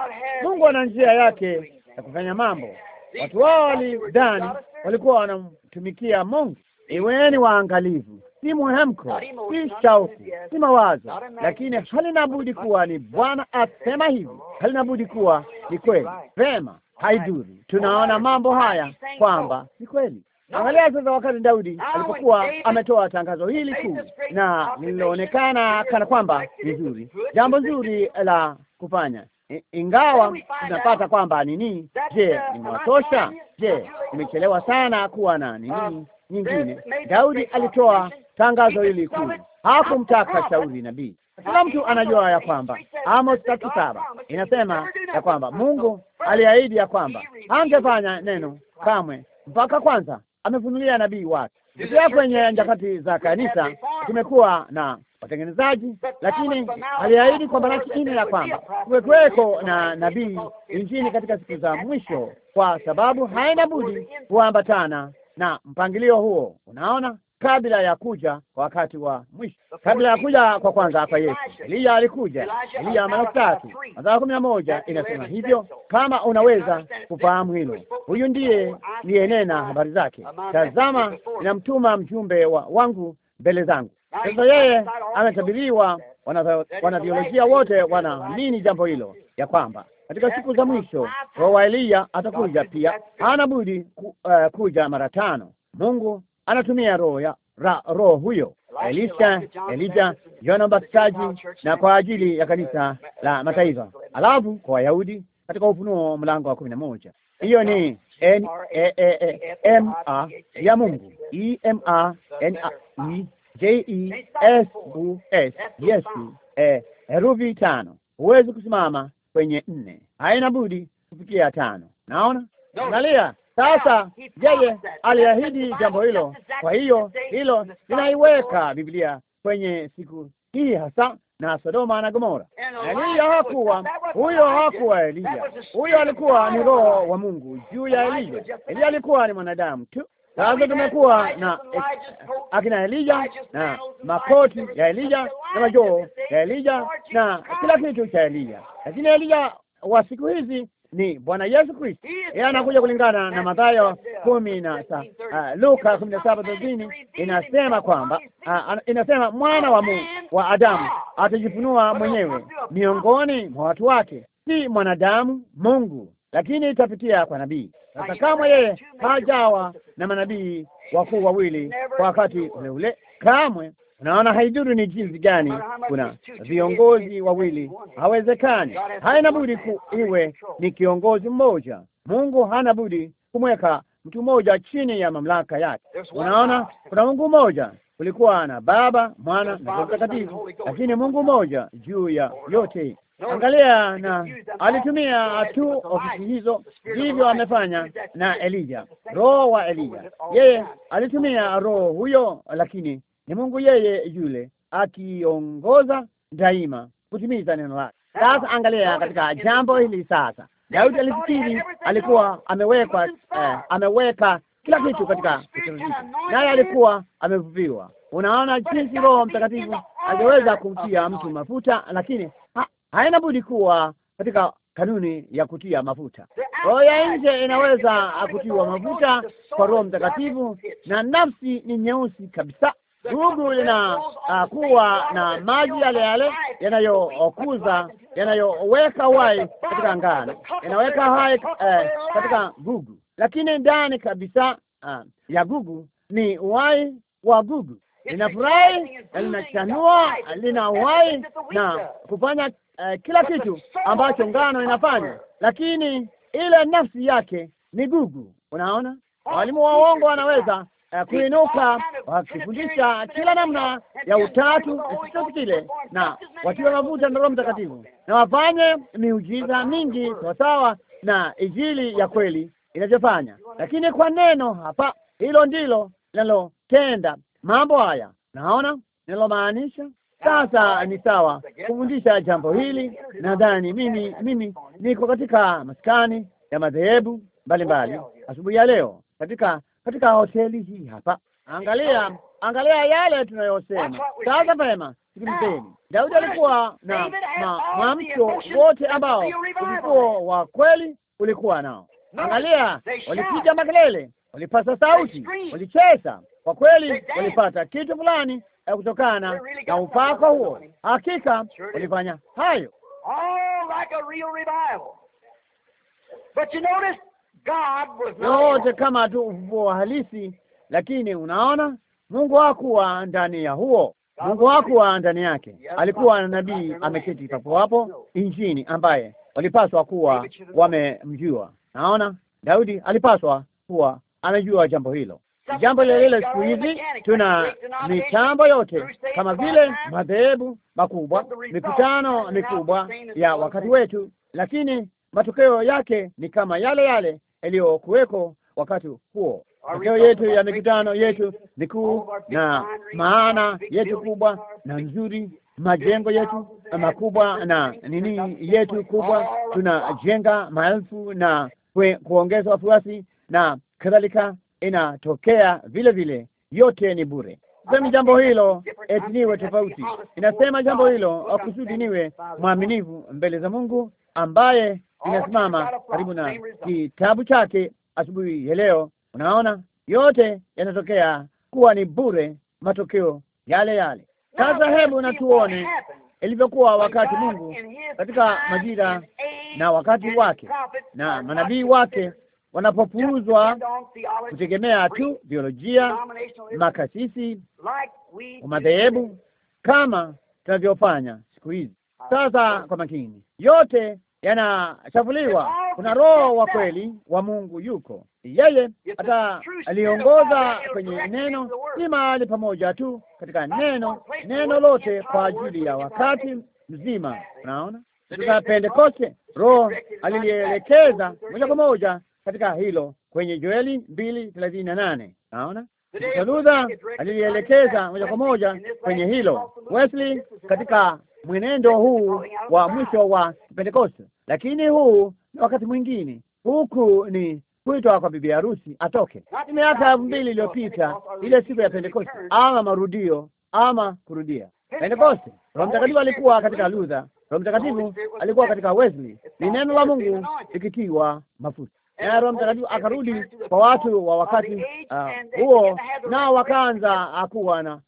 Mungu ana njia yake ya kufanya mambo. Watu wao walidhani walikuwa wanamtumikia Mungu. Iweni waangalivu, si mwamko, si shauku, si mawazo, lakini halinabudi kuwa ni Bwana asema hivi, halinabudi kuwa ni kweli. Vema, haiduri, Tunaona mambo haya kwamba ni kweli. Angalia sasa, wakati Daudi alipokuwa ametoa tangazo hili kuu na lililoonekana kana kwamba ni zuri, jambo zuri la kufanya ingawa tunapata kwamba nini, je, uh, nimewatosha? Je, nimechelewa sana kuwa na um, nini nyingine? Daudi alitoa tangazo hili kuu, hakumtaka shauri nabii, kila mtu anajua ya kwamba Amos tatu saba inasema ya kwamba Mungu aliahidi ya kwamba hangefanya neno kamwe mpaka kwanza amefunulia nabii wake. Pia kwenye nyakati za kanisa tumekuwa na watengenezaji, lakini aliahidi kwa baraka nne ya kwamba kuwekuweko na nabii nchini katika siku za mwisho, kwa sababu haina budi kuambatana na mpangilio huo. Unaona, kabla ya kuja kwa wakati wa mwisho, kabla ya kuja kwa kwanza kwa Yesu. Eliya alikuja, Eliya mara tatu. Mathayo kumi na moja inasema hivyo, kama unaweza kufahamu hilo. Huyu ndiye niyenena habari zake, tazama, ninamtuma mjumbe wa wangu mbele zangu. Sasa yeye ametabiriwa, wanatheolojia wote wanaamini jambo hilo, ya kwamba katika siku za mwisho roho wa Eliya atakuja pia, hana budi ku, uh, kuja mara tano. Mungu anatumia roho ya roho huyo Elisha, Elija, Yohana Mbatizaji na kwa ajili ya kanisa la mataifa, alafu kwa Wayahudi katika Ufunuo mlango wa kumi na moja. Hiyo ni e e e a ya Mungu ema jes Yesu, herufi tano. Huwezi kusimama kwenye nne, haina budi kufikia tano. Naona angalia sasa yeye aliahidi jambo hilo, kwa hiyo hilo linaiweka Biblia kwenye siku hii hasa na Sodoma na Gomora. Eliya hakuwa huyo, hakuwa Eliya huyo, alikuwa ni Roho wa Mungu juu ya Eliya. Eliya alikuwa ni mwanadamu tu. Sasa tumekuwa na akina Elija na makoti ya Elija na majoo ya Elija na kila kitu cha Elija, lakini Elija wa siku hizi ni Bwana Yesu Kristo. Yeye anakuja kulingana na Mathayo kumi na saba uh, Luka kumi na saba thelathini inasema kwamba uh, inasema mwana wa Mungu wa Adamu atajifunua mwenyewe miongoni mwa watu wake, si mwanadamu, Mungu lakini itapitia kwa nabii. Sasa kama yeye hajawa na manabii wakuu wawili kwa wakati ule ule, kamwe Unaona, haidhuru ni jinsi gani, kuna viongozi wawili, hawezekani. Haina budi iwe ni kiongozi mmoja. Mungu hana budi kumweka mtu mmoja chini ya mamlaka yake. Unaona, kuna Mungu mmoja, kulikuwa na Baba, Mwana na Roho Mtakatifu, lakini Mungu mmoja juu ya yote. Angalia, na alitumia tu ofisi hizo, ndivyo amefanya na Elija, roho wa Elija. Yeye alitumia roho huyo, lakini ni Mungu yeye yule akiongoza daima kutimiza neno lake. Sasa angalia katika jambo hili sasa, Daudi alifikiri alikuwa amewekwa eh, ameweka kila kitu katika naye alikuwa amevuviwa. Unaona jinsi Roho Mtakatifu angeweza kumtia mtu mafuta, lakini ha, haina budi kuwa katika kanuni ya kutia mafuta. Roho ya nje inaweza kutiwa mafuta kwa Roho Mtakatifu, na nafsi ni nyeusi kabisa Gugu lina uh, ah, kuwa na maji yale yale yanayokuza yanayoweka uhai katika ngano, yanaweka hai eh, katika gugu, lakini ndani kabisa uh, ya gugu ni uhai wa gugu. Linafurahi na linachanua, lina uhai na kufanya uh, kila kitu ambacho ngano inafanya, lakini ile nafsi yake ni gugu. Unaona, walimu waongo wanaweza Eh, kuinuka wakifundisha kila namna ya utatu na kile na watiwe mafuta na Roho Mtakatifu na wafanye miujiza mingi sawasawa na Injili ya kweli inavyofanya. Lakini kwa neno hapa, hilo ndilo linalotenda mambo haya. Naona linalomaanisha sasa ni sawa kufundisha jambo hili. Nadhani mimi mimi niko katika maskani ya madhehebu mbalimbali asubuhi ya leo katika katika hoteli hii hapa. Angalia, angalia yale tunayosema sasa. Pema, sikilizeni. Ah. Daudi alikuwa na eh, mwamsho oh, wote ambao ulikuwa wa kweli, ulikuwa nao. Angalia, walipiga makelele, walipasa sauti, walicheza. Kwa kweli walipata kitu fulani ya eh, kutokana na upako huo. Hakika walifanya hayo wote kama tu ufufuo halisi, lakini unaona, Mungu hakuwa ndani ya huo Mungu hakuwa ndani yake. Alikuwa na nabii ameketi papo hapo injini, ambaye walipaswa kuwa wamemjua. Naona Daudi alipaswa kuwa amejua jambo hilo. Jambo lile lile siku hizi tuna mitambo yote, kama vile madhehebu makubwa, mikutano mikubwa ya wakati wetu, lakini matokeo yake ni kama yale yale iliyokuweko wakati huo. Matokeo yetu ya mikutano yetu mikuu na maana yetu kubwa na nzuri, majengo yetu makubwa na nini yetu kubwa, tunajenga maelfu na kuongeza wafuasi na kadhalika, inatokea vile vile, yote ni bure. Semi jambo hilo eti niwe tofauti, inasema jambo hilo kusudi niwe mwaminivu mbele za Mungu ambaye inasimama karibu na kitabu chake asubuhi ya leo. Unaona, yote yanatokea kuwa ni bure, matokeo yale yale. Sasa hebu na tuone ilivyokuwa wakati Mungu katika majira na wakati wake na manabii wake wanapopuuzwa kutegemea tu biolojia, makasisi wa madhehebu kama tunavyofanya siku hizi. Sasa kwa makini, yote yanachafuliwa. Kuna roho wa kweli wa Mungu yuko yeye, hata aliongoza kwenye neno. Ni mahali pamoja tu katika neno, neno lote kwa ajili ya wakati mzima. Unaona, katika Pentekoste roho alilielekeza moja kwa moja katika hilo kwenye Joeli mbili thelathini na nane. Naona Luther alilielekeza moja kwa moja kwenye hilo, Wesley katika mwenendo huu wa mwisho wa Pentekoste, lakini huu ni wakati mwingine. Huku ni kuitwa kwa bibi harusi atoke. Miaka elfu mbili iliyopita ile siku ya Pentekoste ama marudio ama kurudia Pentekoste, Roho Mtakatifu alikuwa katika Luther, Roho Mtakatifu alikuwa katika Wesley. Ni neno la Mungu likitiwa mafuta na Roho Mtakatifu akarudi kwa watu wa wakati uh, huo, uh, nao wakaanza akuwa na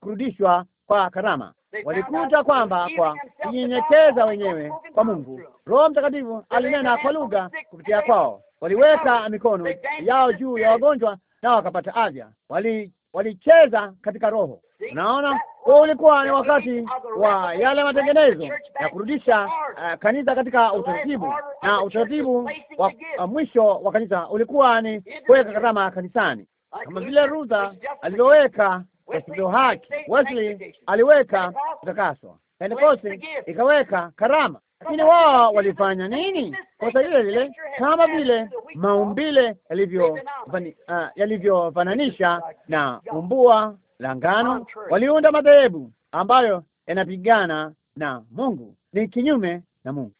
kurudishwa kwa karama, walikuta kwamba kwa kujinyenyekeza wenyewe kwa Mungu, Roho Mtakatifu alinena kwa lugha kupitia kwao. Waliweka mikono yao juu ya wagonjwa nao wakapata afya. Wali walicheza katika Roho. Unaona, huo ulikuwa ni wakati wa yale matengenezo ya kurudisha uh, kanisa katika utaratibu, na utaratibu wa uh, mwisho wa kanisa ulikuwa ni kuweka karama kanisani, kama vile Luther alivyoweka wasivyo haki. Wesley aliweka utakaso, Pentekoste ikaweka karama, lakini wao walifanya nini? Kosa lile lile, kama vile maumbile uh, yalivyofananisha uh, na umbua la ngano, waliunda madhehebu ambayo yanapigana na Mungu, ni kinyume na Mungu.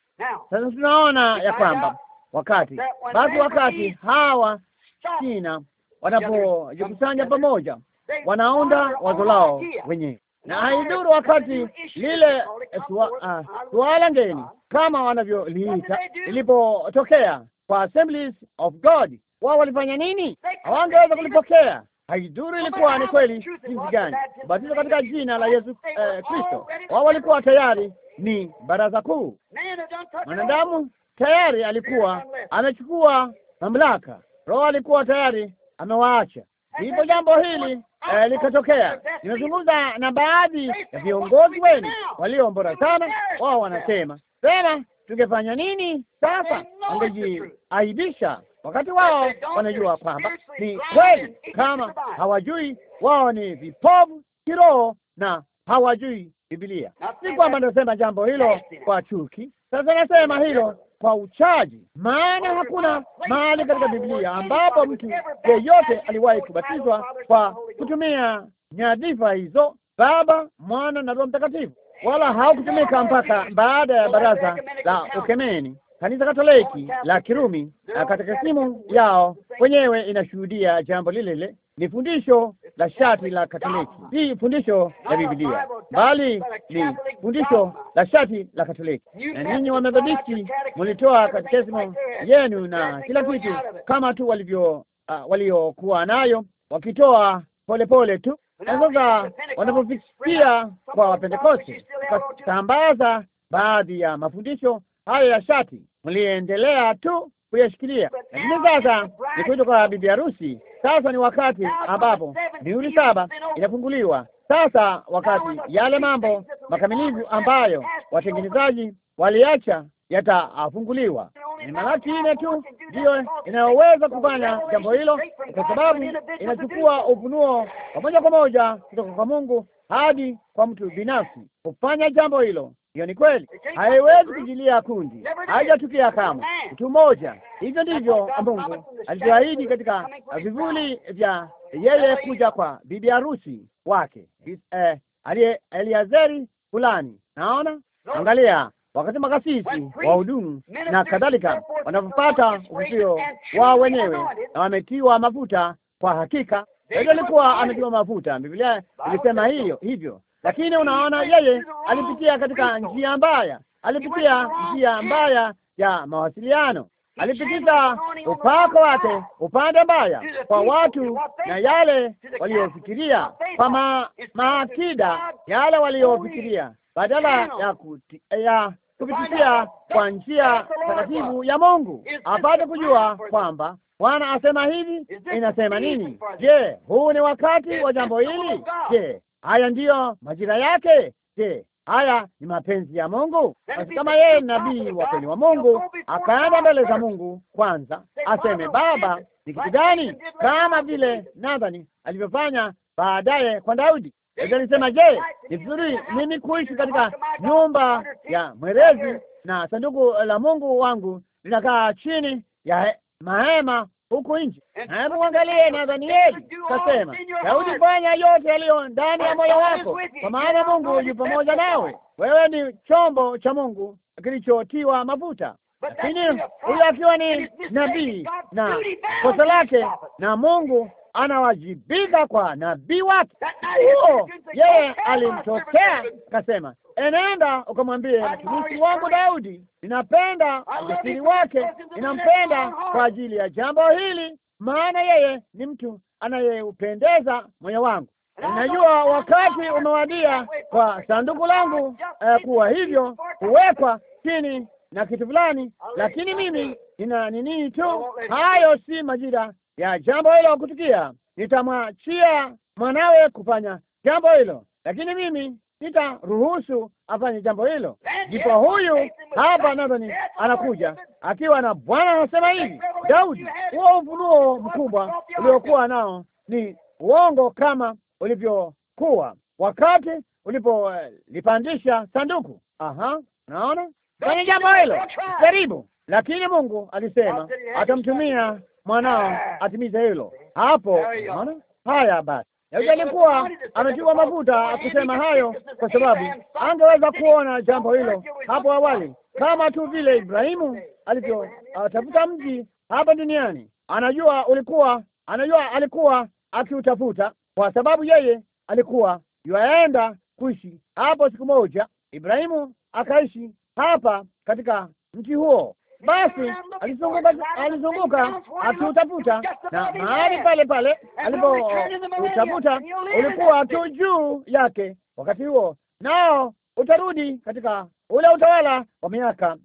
Sasa tunaona ya kwamba wakati basi, wakati hawa China wanapojikusanya pamoja wanaunda wazo lao wenyewe na haidhuru wakati lile suala eh, ah, ngeni kama wanavyoliita ilipotokea kwa Assemblies of God, wao walifanya nini? Hawangeweza kulipokea, haidhuru ilikuwa ni kweli jinsi gani, ubatizo katika jina la Yesu eh, Kristo. Wao walikuwa tayari ni baraza kuu. Mwanadamu tayari alikuwa amechukua mamlaka, roho alikuwa tayari amewaacha Ndipo jambo hili eh, likatokea. Nimezungumza na baadhi ya viongozi wenu waliombora sana, wao wanasema tena, tungefanya nini sasa? Wangejiaibisha wakati wao wanajua kwamba ni kweli. Kama hawajui wao ni vipofu kiroho na hawajui Biblia. Si kwamba nasema jambo hilo kwa chuki, sasa nasema hilo kwa uchaji, maana hakuna mahali katika Biblia ambapo mtu yeyote aliwahi kubatizwa kwa kutumia nyadhifa hizo, Baba, Mwana na Roho Mtakatifu, wala haukutumika mpaka baada ya Baraza la Ukemeni. Kanisa Katoliki la Kirumi na simu yao wenyewe inashuhudia jambo lile lile. Ni fundisho la shati la Katoliki. Hii fundisho la Biblia, bali ni fundisho la shati la Katoliki. Na ninyi Wamethodisti mlitoa katekismo yenu na kila kitu kama tu walivyo uh, waliokuwa nayo wakitoa polepole tu, na sasa wanapofikia kwa Wapentekoste kasambaza baadhi ya mafundisho hayo ya shati, mliendelea tu kuyashikilia. Lakini sasa ni kuitwa kwa bibi harusi. Sasa ni wakati ambapo mihuri saba inafunguliwa. Sasa wakati yale mambo makamilifu ambayo watengenezaji waliacha yatafunguliwa. Ni Malaki nne tu ndiyo inayoweza kufanya jambo hilo, kwa sababu inachukua ufunuo wa moja kwa moja kutoka kwa Mungu hadi kwa mtu binafsi kufanya jambo hilo. Hiyo ni kweli, haiwezi kujilia kundi, haijatukia kamwe. Mtu mmoja. Hivyo ndivyo Mungu alivyoahidi katika vivuli vya yeye kuja kwa bibi harusi wake eh, Eliazeri fulani. Naona, angalia wakati makasisi wahudumu na kadhalika wanapopata uvuvio wao wenyewe na wametiwa mafuta, kwa hakika ndio alikuwa ametiwa mafuta. Biblia ilisema hiyo hivyo lakini unaona, yeye alipitia katika njia mbaya, alipitia njia mbaya ya mawasiliano, alipitiza upako wake upande mbaya kwa watu na yale waliofikiria kwa ma, maakida yale waliofikiria badala ya, kuti, ya kupitishia kwa njia takatifu ya Mungu apate kujua kwamba Bwana asema hivi, inasema nini? Je, huu ni wakati wa jambo hili? Je, Haya ndiyo majira yake. Je, haya ni mapenzi ya Mungu? Basi kama yeye nabii wa kweli wa Mungu akaenda mbele za Mungu kwanza aseme, Baba, ni kitu gani? Kama vile nadhani alivyofanya baadaye kwa Daudi. Alisema, je, ni vizuri mimi kuishi katika nyumba ya mwerezi na sanduku la Mungu wangu linakaa chini ya mahema huku nje. Hebu mwangalie Nathanieli, kasema Daudi, fanya yote yaliyo ndani ya moyo wako, kwa maana Mungu yu pamoja nawe. Wewe ni chombo cha Mungu kilichotiwa mafuta. Lakini huyo akiwa ni nabii na kosa lake, na Mungu anawajibika kwa nabii wake. Huo yeye alimtokea, kasema Enenda ukamwambie mtumishi wangu Daudi, ninapenda ujasiri wake, ninampenda kwa ajili ya jambo hili, maana yeye ni mtu anayeupendeza moyo wangu. Ninajua wakati umewadia kwa sanduku langu eh, kuwa hivyo kuwekwa chini na kitu fulani, lakini mimi nina nini tu, hayo si majira ya jambo hilo kutukia. Nitamwachia mwanawe kufanya jambo hilo, lakini mimi ruhusu afanye jambo hilo. Ndipo huyu hapa Nathani anakuja akiwa na Bwana anasema hivi, Daudi, huo ufunuo mkubwa uliokuwa nao ni uongo kama ulivyokuwa wakati ulipolipandisha sanduku. Aha, naona fanye jambo hilo, jaribu. Lakini Mungu alisema atamtumia mwanao ah. atimize hilo hapo. Naona haya basi Daudi yaani alikuwa ametiwa mafuta kusema hayo, kwa sababu angeweza kuona jambo hilo hapo awali, kama tu vile Ibrahimu alivyotafuta uh, mji hapa duniani. Anajua ulikuwa, anajua alikuwa akiutafuta, kwa sababu yeye alikuwa yuaenda kuishi hapo siku moja. Ibrahimu akaishi hapa katika mji huo basi alizunguka yaani alizunguka akiutafuta, na mahali pale pale yaani alipoutafuta ulikuwa tu juu yake. Wakati huo nao utarudi katika ule utawala wa miaka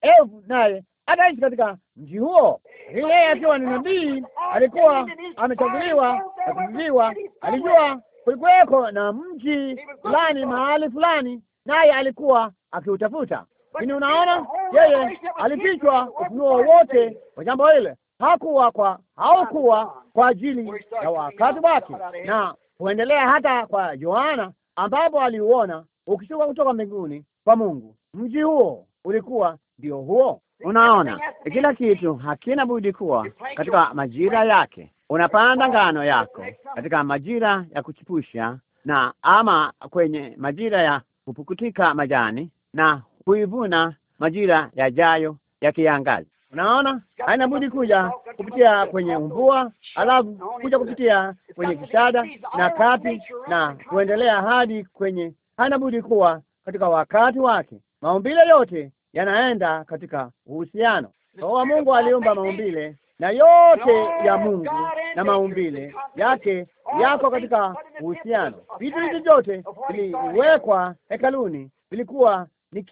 elfu, naye ataishi katika mji huo. Ile akiwa ni nabii, alikuwa amechaguliwa na kuzuliwa, alijua kulikuweko na mji fulani mahali fulani, naye alikuwa akiutafuta lakini unaona, yeye alipichwa ufunuo wote kwa jambo hile, hakuwa kwa haukuwa kwa ajili ya wakati wake, na kuendelea hata kwa Yohana ambapo aliuona ukishuka kutoka mbinguni kwa Mungu. Mji huo ulikuwa ndio huo. Unaona, kila kitu hakina budi kuwa katika majira yake. Unapanda ngano yako katika majira ya kuchipusha na ama kwenye majira ya kupukutika majani na kuivuna majira yajayo ya kiangazi. Unaona, haina budi kuja kupitia kwenye mvua, alafu kuja kupitia kwenye kishada na kapi na kuendelea hadi kwenye, haina budi kuwa katika wakati wake. Maumbile yote yanaenda katika uhusiano. Kwa Mungu aliumba maumbile na yote ya Mungu na maumbile yake yako katika uhusiano. Vitu hivi vyote viliwekwa hekaluni, vilikuwa ni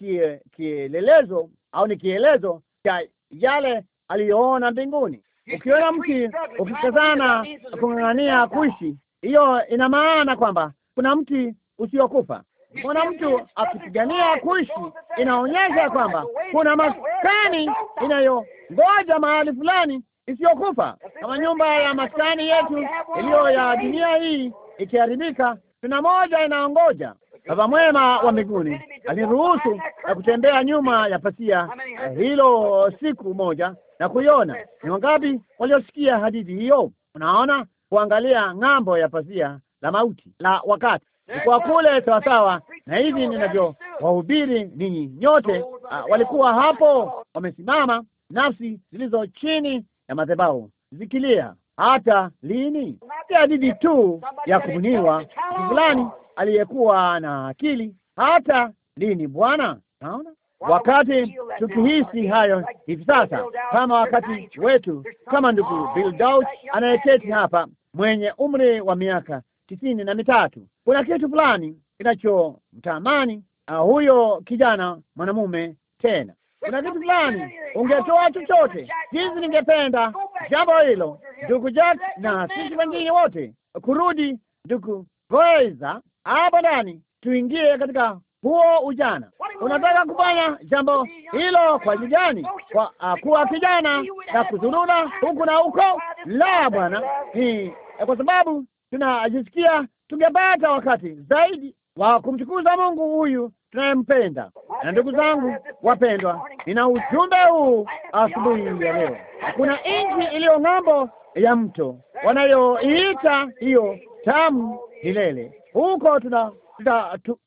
kielelezo au ni kielezo cha yale aliyoona mbinguni. Ukiona mti ukikazana kung'ang'ania kuishi, hiyo ina maana kwamba kuna mti usiokufa. Kuna mtu akipigania kuishi, inaonyesha kwamba kuna maskani inayongoja mahali fulani isiyokufa. Kama nyumba ya maskani yetu iliyo ya dunia hii ikiharibika, tuna moja inaongoja Baba mwema wa mbinguni aliruhusu na kutembea nyuma ya pasia eh, hilo siku moja na kuiona. Ni wangapi waliosikia hadithi hiyo? Unaona, kuangalia ng'ambo ya pasia la mauti la wakati kwa kule sawasawa na hivi ninavyo wahubiri ninyi nyote. Uh, walikuwa hapo wamesimama, nafsi zilizo chini ya madhabahu zikilia. Hata lini? Si hadithi tu ya kubuniwa fulani aliyekuwa na akili. Hata lini, Bwana? Naona wakati tukihisi hayo hivi sasa, kama wakati wetu, kama ndugu Bill Dauch anayeketi hapa mwenye umri wa miaka tisini na mitatu, kuna kitu fulani kinachomtamani huyo kijana mwanamume tena kuna kitu fulani ungetoa chochote. Jinsi ningependa jambo hilo, ndugu Jack na sisi wengine wote kurudi, ndugu Goeza, hapa ndani, tuingie katika huo ujana. Unataka kufanya jambo hilo kwa ajili gani? Kwa ah, kuwa kijana na kuzurura huku na huko? La, bwana, ni eh, kwa sababu tunajisikia tungepata wakati zaidi wa kumtukuza Mungu huyu tunayempenda. Na ndugu zangu wapendwa, nina ujumbe huu asubuhi ya leo. Kuna nchi iliyo ng'ambo ya mto wanayoiita hiyo tamu milele huko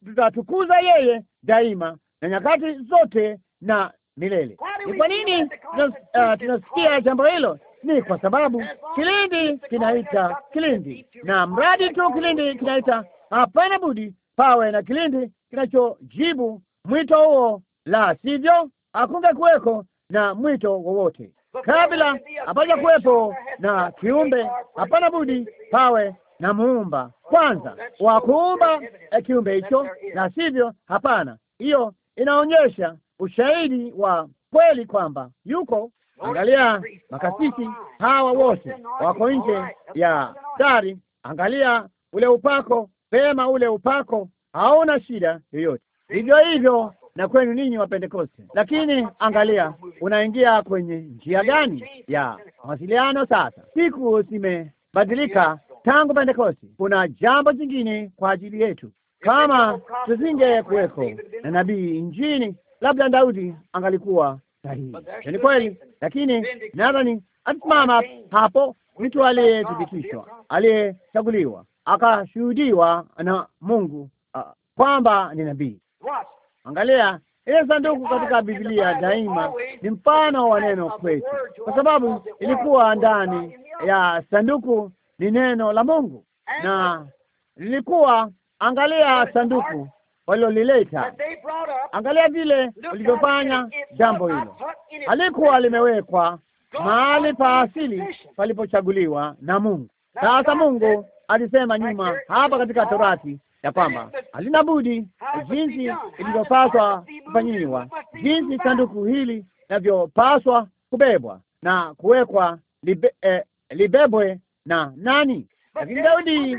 tutatukuza yeye daima na nyakati zote na milele. Ni kwa nini uh, tunasikia jambo hilo? Ni kwa sababu kilindi kinaita kilindi, na mradi tu kilindi kinaita, hapana budi pawe na kilindi kinachojibu mwito huo, la sivyo hakunge kuweko na mwito wowote kabla hapaja kuwepo na kiumbe. Hapana budi pawe na muumba kwanza wa kuumba eh, kiumbe hicho, na sivyo, hapana. Hiyo inaonyesha ushahidi wa kweli kwamba yuko. Angalia makasisi hawa wote wako nje ya dari. Angalia ule upako pema, ule upako hauna shida yoyote. Vivyo hivyo na kwenu ninyi wa Pentekoste. Lakini angalia unaingia kwenye njia gani ya mawasiliano sasa. Siku zimebadilika tangu Pentekosti. Kuna jambo jingine kwa ajili yetu. Kama tusinge kuweko na nabii injini, labda Daudi angalikuwa sahihi. Ni kweli, lakini nadhani atisimama hapo, mtu aliyethibitishwa, aliyechaguliwa, akashuhudiwa na Mungu uh, kwamba ni nabii. Angalia ile sanduku katika Biblia daima ni mfano wa neno kwetu, kwa sababu ilikuwa ndani ya sanduku ni neno la Mungu, na lilikuwa angalia sanduku walilolileta, angalia vile walivyofanya jambo hilo. Alikuwa limewekwa mahali pa asili palipochaguliwa na Mungu. Sasa Mungu alisema nyuma hapa katika Torati ya kwamba halina budi jinsi ilivyopaswa kufanyiwa, jinsi sanduku hili linavyopaswa kubebwa na kuwekwa libe, eh, libebwe na nani, lakini Daudi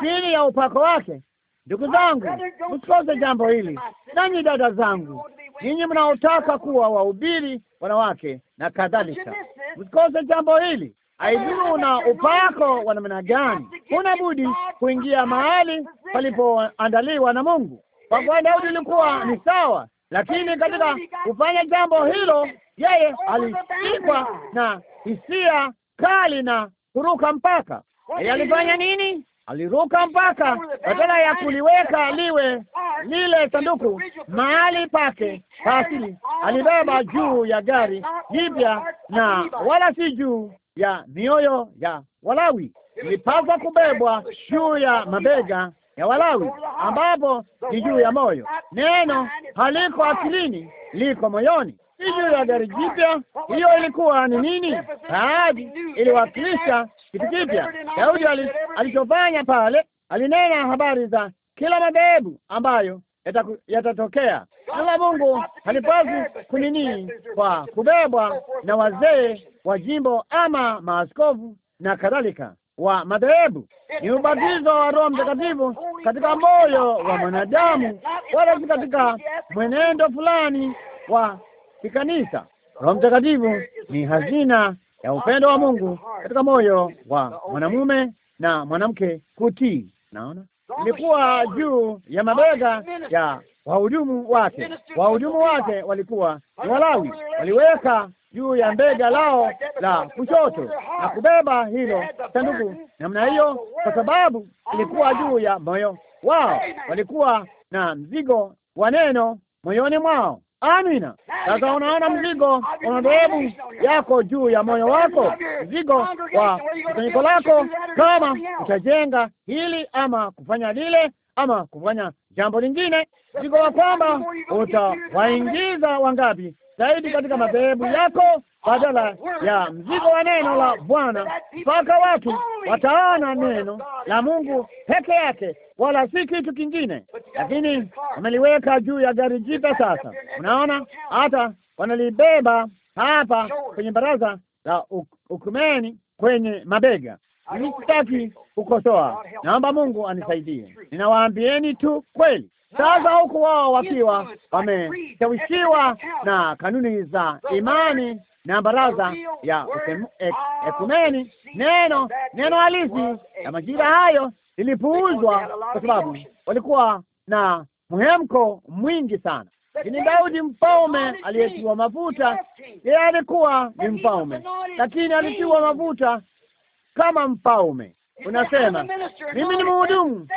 chini ya upako wake. Ndugu zangu, msikose jambo hili, nanyi dada zangu, ninyi mnaotaka kuwa wahubiri wanawake na kadhalika, msikose jambo hili. Aibu na upako wa namna gani! Huna budi kuingia mahali palipoandaliwa na Mungu. Kwa kuwa Daudi ilikuwa ni sawa, lakini katika kufanya jambo hilo yeye alisikwa na hisia kali na kuruka mpaka. Yeye yaani alifanya nini? Aliruka mpaka badala ya kuliweka liwe lile sanduku mahali pake pa asili, alibeba juu ya gari jipya, na wala si juu ya mioyo ya Walawi. Ilipaswa kubebwa juu ya mabega ya Walawi, ambapo ni juu ya moyo. Neno haliko akilini, liko moyoni hivyo ya gari jipya. Hiyo ilikuwa ni nini? Ahadi iliwakilisha kitu kipya. Daudi alichofanya pale, alinena habari za kila madhehebu ambayo yatatokea. Neno Mungu halipaswi kunini kwa kubebwa na wazee wa jimbo ama maaskofu na kadhalika wa madhehebu. Ni ubatizo wa Roho Mtakatifu katika moyo wa mwanadamu, wala si katika mwenendo fulani wa si kanisa. Roho Mtakatifu ni hazina ya upendo wa Mungu katika moyo wa mwanamume na mwanamke kutii. Naona ilikuwa juu ya mabega ya wahudumu wake. Wahudumu wake walikuwa ni Walawi, waliweka juu ya mbega lao la kushoto na kubeba hilo sanduku namna hiyo, kwa sababu ilikuwa juu ya moyo wao. Walikuwa na mzigo wa neno moyoni mwao, Amina. Sasa unaona mzigo wa madhehebu yako juu ya moyo wako, mzigo wa kusanyiko lako, kama utajenga hili ama kufanya lile ama kufanya jambo lingine, mzigo wa kwamba utawaingiza wangapi zaidi katika madhehebu yako badala ya mzigo wa neno la Bwana, mpaka watu wataona neno la Mungu peke yake, wala si kitu kingine. Lakini wameliweka juu ya gari jipya. Sasa unaona, hata wanalibeba hapa kwenye baraza la ukumeni kwenye mabega. Nisitaki kukosoa, naomba Mungu anisaidie. Ninawaambieni tu kweli, sasa huku wao wakiwa wameshawishiwa na kanuni za imani na baraza ya ekumeni, neno neno halisi na majira hayo lilipuuzwa kwa sababu walikuwa na mhemko mwingi sana. Lakini Daudi mfalme aliyetiwa mafuta, yeye alikuwa ni mfalme, lakini alitiwa mafuta kama mfalme unasema mimi ni mhudumu,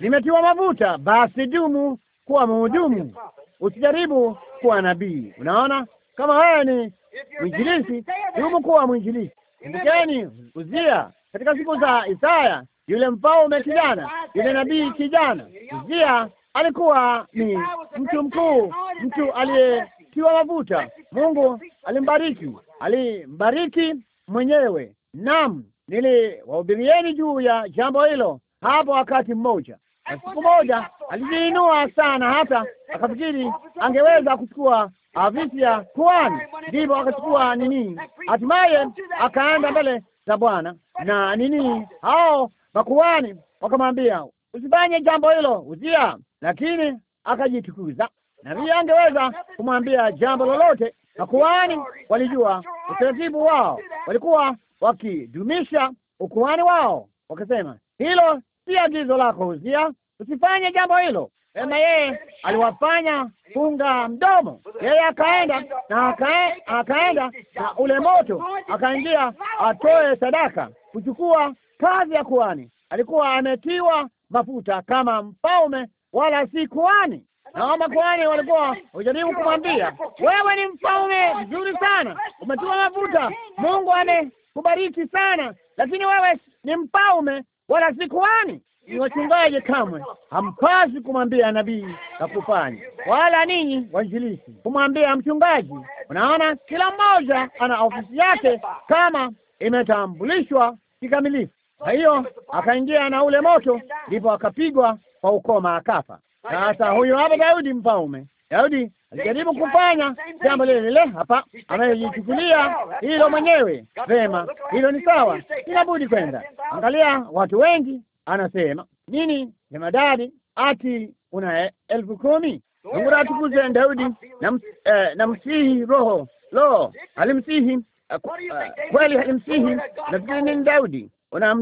nimetiwa mafuta, basi dumu kuwa mhudumu, usijaribu kuwa nabii. Unaona, kama wewe ni mwinjilisi, dumu kuwa mwinjilisi. Kumbukeni Uzia katika siku za Isaya, yule mfalme kijana, yule nabii kijana. Uzia alikuwa ni mtu mkuu, mtu aliyetiwa mafuta. Mungu alimbariki, alimbariki mwenyewe. Naam, niliwahubirieni juu ya jambo hilo hapo wakati mmoja, na siku moja alijiinua sana hata akafikiri angeweza kuchukua afisi ah, ya kuhani, ndipo akachukua nini, hatimaye akaenda mbele za Bwana na nini, hao makuhani wakamwambia, usifanye jambo hilo Uzia, lakini akajitukuza. Nabii angeweza kumwambia jambo lolote. Makuhani walijua utaratibu wao, walikuwa wakidumisha ukuhani wao, wakisema hilo si agizo lako Uzia, usifanye jambo hilo. Ema yeye aliwafanya funga mdomo, yeye akaenda na akae, akaenda na ule moto akaingia atoe sadaka, kuchukua kazi ya kuhani. Alikuwa ametiwa mafuta kama mfalme, wala si kuhani. Na makuhani walikuwa hujaribu kumwambia, wewe ni mfalme mzuri sana, umetiwa mafuta, Mungu ame kubariki sana, lakini wewe ni mfalme wala si kuhani. Ni wachungaji kamwe hampasi kumwambia nabii na kufanya, wala ninyi wainjilisti kumwambia mchungaji. Unaona, kila mmoja ana ofisi yake kama imetambulishwa kikamilifu. Kwa hiyo akaingia na ule moto, ndipo akapigwa kwa ukoma akafa. Sasa huyo hapa Daudi mfalme Daudi alijaribu kufanya jambo lile lile hapa, anayejichukulia hilo mwenyewe. Vema, hilo ni sawa, inabudi kwenda. Angalia, watu wengi anasema nini? Jemadari ati una elfu kumi Mungu atukuze Daudi na, eh, na msihi roho lo alimsihi eh, eh, kweli, alimsihi nafikiri nini Daudi una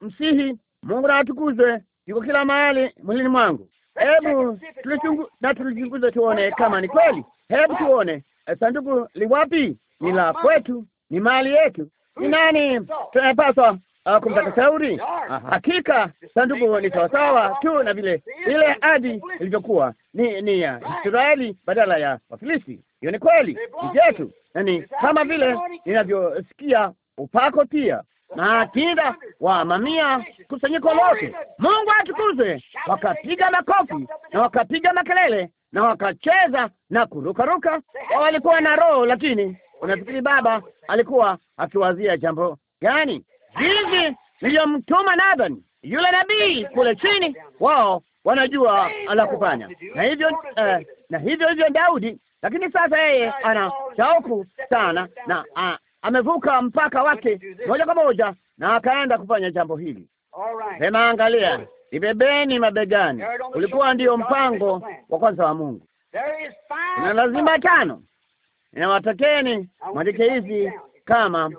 msihi Mungu atukuzwe, yuko kila mahali mwilini mwangu hebu tulichungu na tulichunguze tuone kama ni kweli. Hebu tuone eh, sanduku li wapi? Ni la kwetu, ni mali yetu, ni nani tunapaswa ah, kumtaka shauri? Ah, hakika sanduku ni sawasawa tu na vile ile ahadi ilivyokuwa, ni ni ya Israeli badala ya Wafilisti. Hiyo ni kweli, ni yetu, na ni kama vile ninavyosikia upako pia maafisa wa mamia kusanyiko lote, Mungu atukuze, wakapiga makofi na wakapiga makelele na wakacheza na kurukaruka. Walikuwa na roho, lakini unafikiri baba alikuwa akiwazia jambo gani? Jinsi niliyomtuma Nathan yule nabii kule chini, wao wanajua la kufanya, na hivyo eh, na hivyo hivyo Daudi, lakini sasa yeye ana shauku sana na ah, amevuka mpaka wake moja kwa moja na akaenda kufanya jambo hili. Sema, angalia, ibebeni mabegani. Ulikuwa ndiyo mpango wa kwanza wa Mungu. na lazima tano, inawatokeni, mwandike hizi kama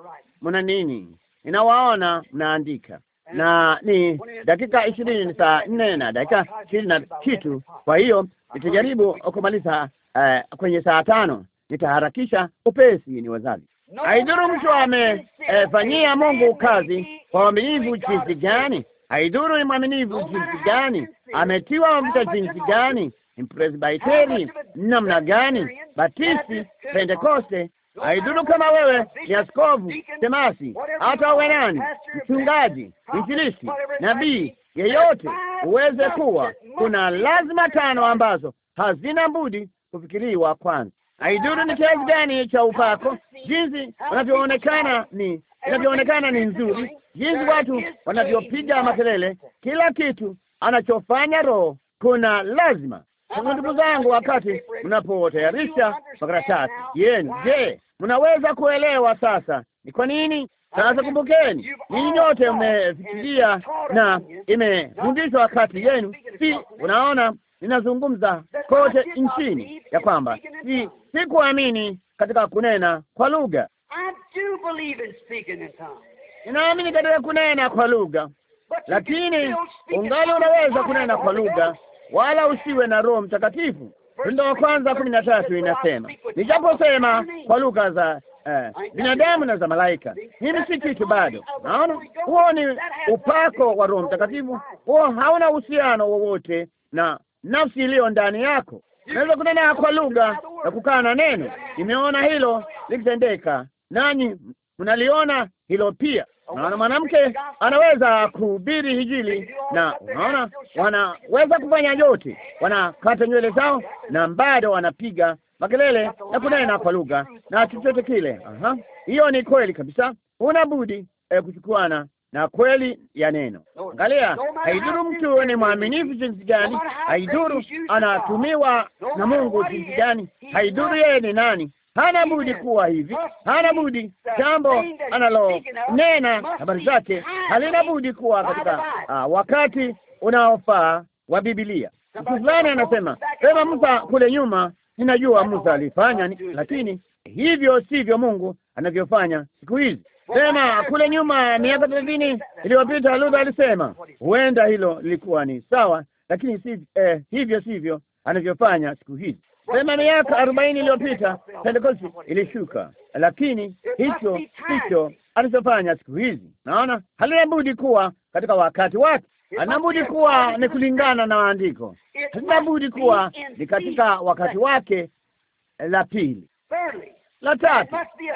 mna nini, inawaona mnaandika na ni dakika ishirini ni saa nne na dakika ishirini na kitu. Kwa hiyo nitajaribu kumaliza uh, kwenye saa tano. Nitaharakisha upesi ni wazazi Haidhuru mtu amefanyia eh, Mungu kazi kwa uaminifu jinsi gani, haidhuru ni mwaminifu jinsi gani, ametiwa mafuta jinsi gani, ni Presbiteri namna gani, Batisti, Pentekoste, haidhuru kama wewe ni askofu, temasi, hata uwe nani, mchungaji, injilisti, nabii yeyote uweze kuwa, kuna lazima tano ambazo hazina budi kufikiriwa kwanza aidudu ni kiasi gani cha upako, jinsi wanavyoonekana ni inavyoonekana ni nzuri, jinsi watu wanavyopiga makelele, kila kitu anachofanya Roho kuna lazima. Ndugu zangu, wakati mnapotayarisha makaratasi yenu, je, mnaweza kuelewa sasa ni kwa nini? Sasa kumbukeni, ninyi nyote mmefikiria na imefundishwa kati yenu, si unaona ninazungumza kote nchini ya kwamba si sikuamini katika kunena kwa lugha. Ninaamini katika kunena kwa lugha, lakini ungali unaweza kunena kwa lugha wala usiwe na Roho Mtakatifu. Tendo wa kwanza kumi na tatu inasema nijaposema kwa lugha za eh, binadamu na za malaika, mimi si kitu bado. Naona huo ni upako wa Roho Mtakatifu, huo hauna uhusiano wowote na nafsi iliyo ndani yako. Naweza kunena kwa lugha na kukaa na neno. Nimeona hilo likitendeka, nanyi mnaliona hilo pia. Naona mwanamke anaweza kuhubiri hijili na unaona, wanaweza kufanya yote. Wanakata nywele zao na bado wanapiga makelele na kunena kwa lugha na chochote kile. Aha, hiyo ni kweli kabisa. Una budi eh, kuchukuana na kweli ya neno. Angalia, haidhuru mtu ni mwaminifu jinsi gani, haidhuru anatumiwa na Mungu jinsi gani, haidhuru yeye ni nani, hana budi kuwa hivi, hana budi jambo analonena habari zake halina budi kuwa katika uh, wakati unaofaa wa Biblia. Mtu fulani anasema sema, Musa kule nyuma, ninajua Musa alifanya, lakini hivyo sivyo Mungu anavyofanya siku hizi. Sema kule nyuma miaka thelathini iliyopita Luther alisema huenda hilo lilikuwa ni sawa, lakini si eh, hivyo sivyo anavyofanya siku hizi. Sema miaka arobaini iliyopita Pentecost ilishuka, lakini hicho hicho anachofanya siku hizi, naona halinabudi kuwa katika wakati wake, halina kuwa ni kulingana na maandiko, halinabudi kuwa ni katika wakati wake la pili la tatu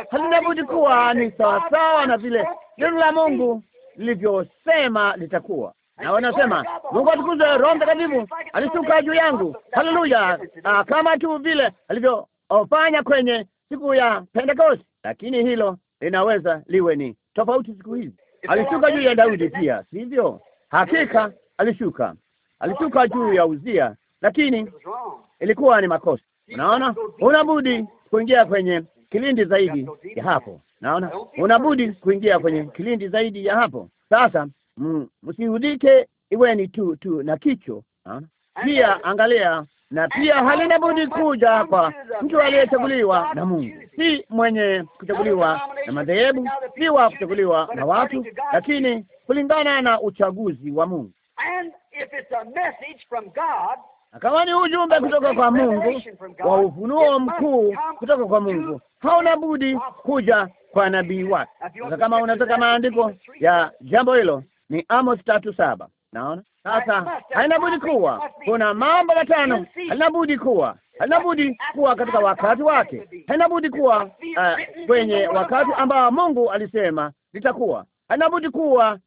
halinabudi kuwa ni sawasawa na vile neno la Mungu lilivyosema litakuwa na wanasema Mungu atukuzwe, Roho Mtakatifu alishuka juu yangu, haleluya, ah, kama tu vile alivyofanya kwenye siku ya Pentekoste. Lakini hilo linaweza liwe ni tofauti siku hizi. Alishuka juu ya Daudi pia, sivyo? Hakika alishuka, alishuka juu ya Uzia, lakini ilikuwa ni makosa. Unaona, unabudi kuingia kwenye kilindi zaidi ya hapo. Naona unabudi kuingia kwenye kilindi zaidi ya hapo. Sasa msihudike, iweni tu tu na kicho. Naona pia, angalia na pia halina budi kuja kwa mtu aliyechaguliwa na Mungu, si mwenye kuchaguliwa na madhehebu, si wa kuchaguliwa na watu, lakini kulingana na uchaguzi wa Mungu akawa ni ujumbe kutoka kwa Mungu wa ufunuo mkuu kutoka kwa Mungu, hauna budi kuja kwa nabii wake. Sasa kama unataka maandiko ya jambo hilo ni Amos tatu saba. Naona sasa, haina budi kuwa kuna mambo matano, haina budi kuwa haina budi kuwa katika wakati wake, haina budi kuwa uh, kwenye wakati ambao Mungu alisema litakuwa, haina budi kuwa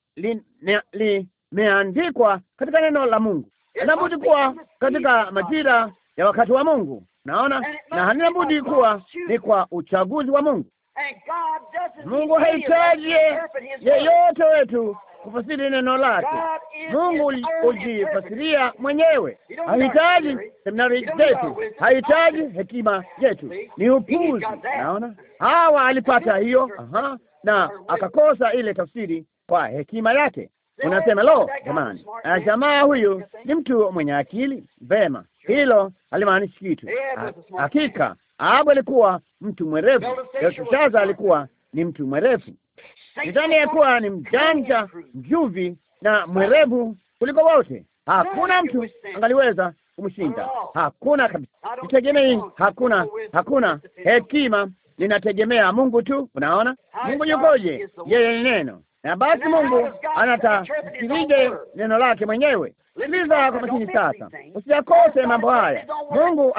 limeandikwa li, katika neno la Mungu hanabudi kuwa katika majira ya wakati wa Mungu, naona na budi kuwa ni kwa uchaguzi wa Mungu. Mungu hahitaji yeyote wetu kufasiri neno lake. Mungu hujifasiria mwenyewe, hahitaji seminari zetu, hahitaji hekima yetu. Ni upuzi. Naona Hawa alipata hiyo, aha, na akakosa ile tafsiri kwa hekima yake. Unasema, lo, jamani, ah, jamaa huyu ni mtu mwenye akili. Vema, hilo halimaanishi kitu. Ah, hakika Ahabu alikuwa mtu mwerevu, Belshaza alikuwa ni mtu mwerevu. Shetani alikuwa ni mjanja, mjuvi na mwerevu kuliko wote. Hakuna mtu angaliweza kumshinda, hakuna kabisa. Nitegemei, hakuna, hakuna hekima, linategemea Mungu tu. Unaona, Mungu yukoje? Yeye ni neno na basi Mungu anatasikilize neno lake mwenyewe. Sikiliza kwa makini sasa, usijakose mambo haya. Mungu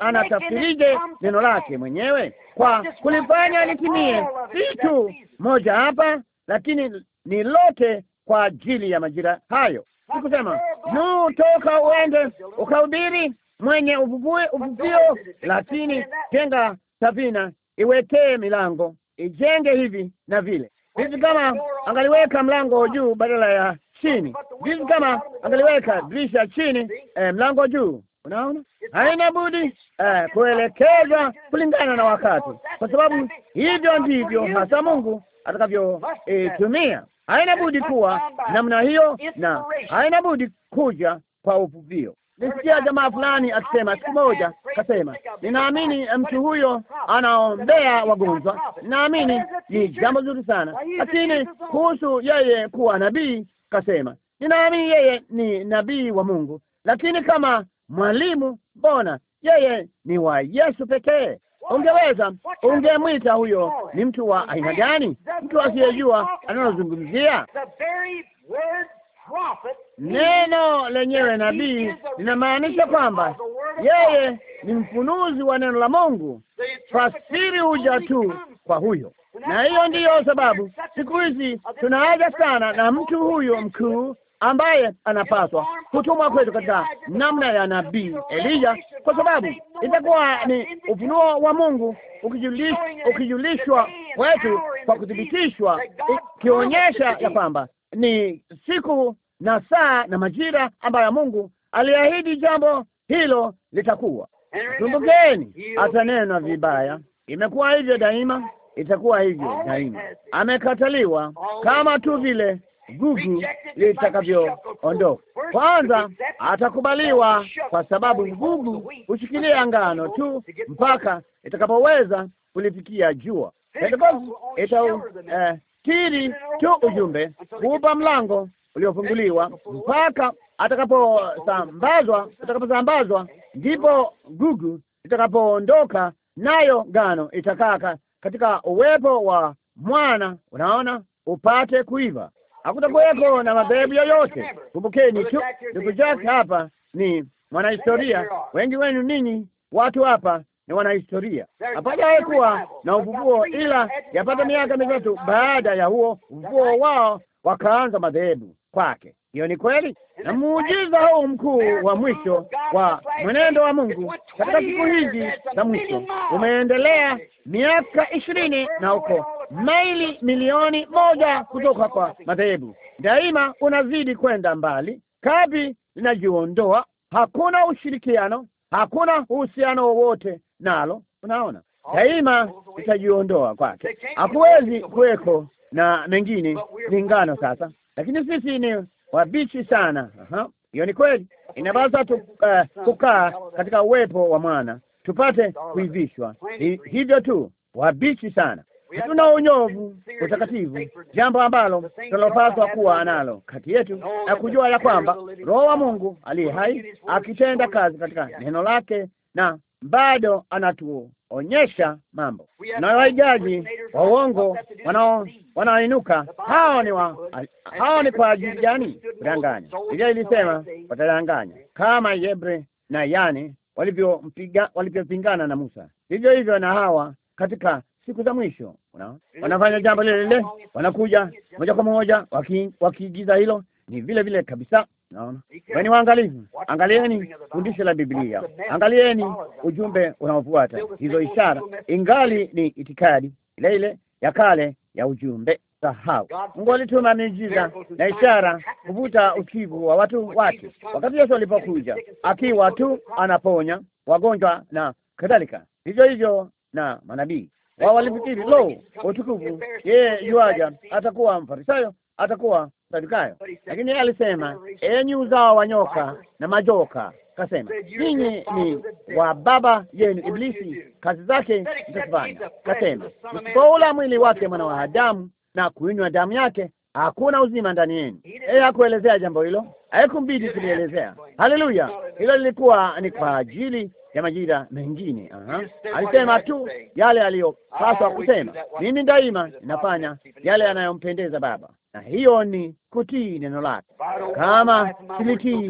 anatafsirije neno lake mwenyewe kwa kulifanya litimie, si tu moja hapa, lakini ni lote kwa ajili ya majira hayo. Sikusema nu toka uende ukahubiri mwenye uvuvio, lakini jenga safina, iwekee milango, ijenge hivi na vile Jinsi kama angaliweka mlango juu badala ya chini, jinsi kama angaliweka dirisha chini, eh, mlango juu. Unaona, haina budi eh, kuelekeza kulingana na wakati, kwa sababu hivyo ndivyo hasa Mungu atakavyoitumia. Eh, haina budi kuwa namna hiyo, na haina budi kuja kwa uvuvio nisikia jamaa fulani akisema siku moja, akasema, ninaamini eh, mtu huyo anaombea wagonjwa, ninaamini ni jambo zuri sana, lakini kuhusu yeye kuwa nabii, kasema, ninaamini yeye ni nabii wa Mungu, lakini kama mwalimu, mbona yeye ni wa Yesu pekee. Ungeweza ungemwita huyo ni mtu wa aina gani? Mtu asiyejua anayozungumzia Neno lenyewe nabii linamaanisha kwamba yeye ni mfunuzi wa neno la Mungu. Fasiri huja tu kwa huyo, na hiyo ndiyo sababu siku hizi tunaaja sana na mtu huyo mkuu ambaye anapaswa kutumwa kwetu katika namna ya nabii elija kwa sababu itakuwa ni ufunuo wa Mungu ukijulishwa kwetu kwa kuthibitishwa, ikionyesha ya kwamba ni siku na saa na majira ambayo Mungu aliahidi jambo hilo litakuwa. Kumbukeni, atanena vibaya. Imekuwa hivyo daima, itakuwa hivyo daima. Amekataliwa kama tu vile gugu litakavyoondoka. Kwanza atakubaliwa kwa sababu gugu hushikilia ngano tu mpaka itakapoweza kulifikia jua. Pentekoste ita eh, kiri tu ujumbe, kuupa mlango uliofunguliwa mpaka atakaposambazwa, atakaposambazwa ndipo gugu itakapoondoka nayo ngano itakaa katika uwepo wa mwana. Unaona, upate kuiva. Hakutakuwepo na mabebu yoyote. Kumbukeni tu ndugu zake hapa ni mwanahistoria. Wengi wenu ninyi watu hapa ni wanahistoria. Hapajawahi kuwa na uvuvuo, ila yapata miaka mitatu baada ya huo uvuvuo wao wakaanza madhehebu kwake. Hiyo ni kweli, na muujiza huu mkuu wa mwisho wa mwenendo wa Mungu katika siku hizi za mwisho umeendelea miaka ishirini na uko maili milioni moja kutoka kwa madhehebu. Daima unazidi kwenda mbali, kabi linajiondoa, hakuna ushirikiano, hakuna uhusiano wowote nalo. Unaona, daima itajiondoa kwake, hakuwezi kuweko na mengine lingano sasa, lakini sisi ni wabichi sana. Aha, hiyo ni kweli. Inapasa tu, uh, kukaa katika uwepo wa mwana tupate kuivishwa hivyo tu, wabichi sana. Hatuna unyovu utakatifu, jambo ambalo tunalopaswa kuwa nalo kati yetu na kujua ya kwamba Roho wa Mungu aliye hai akitenda kazi katika neno lake na bado anatuonyesha mambo na waijaji wa uongo wanao wanaoinuka. Hao ni wa hao ni kwa ajili gani? Kudanganya. Biblia ilisema watadanganya kama Yebre na Yane walivyompiga walivyopingana na Musa, hivyo hivyo na hawa katika siku za mwisho una? wanafanya jambo lile lile, wanakuja moja kwa moja wakiigiza waki hilo ni vile vile kabisa Naona weni waangalivu angalieni fundisho la Biblia, angalieni ujumbe unaofuata. Hizo ishara ingali ni itikadi ile ile ya kale ya ujumbe sahau. Mungu alituma miujiza na ishara kuvuta ukivu wa watu wake. Wakati Yesu alipokuja akiwa tu anaponya wagonjwa na kadhalika, hivyo hivyo na manabii wao walifikiri, lo, utukufu yeye yuaja, atakuwa mfarisayo, atakuwa Sadukayo, lakini yeye alisema, enyi ee, uzao wa nyoka na majoka, kasema ninyi ni wa baba yenu Iblisi, kazi zake mtazifanya. Kasema msipoula mwili wake mwana wa Adamu na kuinywa damu yake, hakuna uzima ndani yenu. Yeye hakuelezea jambo hilo, haikumbidi kulielezea. Haleluya! Hilo lilikuwa ni kwa ajili ya majira mengine. Alisema tu yale aliyopaswa ah, kusema. Mimi daima nafanya yale yanayompendeza Baba, na hiyo ni kutii neno lake. Kama silitii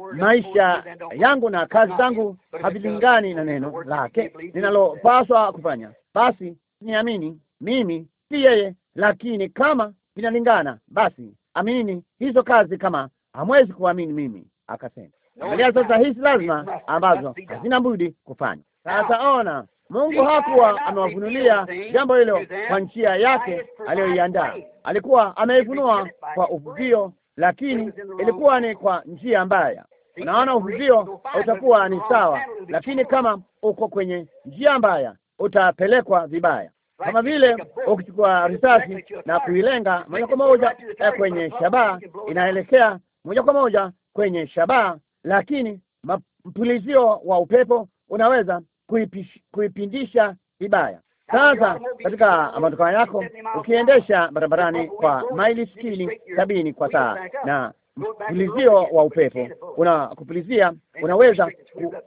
uh, maisha yangu na kazi zangu havilingani na neno lake ninalopaswa kufanya, basi niamini mimi si yeye, lakini kama vinalingana, basi aminini hizo kazi kama hamwezi kuamini mimi. Akasema, angalia sasa hizi lazima ambazo hazina budi kufanya. Sasa ona, Mungu hakuwa amewafunulia jambo hilo kwa njia yake aliyoiandaa, alikuwa ameifunua kwa uvuvio, lakini ilikuwa ni kwa njia mbaya. Unaona, uvuvio utakuwa ni sawa, lakini kama uko kwenye njia mbaya utapelekwa vibaya kama vile ukichukua risasi na kuilenga moja kwa moja eh, kwenye shabaha, inaelekea moja kwa moja kwenye shabaha, lakini mpulizio wa upepo unaweza kuipish, kuipindisha vibaya. Sasa katika matokaa yako ukiendesha barabarani kwa maili sitini sabini kwa saa na mpulizio wa upepo kupulizia, unaweza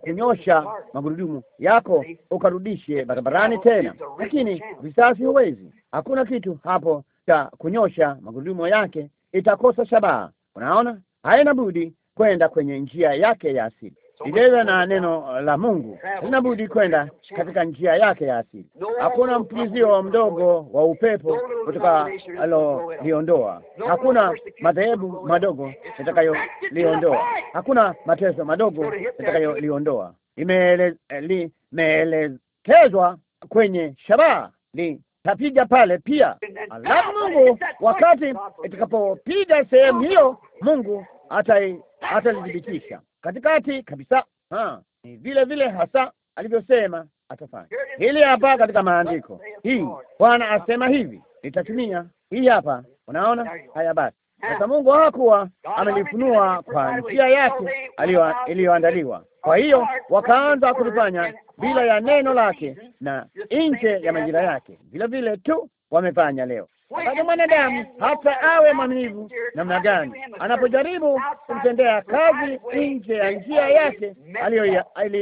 kunyosha magurudumu yako ukarudishe barabarani tena, lakini visasi huwezi. Hakuna kitu hapo cha kunyosha magurudumu yake, itakosa shabaha. Unaona, haina budi kwenda kwenye njia yake ya asili. Ideza na neno la Mungu budi kwenda katika njia yake ya asili. Hakuna mpulizio mdogo wa upepo kutoka aloliondoa, hakuna madhehebu madogo yatakayoliondoa, hakuna mateso madogo yatakayoliondoa. Limeelekezwa kwenye shabaha litapiga tapiga pale pia. Alafu Mungu wakati itakapopiga sehemu hiyo, Mungu atai katikati kabisa. Ha, ni vile vile hasa alivyosema atafanya hili hapa katika maandiko hii. Bwana asema hivi, nitatumia hii hapa. Unaona haya basi. Sasa Mungu hakuwa amelifunua kwa njia yake iliyoandaliwa, kwa hiyo wakaanza kulifanya bila ya neno lake na nje ya majira yake, vile vile tu wamefanya leo bado mwanadamu hata awe mwaminivu namna gani, anapojaribu kumtendea kazi nje ya njia yake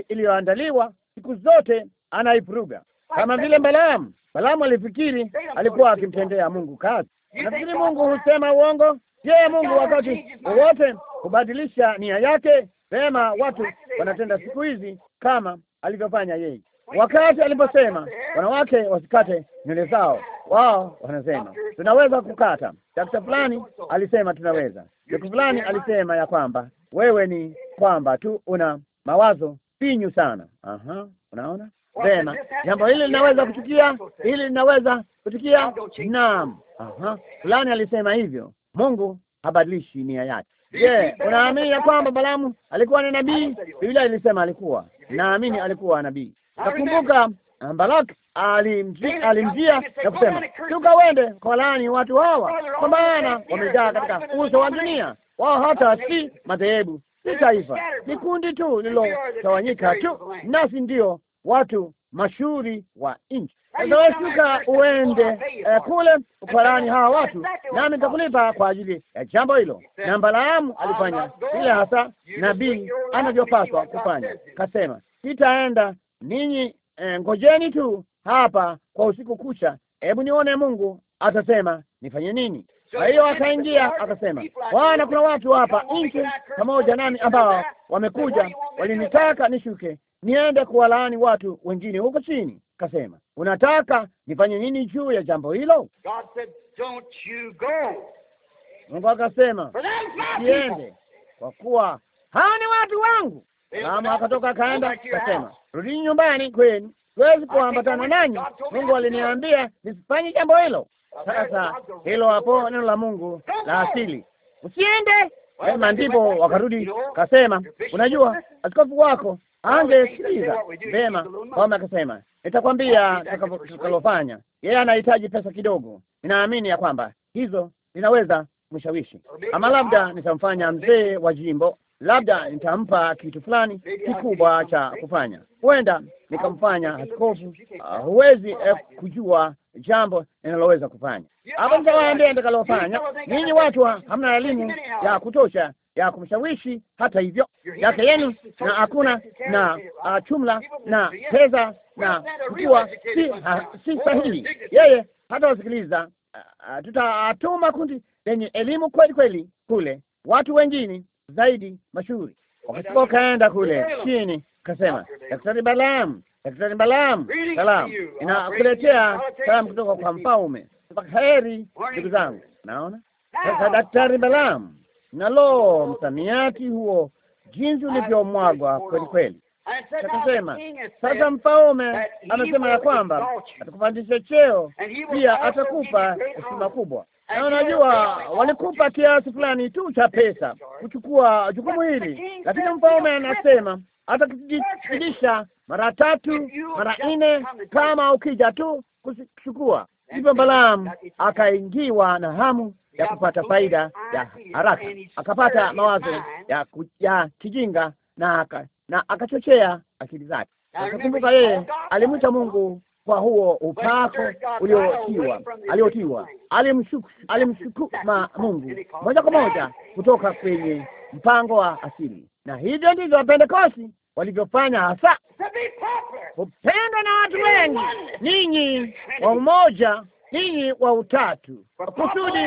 iliyoandaliwa, siku zote anaivuruga, kama vile Balaamu. Balaamu alifikiri alikuwa akimtendea Mungu kazi. Nafikiri Mungu husema uongo. Je, Mungu wakati wowote hubadilisha nia yake? Sema watu wanatenda siku hizi kama alivyofanya yeye wakati aliposema wanawake wasikate nywele zao wao wanasema tunaweza kukata. Dakta fulani alisema tunaweza, dokta fulani alisema ya kwamba wewe ni kwamba tu una mawazo finyu sana. Aha, unaona vema, jambo hili linaweza kutukia, hili linaweza kutukia. Naam, aha, fulani alisema hivyo. Mungu habadilishi nia yake. Je, yeah, unaamini ya kwamba Balamu alikuwa ni nabii? Biblia ilisema alikuwa, naamini alikuwa nabii. Nakumbuka Balaki alimjia alimjia na kusema, tukawende kwa watu hawa, kwa maana wamejaa katika uso wa dunia. Wao hata si madhehebu, si taifa, ni kundi tu lilotawanyika tu, nasi ndio watu mashuhuri wa nchi. Shuka uende eh, kule uparani hawa watu, nami nitakulipa kwa ajili ya jambo hilo. Na Balaamu alifanya ile hasa nabii anavyopaswa kufanya, kasema, sitaenda ninyi e, ngojeni tu hapa kwa usiku kucha, hebu nione Mungu atasema nifanye nini. Kwa hiyo akaingia akasema, Bwana, kuna watu hapa nje pamoja nami ambao wamekuja, walinitaka nishuke niende kuwalaani watu wengine huko chini. Kasema, unataka nifanye nini juu ya jambo hilo? Mungu akasema, siende, kwa kuwa hawa ni watu wangu. Mama akatoka akaenda, kasema, rudini nyumbani kwenu, siwezi kuambatana nanyi. Mungu aliniambia nisifanye jambo hilo. Sasa hilo hapo, neno la Mungu la asili, usiende ema Ndipo wakarudi, kasema, unajua askofu wako angesikiliza vema. Mama akasema, nitakwambia tutakalofanya. Yeye anahitaji pesa kidogo, ninaamini ya kwamba hizo ninaweza mshawishi, ama labda nitamfanya mzee wa jimbo labda nitampa kitu fulani kikubwa cha kufanya, huenda nikamfanya askofu. Uh, huwezi eh, kujua jambo linaloweza kufanya hapo. Nitawaambia nitakalofanya. Ninyi watu hamna elimu ya kutosha ya kumshawishi hata hivyo yake yenu, na hakuna na uh, ah, chumla na pesa na mkua si, uh, si sahihi yeye hata wasikiliza. Uh, tutatuma kundi lenye elimu kweli kweli kule watu wengine zaidi mashuhuri. Wakati kaenda kule chini, kasema daktari Balaam, daktari Balaam, salamu inakuletea salamu kutoka kwa mfalme. Heri ndugu zangu, naona sasa daktari Balaam, nalo msamiati huo jinsi ulivyomwagwa kweli kweli. Akasema sasa, mfalme amesema ya kwamba atakupandisha cheo, pia atakupa heshima kubwa na unajua walikupa kiasi fulani tu cha pesa kuchukua jukumu hili, lakini mfalme anasema atakizidisha mara tatu mara nne kama ukija tu kuchukua. Hivyo Balaam akaingiwa na hamu ya kupata faida ya haraka, akapata mawazo ya, ku, ya kijinga na, aka, na akachochea akili zake. Akakumbuka yeye alimwita Mungu kwa huo upako uliotiwa aliotiwa, ma Mungu moja kwa moja kutoka kwenye mpango wa asili, na hivyo ndivyo Wapentekosti walivyofanya hasa kupendwa na watu wengi, ninyi wa umoja, ninyi wa utatu, kusudi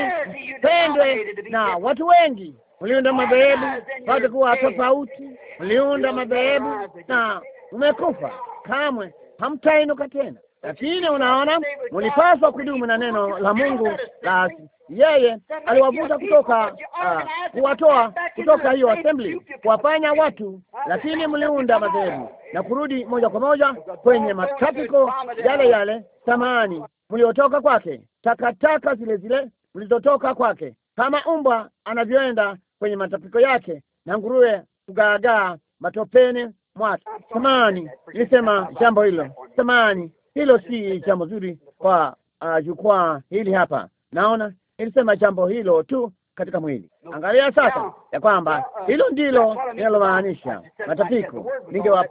pendwe na watu wengi. Mliunda madhehebu pate kuwa tofauti, mliunda madhehebu na umekufa, kamwe hamtainuka tena. Lakini unaona, mulipaswa kudumu na neno la Mungu la yeye aliwavuta kutoka ah, kuwatoa kutoka hiyo assembly kuwafanya watu, lakini mliunda madhehebu na kurudi moja kwa moja kwenye matapiko yale yale samani mliotoka kwake, takataka zile zile mlizotoka kwake, kama umbwa anavyoenda kwenye matapiko yake na nguruwe kugaagaa matopeni mwake. Samani, nilisema jambo hilo samani hilo si jambo zuri kwa uh, jukwaa hili hapa. Naona ilisema jambo hilo tu katika mwili. Angalia sasa ya kwamba hilo ndilo linalomaanisha matapiko.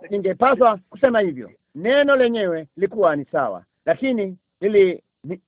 Ningepaswa ninge kusema hivyo, neno lenyewe likuwa ni sawa, lakini lili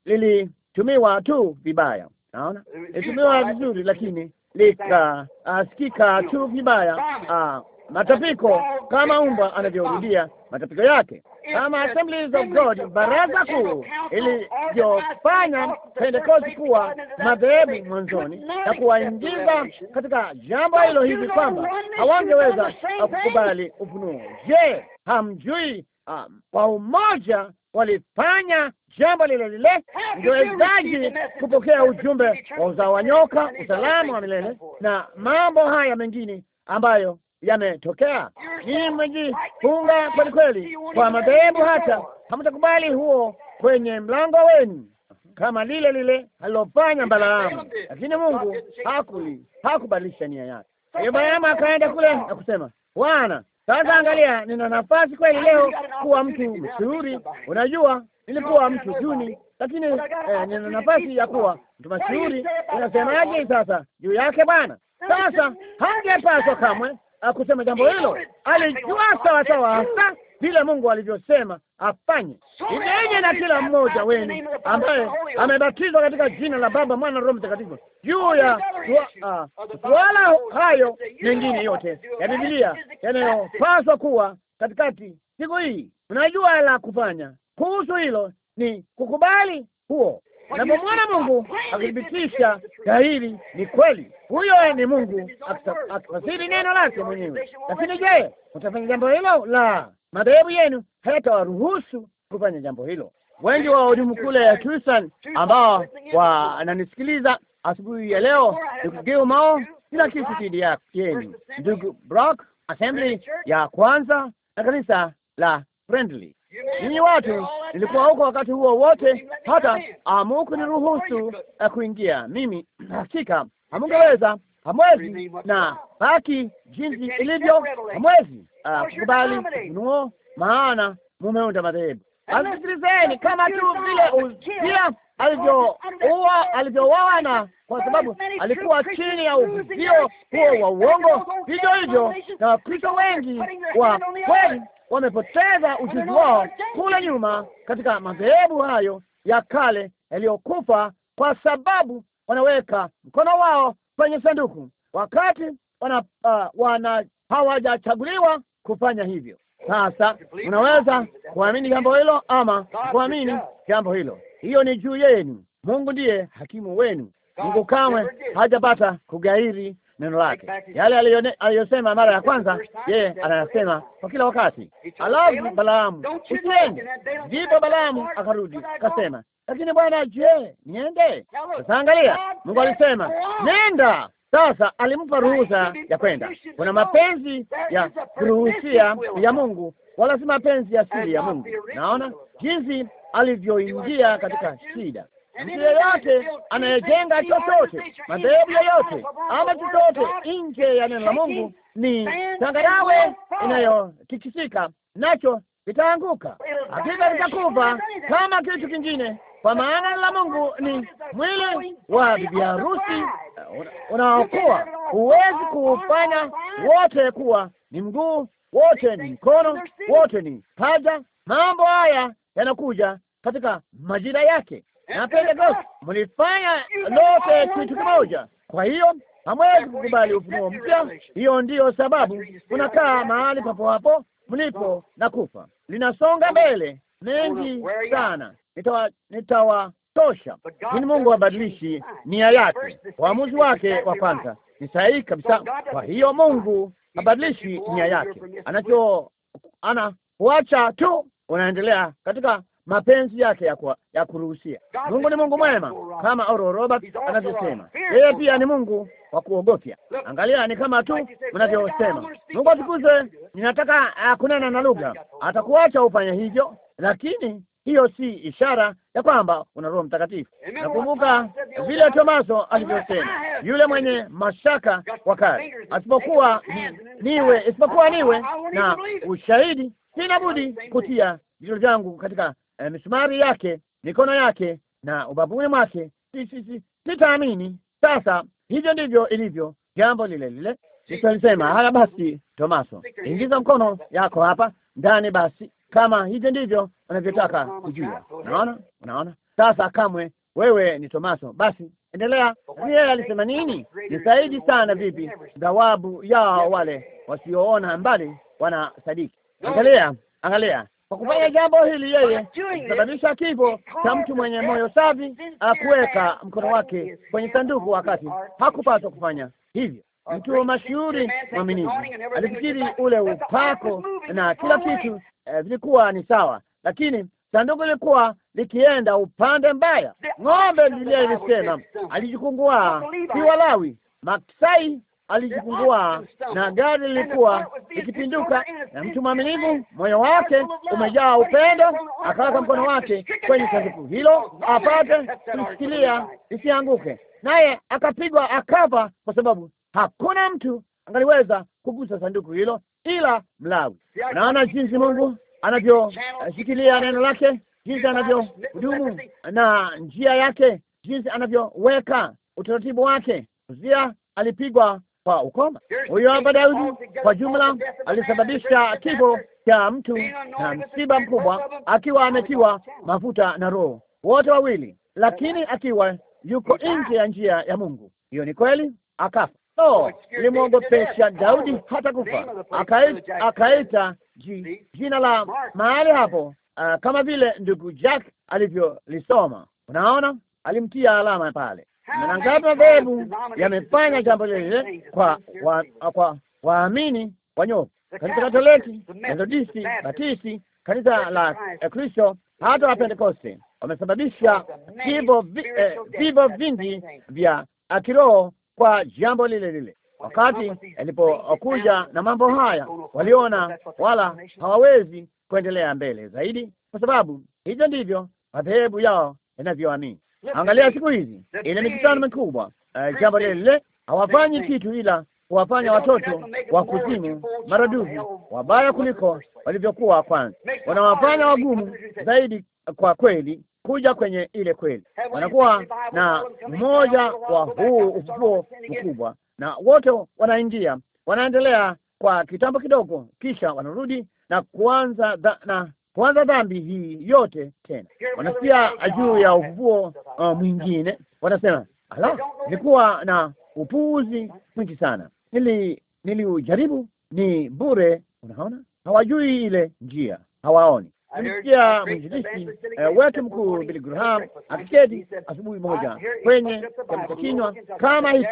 lilitumiwa tu vibaya. Naona lilitumiwa vizuri, lakini likasikika tu vibaya. Uh, matapiko kama umba anavyorudia matapiko yake, kama Assemblies of God, baraza kuu ilivyofanya Pentekosti kuwa madhehebu mwanzoni na kuwaingiza katika jambo hilo hivi kwamba hawangeweza kukubali ufunuo. Je, hamjui ah, kwa um, umoja walifanya jambo lile lile. Ngewezaji kupokea ujumbe wa uzao wa nyoka, usalama wa milele na mambo haya mengine ambayo yametokea. Ni mmejifunga kweli kweli kwa madhehebu, hata hamtakubali huo kwenye mlango wenu, kama lile lile alilofanya Balaamu. Lakini Mungu hakuli hakubadilisha nia yake. Balaamu akaenda kule na kusema, Bwana, sasa angalia, nina nafasi kweli leo kuwa mtu mashuhuri. Unajua, nilikuwa mtu juni lakini eh, nina nafasi ya kuwa mtu mashuhuri. Unasemaje sasa juu yake Bwana? Sasa hangepaswa kamwe akusema jambo hilo, alijua sawa sawa hasa vile Mungu alivyosema afanye. Ninenye na kila mmoja wenu ambaye amebatizwa katika jina la Baba, Mwana, Roho Mtakatifu juu ya ah, suala hayo mengine yote ya Biblia yanayopaswa kuwa katikati siku hii. Unajua la kufanya kuhusu hilo ni kukubali huo Unapomwona Mungu akithibitisha dhahiri ni kweli, huyo ni Mungu akifasiri neno lake mwenyewe. Lakini je, utafanya jambo hilo? La, madhehebu yenu hayatawaruhusu kufanya jambo hilo. Wengi wa wahudumu kule ya Tucson ambao wananisikiliza asubuhi ya leo, ndugu Gilmore, kila kitu dhidi yenu, ndugu Brock, assembly ya kwanza na kanisa la Friendly Ninyi watu, nilikuwa huko wakati huo wote, hata ya kuingia. Mimi hakika hamungeweza, hamwezi na baki jinsi ilivyo, hamwezi ah, kukubali nuo maana mumeunda madhehebu. Asisikilizeni kama tu vile Uzia alivyouwa alivyouawa, na kwa sababu alikuwa chini ya uzio huo wa uongo, vivyo hivyo na Wakristo wengi wa kweli wamepoteza ujuzi wao kule nyuma katika madhehebu hayo ya kale yaliyokufa, kwa sababu wanaweka mkono wao kwenye sanduku wakati wana, uh, wana hawajachaguliwa kufanya hivyo. Sasa unaweza kuamini jambo hilo ama kuamini jambo hilo, hiyo ni juu yenu. Mungu ndiye hakimu wenu. Mungu kamwe hajapata kugairi neno lake, yale aliyosema mara ya kwanza, yeye anayasema kwa kila wakati. Alafu Balaamu, usiende. Ndipo Balaamu akarudi akasema, lakini bwana, je, niende? Sasa angalia, Mungu alisema nenda. Sasa alimpa ruhusa ya kwenda. Kuna mapenzi ya kuruhusia ya Mungu, wala si mapenzi ya asili ya Mungu. Naona jinsi alivyoingia katika shida mtu yaani yeyote anayejenga chochote, madhehebu yoyote ama chochote nje ya neno la Mungu ni changarawe inayotikisika, nacho vitaanguka, hakika vitakufa kama kitu kingine, kwa maana neno la Mungu ni mwili wa bibi harusi eh, unaokuwa. Huwezi kuufanya wote kuwa ni mguu, wote ni mkono, wote ni paja. Mambo haya yanakuja katika majira yake na Pentekoste mlifanya lote kitu kimoja. Kwa hiyo hamwezi kukubali ufunuo mpya. Hiyo ndiyo sababu unakaa mahali papo hapo mlipo na kufa. Linasonga mbele mengi sana, nitawatosha lakini Mungu abadilishi nia yake, uamuzi wake wa kwanza ni sahihi kabisa. Kwa hiyo Mungu abadilishi nia yake, anacho ana huacha tu, unaendelea katika mapenzi yake ya, kwa, ya kuruhusia. Mungu ni Mungu mwema kama Oral Roberts anavyosema, yeye pia ni Mungu wa kuogofya. Angalia, ni kama tu mnavyosema. Mungu atukuze. Ninataka uh, kunena na lugha, atakuacha ufanye hivyo, lakini hiyo si ishara ya kwamba una Roho Mtakatifu. Nakumbuka vile Tomaso alivyosema, yule mwenye mashaka wakati asipokuwa niwe isipokuwa niwe na ushahidi, sina budi kutia vitu vyangu katika eh, misumari yake, mikono yake na ubavuni mwake, sitaamini. Sasa hivyo ndivyo ilivyo jambo lile lile. Yesu alisema, haya basi, Tomaso, ingiza mkono yako hapa ndani, basi kama hivyo ndivyo unavyotaka kujua. Unaona, unaona sasa, kamwe wewe ni Tomaso. Basi endelea. Yeye alisema nini? Ni zaidi sana vipi dhawabu yao wale wasioona mbali wana sadiki. Angalia, angalia kwa kufanya jambo hili, yeye sababisha kifo cha mtu mwenye moyo safi, akuweka mkono wake kwenye sanduku wakati hakupaswa kufanya hivyo. Mtu mashuhuri mwaminifu alifikiri ule upako na kila kitu eh, vilikuwa ni sawa, lakini sanduku lilikuwa likienda upande mbaya. Ng'ombe, Biblia ilisema alijikungua, si Walawi, Maksai alijifungua na gari lilikuwa likipinduka, na mtu mwaminifu, moyo wake umejaa upendo, akaweka mkono wake kwenye sanduku hilo apate kushikilia isianguke naye akapigwa akava kwa sababu hakuna mtu angaliweza kugusa sanduku hilo ila Mlawi. Naona jinsi Mungu anavyoshikilia neno lake, jinsi anavyohudumu na njia yake, jinsi anavyoweka utaratibu wake. Uzia alipigwa kwa ukoma. Huyo hapa Daudi kwa jumla alisababisha kifo cha mtu na msiba mkubwa, akiwa ametiwa mafuta na Roho wote wawili, lakini akiwa yuko nje ya njia ya Mungu. Hiyo ni kweli, akafa. Oh, ilimwogopesha Daudi hata kufa. Akaita, akaita jina la mahali hapo, uh, kama vile ndugu Jack alivyolisoma. Unaona, alimtia alama pale ngapi madhehebu yamefanya jambo lile kwa kwa waamini wanyofu, kanisa Katoliki, Methodisti, Batisti, kanisa la eh, Kristo, hata Wapentekoste wamesababisha vivo eh, vingi vya akiroho kwa jambo lile lile. Wakati alipokuja na mambo haya, waliona wala hawawezi kuendelea mbele zaidi, kwa sababu hivyo ndivyo madhehebu yao yanavyoamini. Angalia siku hizi ile mikutano mikubwa, eh, jambo lile lile, hawafanyi kitu ila kuwafanya watoto wa kuzimu maradufu wabaya kuliko walivyokuwa kwanza. Wanawafanya wagumu zaidi kwa kweli kuja kwenye ile kweli. Wanakuwa na mmoja wa huu ufufuo mkubwa, na wote wanaingia, wanaendelea kwa kitambo kidogo, kisha wanarudi na kuanza na kwanza dhambi hii yote tena. Wanasikia juu ya ufufuo uh, mwingine, wanasema ala, nilikuwa na upuuzi mwingi sana, nili niliujaribu, ni bure. Unaona, hawajui ile njia, hawaoni. Nilisikia mwinjilisti uh, wetu mkuu Billy Graham akiketi asubuhi moja kwenye kinywa kama hiki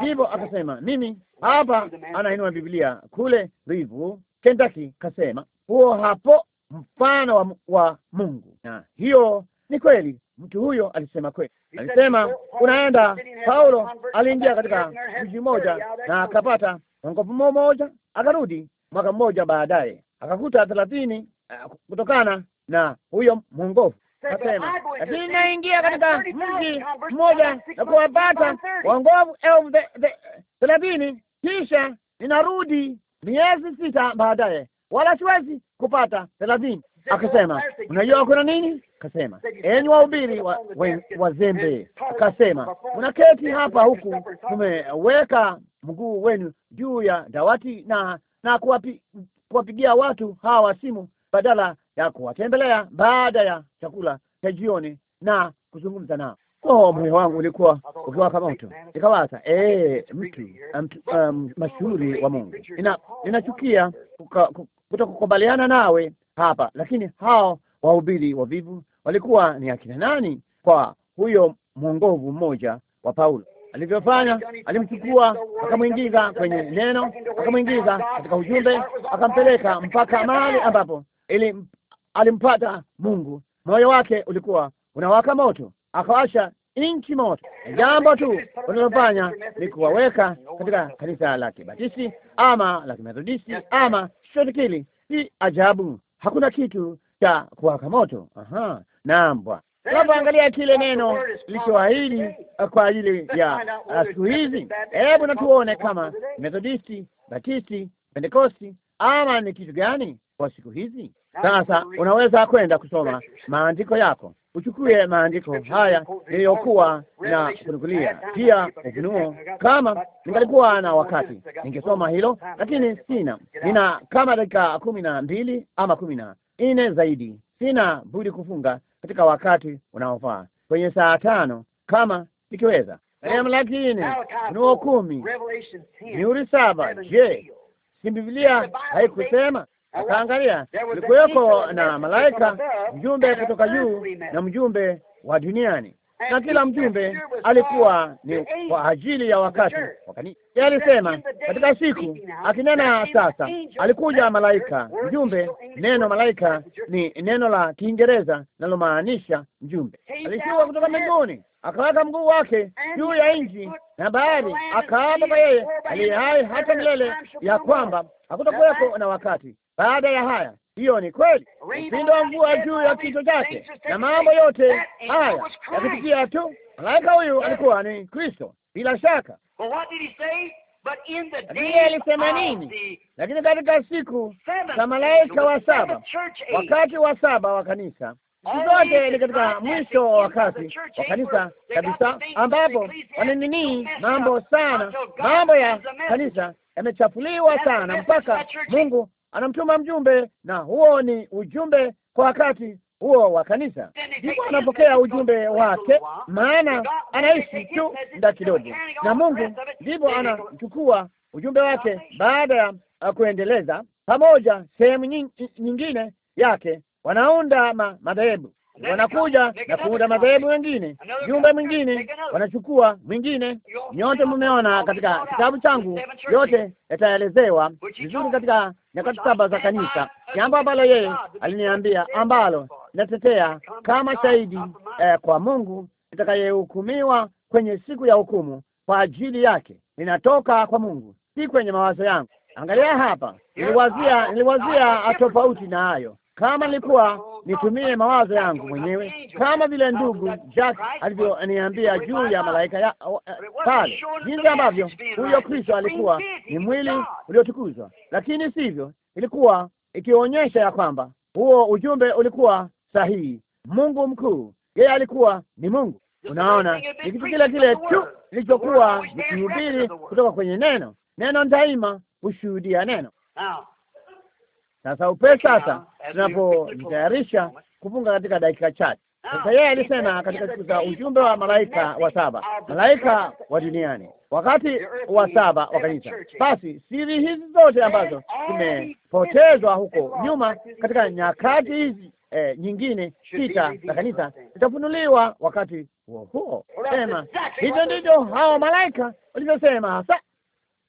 ndivyo, akasema mimi hapa, anainua Biblia kule Rivu Kentucky, kasema huo hapo mfano wa, wa Mungu, na hiyo ni kweli. Mtu huyo alisema kweli, alisema unaenda. Paulo aliingia katika mji mmoja na akapata ongovu moja, akarudi mwaka mmoja baadaye akakuta thelathini eh, kutokana na huyo mwongovu. Akasema, lakini naingia katika mji mmoja na kuwapata waongovu elfu thelathini kisha ninarudi miezi sita baadaye wala siwezi kupata thelathini. Akasema, unajua kuna nini? Akasema, enyi wahubiri wazembe, akasema, keti hapa huku tumeweka mguu wenu juu ya dawati na na kuwapi, kuwapigia watu hawa simu badala ya kuwatembelea baada ya chakula cha jioni na kuzungumza nao. Oh, moyo wangu ulikuwa ukiwaka moto, nikawaza eh, mtu um, mashuhuri wa Mungu. ninachukia kutokukubaliana nawe hapa. Lakini hao wahubiri wavivu walikuwa ni akina nani kwa huyo mwongovu mmoja wa Paulo? Alivyofanya, alimchukua akamwingiza kwenye neno, akamwingiza katika ujumbe, akampeleka mpaka mahali ambapo ili alimpata Mungu. Moyo wake ulikuwa unawaka moto, akawasha inchi moto. Jambo tu unalofanya ni kuwaweka katika kanisa la Kibatisti ama la Kimethodisti ama chochote kile, si ajabu, hakuna kitu cha kuwaka moto. Aha, naam Hapo angalia kile neno lilichoahidi kwa ajili ya ah, siku hizi. Hebu natuone kama Methodisti, Batisti, Pentekosti ama ni kitu gani kwa siku hizi. Sasa unaweza kwenda kusoma maandiko yako uchukue maandiko haya niliyokuwa na kunukulia, pia Ufunuo. Kama ningalikuwa na wakati ningesoma hilo, lakini sina. Nina kama dakika kumi na mbili ama kumi na nne zaidi. Sina budi kufunga katika wakati unaofaa kwenye saa tano kama nikiweza. Lakini Ufunuo kumi, Mihuri saba. Je, si Biblia haikusema akaangalia, kulikuweko na malaika, mjumbe kutoka juu na mjumbe wa duniani, na kila mjumbe alikuwa ni kwa ajili ya wakati wa kanisa. Alisema katika siku, akinena sasa, alikuja malaika mjumbe. Neno malaika ni neno la Kiingereza linalomaanisha mjumbe. Alishuka kutoka mbinguni, akaweka mguu wake juu ya nchi na bahari, akaapa kwa yeye aliye hai hata milele ya kwamba hakutakuweko na wakati baada ya haya, hiyo ni kweli, upindo wa mvua juu ya kichwa chake na mambo yote haya yakipitia tu. Malaika huyu alikuwa ni Kristo bila shaka. Lakini alisema nini? Lakini katika siku za malaika wa saba, wakati wa saba wa kanisa, siku zote ni katika mwisho wa wakati wa kanisa kabisa, ambapo wananini mambo sana, mambo ya kanisa yamechafuliwa sana mpaka Mungu anamtuma mjumbe, na huo ni ujumbe kwa wakati huo wa kanisa, ndipo anapokea ujumbe wake, maana anaishi tu muda kidogo na Mungu, ndipo anachukua ujumbe wake baada ya uh, kuendeleza pamoja sehemu nyingine yake, wanaunda madhehebu wanakuja na kuunda madhehebu mengine, jumbe mwingine wanachukua mwingine. Nyote mmeona katika kitabu changu, yote yataelezewa vizuri katika nyakati saba za kanisa, jambo ambalo yeye aliniambia, ambalo inatetea kama shahidi eh, kwa Mungu itakayehukumiwa kwenye siku ya hukumu kwa ajili yake. Ninatoka kwa Mungu, si kwenye mawazo yangu. Angalia hapa, niliwazia niliwazia tofauti na hayo kama nilikuwa nitumie mawazo yangu mwenyewe, kama vile ndugu Jack alivyoniambia juu ya malaika ya eh, pale, jinsi ambavyo huyo Kristo alikuwa ni mwili uliotukuzwa, lakini sivyo, ilikuwa ikionyesha ya kwamba huo ujumbe ulikuwa sahihi. Mungu mkuu, yeye alikuwa ni Mungu. Unaona, ni kitu kile kile tu ilichokuwa nikihubiri kutoka kwenye neno. Neno daima hushuhudia neno. Sasa upesi sasa, tunapojitayarisha kufunga katika dakika chache ah, sasa. Yeye alisema katika siku za ujumbe wa malaika wa saba, malaika wa duniani, wakati wa saba wa kanisa. Basi siri hizi zote ambazo zimepotezwa huko nyuma katika nyakati hizi eh, nyingine sita za kanisa zitafunuliwa wakati huo huo. Sema hivyo ndivyo hao malaika walivyosema hasa.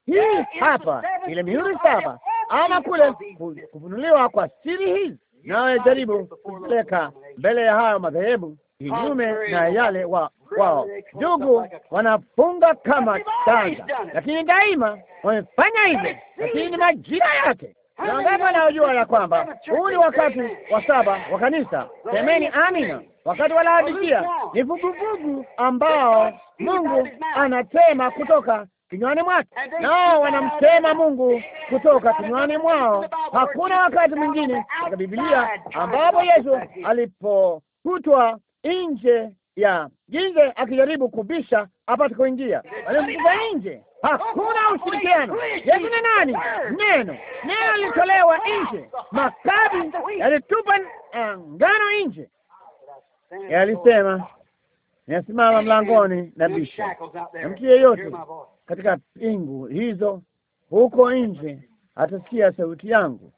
Hii hapa ile mihuri saba ama kule kufunuliwa kwa siri hizi, nawe jaribu kupeleka mbele ya hayo madhehebu kinyume na yale wa wao ndugu wanafunga kama tanga, lakini daima wamefanya hivyo, lakini ni majira yake. Wangapi wanaojua ya kwamba huu ni wakati wa saba wa kanisa? Semeni amina. Wakati walaadikia ni vuguvugu ambao Mungu anatema kutoka kinywani mwake, nao wanamsema Mungu kutoka kinywani mwao. Hakuna wakati mwingine katika Biblia ambapo Yesu alipokutwa nje ya ginze akijaribu kubisha apate kuingia, alimkuta nje. Hakuna oh, oh, oh, ushirikiano. Yesu ni nani? Neno, neno lilitolewa nje. Makabi yalitupa ngano nje, yalisema, nasimama mlangoni na bisha, na mtu yeyote katika pingu hizo huko nje atasikia sauti yangu.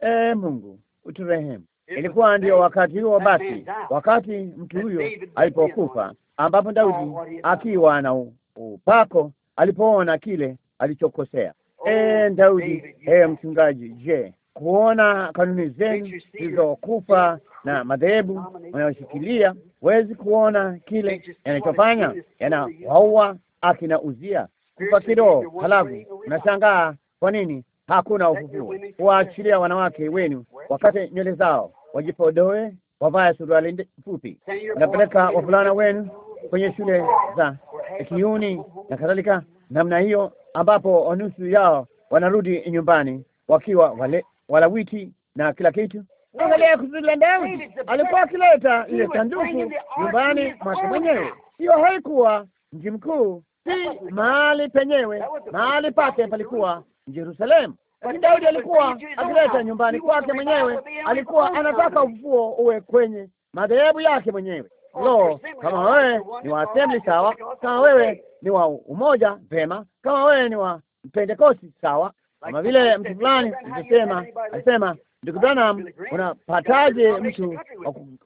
E Mungu uturehemu. Ilikuwa ndio wakati huo basi, wakati mtu huyo alipokufa, ambapo Daudi oh, akiwa na upako alipoona kile alichokosea. Oh, e Daudi, e mchungaji, je, kuona kanuni zenu zilizokufa na madhehebu unayoshikilia, huwezi kuona kile yanachofanya? Yanawaua akina Uzia kwa kiroho, halafu nashangaa kwa nini hakuna ufufuo. Waachilia wanawake wenu wakate nywele zao, wajipodoe, wavae suruali fupi, unapeleka wavulana wenu kwenye shule za kiuni na kadhalika, namna hiyo, ambapo nusu yao wanarudi nyumbani wakiwa wale walawiti na kila kitu. Angalia kusudi la Daudi, alikuwa akileta ile sanduku nyumbani mwake mwenyewe. Hiyo haikuwa mji mkuu si mahali penyewe, mahali pake palikuwa Yerusalemu, lakini Daudi alikuwa akileta nyumbani kwake mwenyewe. Alikuwa anataka ufufuo uwe kwenye madhehebu yake mwenyewe. Lo, kama wewe ni wa Assembly sawa, kama wewe ni wa umoja vema, kama wewe ni wa Pentekosti sawa. Kama vile mtu fulani alisema, alisema Ndugu Branham, unapataje mtu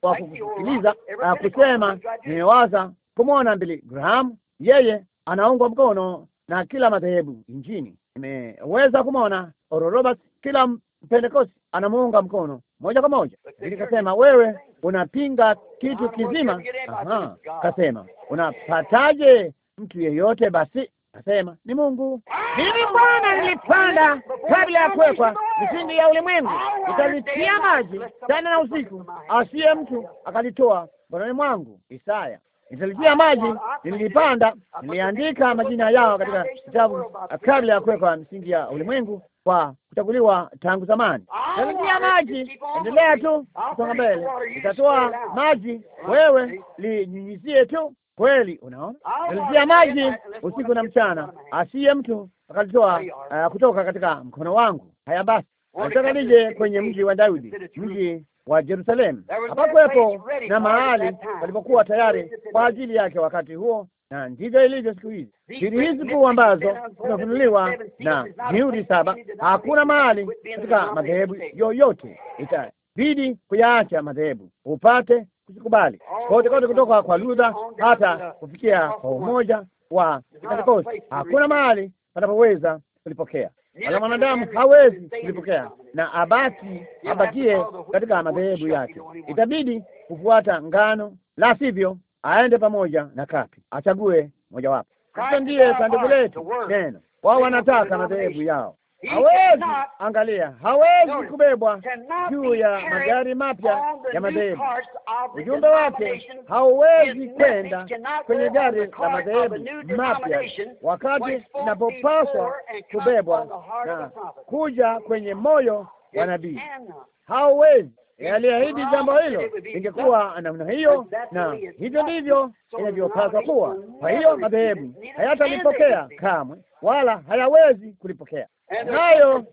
wa kusikiliza kusema nimewaza kumwona Billy Graham? Yeye anaungwa mkono na kila madhehebu nchini. Nimeweza kumwona Oral Roberts, kila pentekosti anamuunga mkono moja kwa moja. Nikasema wewe unapinga kitu kizima. Aha, kasema unapataje mtu yeyote? Basi kasema ni Mungu. Ah! Mimi Bwana nilipanda kabla ya kuwekwa misingi ya ulimwengu, nikalitia maji sana na usiku, asiye mtu akalitoa mkononi mwangu. Isaya nitalijia ah, maji, ah, ah, nilipanda, niliandika majina yao katika kitabu kabla ya kuwekwa msingi ya ulimwengu kwa kuchaguliwa tangu zamani. Nitalitia maji, endelea tu kusonga mbele, nitatoa maji, wewe linyunyizie tu. Kweli, unaona, nitalitia maji usiku na mchana, asiye mtu akalitoa uh, kutoka katika mkono wangu. Haya basi, nataka nije kwenye mji wa Daudi, mji wa jerusalemu Hapakuwepo na mahali walipokuwa tayari kwa ajili yake wakati huo, na ndivyo ilivyo siku hizi. Siri hizi kuu ambazo zimefunuliwa na mihuri saba, hakuna mahali katika madhehebu yoyote itabidi kuyaacha madhehebu upate kusikubali kote kote, kutoka kwa Luther hata kufikia kwa umoja wa Pentekoste. Hakuna mahali panapoweza kulipokea na mwanadamu hawezi kulipokea na abaki abakie katika madhehebu yake, itabidi kufuata ngano, la sivyo aende pamoja na kapi, achague mojawapo. Kristo ndiye sanduku letu neno. Wao wanataka madhehebu yao, hawezi angalia, hawezi kubebwa juu ya magari mapya ya madhehebu. Ujumbe wake hauwezi kwenda kwenye gari la madhehebu mapya, wakati inapopaswa kubebwa na kuja kwenye moyo wa nabii. Hauwezi aliahidi jambo hilo lingekuwa namna hiyo, na hivyo ndivyo inavyopaswa kuwa. Kwa hiyo madhehebu hayatalipokea kamwe, wala hayawezi kulipokea, nayo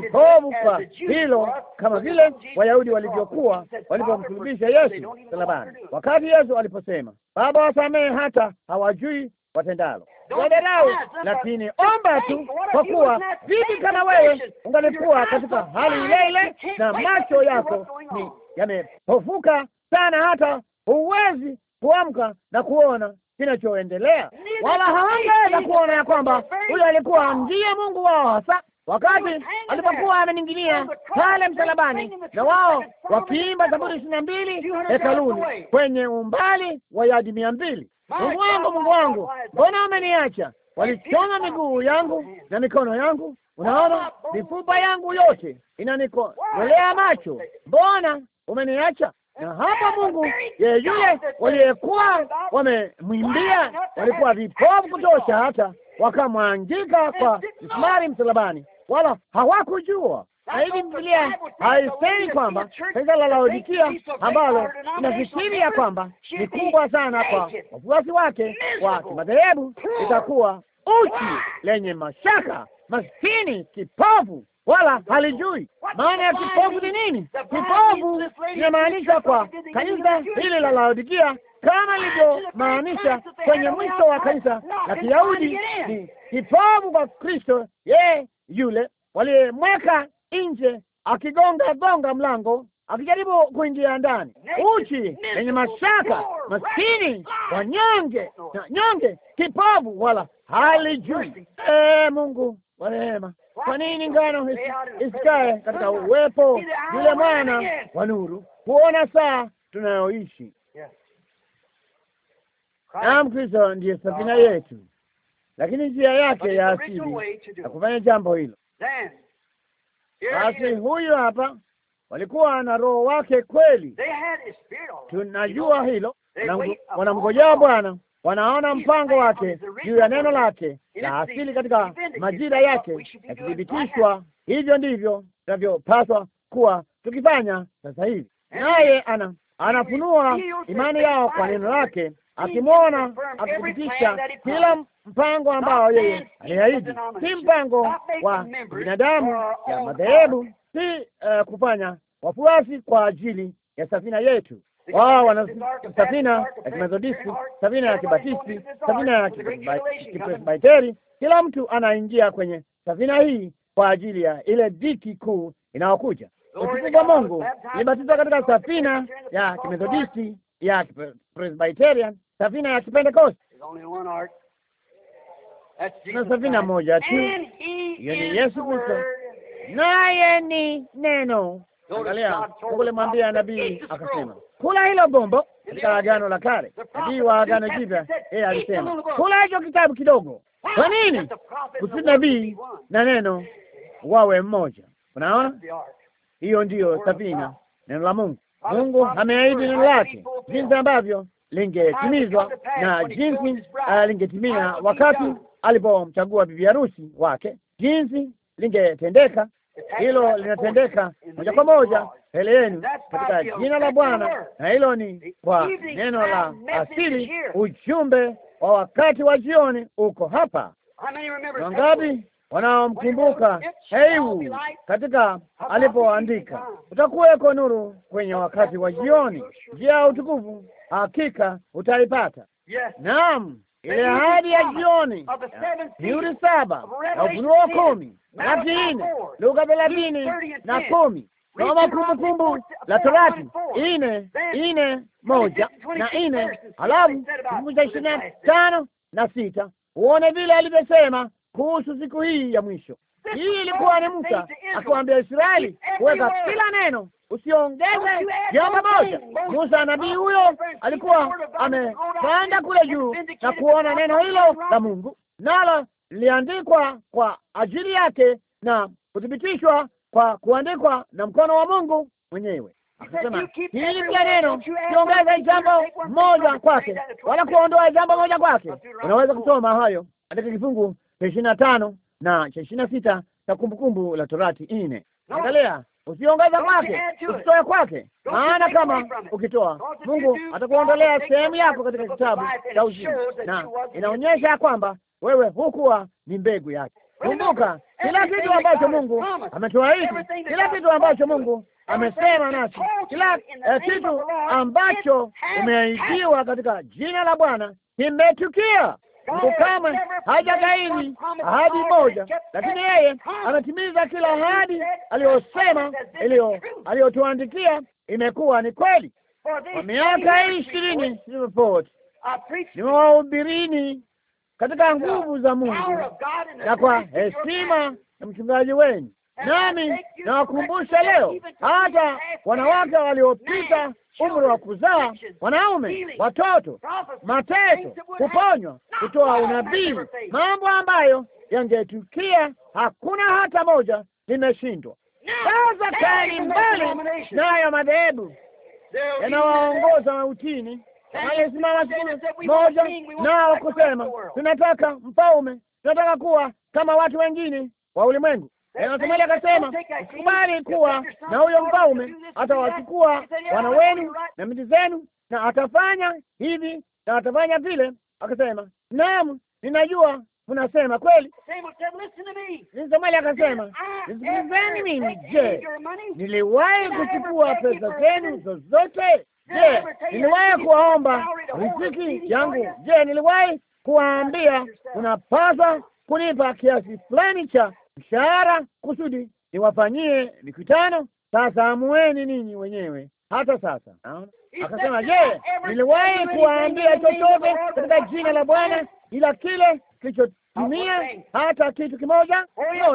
ni kwa hilo, kama vile Wayahudi walivyokuwa walipomsulubisha Yesu salabani wakati Yesu aliposema, Baba, wasamehe hata hawajui watendalo wadharau, lakini omba tu, kwa kuwa vipi kama wewe ungalikuwa katika hali ile ile na macho yako ni yamepofuka sana, hata huwezi kuamka na kuona kinachoendelea, wala hawangeweza kuona ya kwamba huyo alikuwa ndiye Mungu wao hasa wakati alipokuwa ameninginia pale msalabani, na wao wakiimba Zaburi ishirini na mbili hekaluni kwenye umbali wa yadi mia mbili. Mungu wangu, Mungu wangu, mbona ameniacha? Walichoma miguu yangu na mikono yangu, unaona mifupa yangu yote inanikolea macho. Mbona umeniacha? Na hapa Mungu yeyule yule waliyekuwa wamemwimbia walikuwa vipofu kutosha, hata wakamwangika kwa msumari msalabani wala hawakujua. hivi Biblia haisemi kwamba kanisa la Laodikia ambalo inafikiri ya kwamba ni kubwa sana kwa wafuasi wake wa kimadhehebu itakuwa uchi, lenye mashaka, maskini, kipofu wala halijui maana ya kipofu ni nini. Kipofu inamaanisha kwa kanisa hili la Laodikia, kama ilivyomaanisha kwenye mwisho wa kanisa la Kiyahudi, ni kipofu kwa Kristo, yeye yule mweka nje akigonga gonga mlango akijaribu kuingia ndani, uchi yenye mashaka, maskini, wanyonge na nyonge, kipovu, wala halijui. Ee Mungu wa rehema, kwa nini ngano isikae katika uwepo yule mwana wa nuru, kuona saa tunayoishi? Naam, Kristo ndiye safina yetu lakini njia yake ya asili ya kufanya jambo hilo. Basi huyu hapa, walikuwa na roho wake kweli, tunajua hilo, wanamgojea Bwana, wanaona mpango wake juu ya neno lake la asili katika majira yake yakithibitishwa. Hivyo ndivyo tunavyopaswa kuwa tukifanya sasa hivi, naye ana anafunua imani yao kwa neno lake akimwona akithibitisha kila mpango ambao yeye aliahidi, si mpango wa binadamu ya madhehebu, si eh, kufanya wafuasi kwa ajili ya safina yetu. Wao wana safina ya Kimethodisti, safina ya Kibatisti, safina ya Kipresbiteri. Kila mtu anaingia kwenye safina hii kwa ajili ya ile dhiki kuu inayokuja. Utukufu wa Mungu, nibatizwa katika safina ya Kimethodisti, ya Presbyterian safina ya Kipentekoste. Na safina moja tu, hiyo ni Yesu Kristo, naye ni neno. Angalia, Mungu nabii akasema, kula hilo bombo katika Agano la Kale. Nabii wa Agano Jipya yeye alisema, kula hicho kitabu kidogo. Kwa nini? Kusudi nabii na neno wawe mmoja. Unaona, hiyo ndiyo safina, neno la Mungu. Mungu ameahidi neno lake jinsi ambavyo lingetimizwa na jinsi ah, lingetimia wakati alipomchagua bibi harusi wake, jinsi lingetendeka. Hilo linatendeka moja kwa moja mbele yenu katika jina la Bwana, na hilo ni kwa neno la asili. Ujumbe wa wakati wa jioni uko hapa. Wangapi wanaomkumbuka heiu katika alipoandika, utakuweko nuru kwenye wakati wa jioni, njia ya utukufu hakika utaipata. Yes. Naam, ile ahadi ya jioni yuri saba na Ufunuo kumi Malaki nne lugha thelathini na kumi Soma Kumbukumbu la Torati ine ine moja na ine halafu kifungu cha ishirini na tano na sita uone vile alivyosema kuhusu siku hii ya mwisho. Hii ilikuwa ni Musa akiwaambia Israeli kuweka kila neno usiongeze jambo moja. Musa nabii ah, huyo alikuwa amepanda kule juu na kuona neno hilo la Mungu, nalo liliandikwa kwa ajili yake na kuthibitishwa kwa kuandikwa na mkono wa Mungu mwenyewe. Akasema hili pia neno siongeze jambo moja kwake, wala kuondoa jambo moja kwake. Unaweza kusoma hayo katika kifungu cha ishirini na tano na cha ishirini na sita cha Kumbukumbu la Torati nne. Angalia usiongeza kwake, usitoe kwake, maana kama ukitoa, Mungu atakuondolea sehemu yako katika kitabu cha uzima, na inaonyesha ya kwamba wewe hukuwa ni mbegu yake. Kumbuka kila kitu ambacho Mungu ametuahidi, kila eh, kitu ambacho Mungu amesema nasi, kila kitu ambacho umeahidiwa katika jina la Bwana kimetukia. Mungu kamwe hajagaini ahadi moja, lakini yeye anatimiza kila ahadi aliyosema, aliyotuandikia. Imekuwa ni kweli kwa miaka ishirini iliyopita. Nimewahubirini katika nguvu za Mungu na kwa heshima ya mchungaji wenu nami nawakumbusha leo, hata wanawake waliopita umri wa kuzaa, wanaume, watoto, mateso, kuponywa, kutoa unabii, mambo ambayo yangetukia hakuna hata moja limeshindwa. Sasa kaeni mbali nayo, madhehebu yanawaongoza mautini. Alisimama siku moja nao kusema, tunataka mfalme, tunataka kuwa kama watu wengine wa ulimwengu. Nathanaeli akasema, usikubali kuwa na huyo mfalme, atawachukua wana wenu na miti zenu, na atafanya hivi na atafanya vile. Akasema, naam, ninajua mnasema kweli. Nathanaeli akasema, nisikilizeni mimi. Je, niliwahi kuchukua pesa zenu zozote? Je, niliwahi kuwaomba riziki yangu? Je, niliwahi kuwaambia unapaswa kunipa kiasi fulani cha mshahara kusudi niwafanyie mikutano. Sasa amueni ninyi wenyewe hata sasa. Akasema, je, niliwahi kuwaambia chochote katika jina la Bwana ila kile kilichotimia hata kitu kimoja?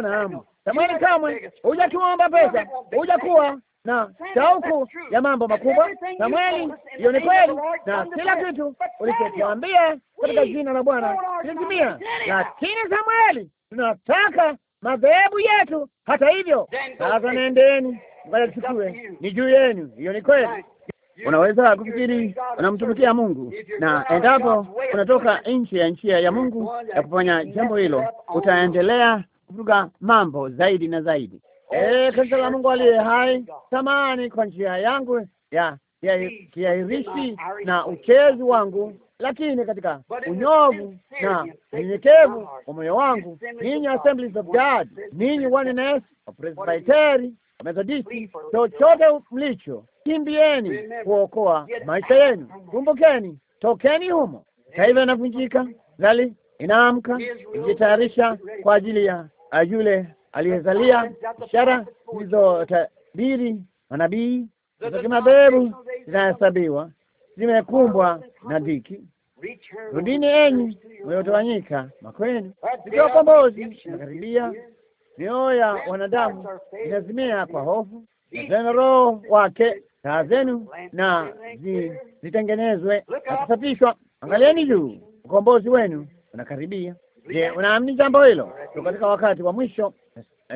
No, amu Tamani kamwe hujatuomba pesa, hujakuwa na shauku ya mambo makubwa. Samueli, hiyo ni kweli, na kila kitu ulichotuambia katika jina la Bwana kilitimia. Lakini Samueli, tunataka madhehebu yetu. Hata hivyo, sasa nendeni mkayachukue, ni juu yenu. Hiyo ni kweli. Unaweza kufikiri unamtumikia Mungu, na endapo unatoka nje ya njia ya Mungu ya kufanya jambo hilo, utaendelea kuvuruga mambo zaidi na zaidi. Eh, kanisa la Mungu aliye hai, samani kwa njia yangu ya kiahirishi na uchezi wangu lakini katika unyovu na unyenyekevu wa moyo wangu, ninyi Assemblies of God, ninyi Oneness, Wapresbiteri, Methodisti, chochote mlicho, kimbieni kuokoa maisha yenu. Kumbukeni, tokeni humo. hivyo inavunjika, dhali inaamka, ijitayarisha kwa ajili ya yule aliyezalia. Ishara zilizotabiri manabii za zinahesabiwa, zimekumbwa na dhiki Rudini enyi mliotawanyika makwenu, ndio ukombozi unakaribia. Mioyo ya wanadamu inazimia kwa hofu, nazena roho wake. Taa zenu na zitengenezwe na kusafishwa. Angalieni juu, ukombozi wenu unakaribia. Je, unaamini jambo hilo? Tuko katika wakati wa mwisho,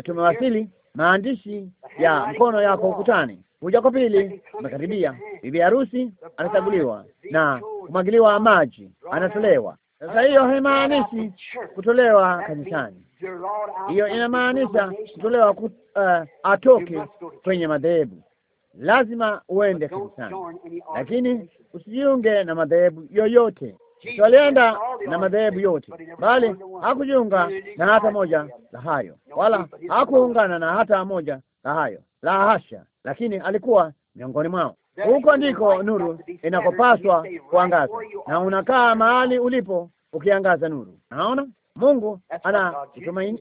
tumewasili. Maandishi ya mkono yako ukutani kwa pili umekaribia. Bibi harusi anachaguliwa na kumwagiliwa maji, anatolewa sasa. Hiyo haimaanishi kutolewa kanisani, hiyo inamaanisha kutolewa kut, uh, atoke kwenye madhehebu. Lazima uende kanisani, lakini usijiunge na madhehebu yoyote. So alienda na madhehebu yote, bali hakujiunga na hata moja la hayo, wala hakuungana na hata moja la hayo. La hasha! lakini alikuwa miongoni mwao. Huko ndiko nuru inakopaswa kuangaza, na unakaa mahali ulipo ukiangaza nuru. Naona Mungu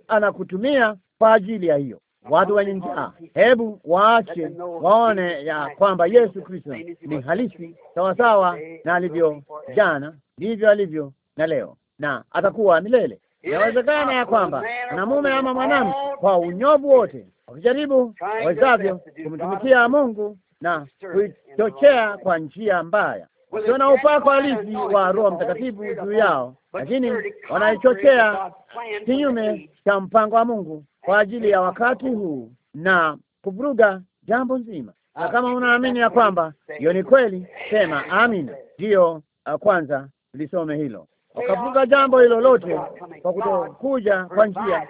anakutumia kwa ajili ya hiyo. Watu wenye njaa, hebu waache waone ya kwamba Yesu Kristo ni halisi, sawasawa na alivyo jana, ndivyo alivyo na leo na atakuwa milele. Inawezekana ya kwamba mwanamume ama mwanamke kwa unyovu wote wakijaribu wawezavyo kumtumikia Mungu na kuichochea kwa njia mbaya, sio na upako halisi wa Roho Mtakatifu juu yao, lakini wanaichochea kinyume cha mpango wa Mungu kwa ajili ya wakati huu na kuvuruga jambo nzima. Na kama unaamini ya kwamba hiyo ni kweli, sema amina. Ndiyo, uh, kwanza lisome hilo wakavuka jambo hilo lote kwa kutokuja kwa njia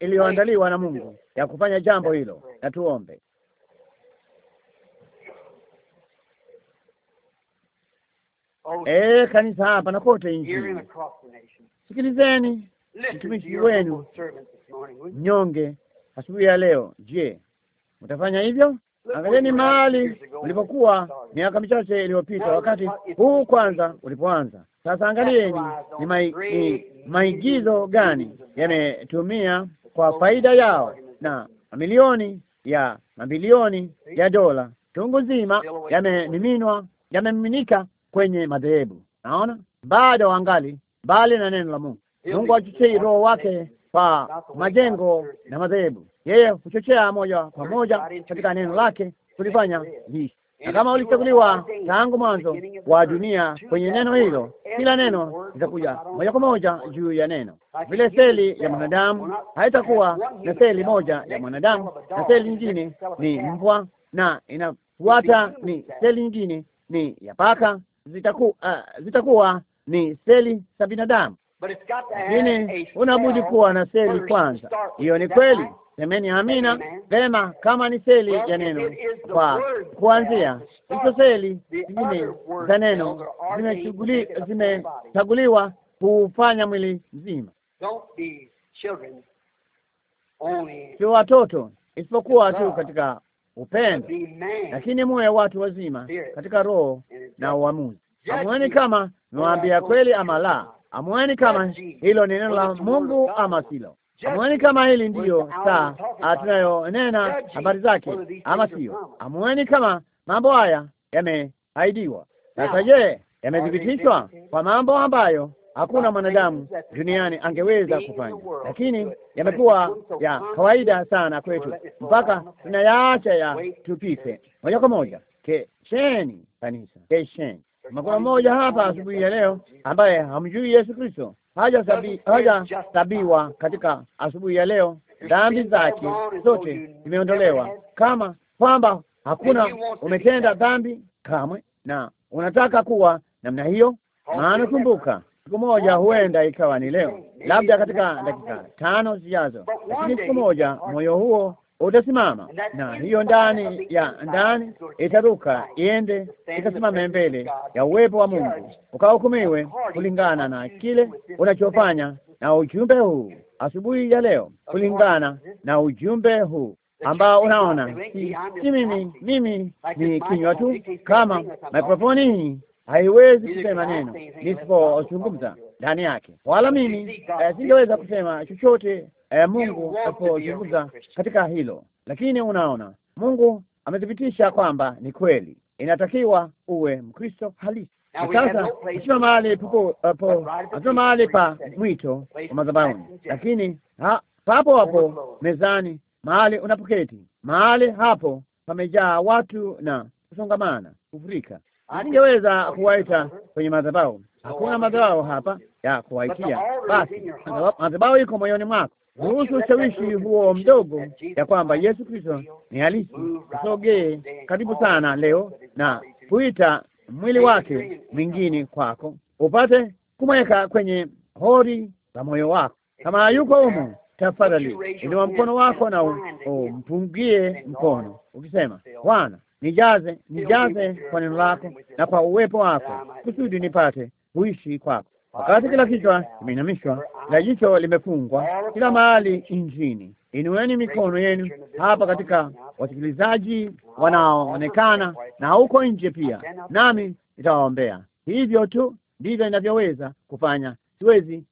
iliyoandaliwa na Mungu ya kufanya jambo hilo. Na tuombe. E, kanisa hapa na kote nchini, sikilizeni mtumishi wenu mnyonge asubuhi ya leo. Je, mtafanya hivyo? Angalieni mahali ulipokuwa miaka michache iliyopita, wakati huu kwanza ulipoanza. Sasa angalieni ni ni maigizo gani yametumia kwa faida yao na mamilioni ya mabilioni ya dola tungu nzima yamemiminwa yamemiminika kwenye madhehebu. Naona bado angali mbali na neno la Mungu. Mungu achochei roho wake pa majengo na madhehebu. Yeye huchochea moja kwa moja katika neno lake kulifanya hii, na kama ulichaguliwa tangu mwanzo wa dunia kwenye neno hilo, kila neno litakuja moja kwa moja juu ya neno. Vile seli ya mwanadamu haitakuwa na seli moja ya mwanadamu na seli nyingine ni mbwa na inafuata ni seli nyingine ni ya paka, zitakuwa uh, zitakuwa ni seli za binadamu lakini unabudi kuwa na seli kwanza. Hiyo ni kweli, semeni amina. Vema, kama ni seli ya neno kwa kuanzia, hizo seli zingine za neno zimechaguliwa kuufanya mwili mzima. si watoto isipokuwa tu katika upendo, lakini muwe watu wazima katika roho na uamuzi. Amuoni kama niwaambia kweli ama la? Amwani kama hilo ni neno la Mungu ama silo. Amwani kama hili ndiyo saa tunayonena habari zake ama sio. Amwani kama mambo haya yameahidiwa. Sasa je, yamethibitishwa kwa mambo ambayo hakuna mwanadamu duniani angeweza kufanya, lakini yamekuwa ya kawaida sana kwetu mpaka tunayaacha ya tupite moja kwa moja. Kesheni kanisa, kesheni. Kuna mmoja hapa asubuhi ya leo ambaye hamjui Yesu Kristo, hajahesabiwa katika asubuhi ya leo, dhambi zake zote zimeondolewa, kama kwamba hakuna umetenda dhambi kamwe, na unataka kuwa namna hiyo. Maana kumbuka, siku moja huenda ikawa ni leo, labda katika dakika tano zijazo, lakini siku moja moyo huo utasimama na hiyo ndani ya ndani itaruka iende ikasimame mbele ya uwepo wa Mungu, ukahukumiwe kulingana na kile unachofanya na ujumbe huu asubuhi ya leo, kulingana na ujumbe huu ambao unaona si, si mimi mimi ni kinywa tu, kama mikrofoni hii haiwezi kusema neno nisipozungumza ndani yake, wala mimi eh, singeweza kusema chochote eh, Mungu apozungumza katika hilo, lakini unaona Mungu amethibitisha kwamba ni kweli, inatakiwa uwe Mkristo halisi. Sasa hatuna mahali po, hatuna mahali pa mwito wa madhabahuni, lakini ha, papo hapo mezani, mahali unapoketi, mahali hapo pamejaa watu na kusongamana, kufurika. Ningeweza kuwaita kwenye madhabahu. Hakuna madhabahu hapa ya kuwaitia. Basi madhabahu iko moyoni mwako, kuhusu ushawishi huo mdogo ya kwamba Yesu Kristo ni halisi, usogee karibu sana leo na kuita mwili wake mwingine kwako, upate kumweka kwenye hori la moyo wako. Kama hayuko humo, tafadhali inua mkono wako na umpungie mkono ukisema, Bwana, nijaze nijaze kwa neno lako na kwa uwepo wako, kusudi nipate kuishi kwako wakati kila kichwa kimeinamishwa, kila jicho limefungwa, kila mahali nchini. Inueni mikono yenu hapa katika wasikilizaji wanaoonekana na huko nje pia, nami nitawaombea. Hivyo tu ndivyo inavyoweza kufanya, siwezi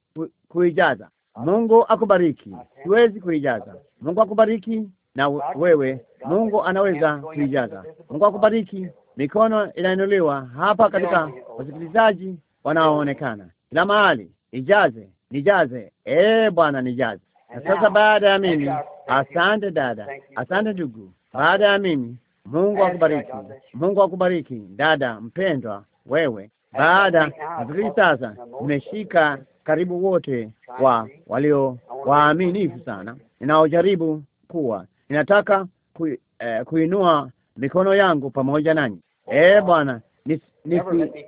kuijaza. Mungu akubariki. Siwezi kuijaza. Mungu akubariki na wewe. Mungu anaweza kuijaza. Mungu akubariki. Mikono inainuliwa hapa katika wasikilizaji wanaoonekana kila mahali, nijaze, nijaze, eh Bwana, nijaze. Na sasa baada ya mimi, asante dada, asante ndugu. Baada ya mimi, Mungu akubariki, Mungu akubariki dada mpendwa, wewe. Baada nafikiri sasa nimeshika karibu wote wa walio waaminifu sana, ninaojaribu kuwa ninataka ku, eh, kuinua mikono yangu pamoja nanyi. Oh, eh Bwana,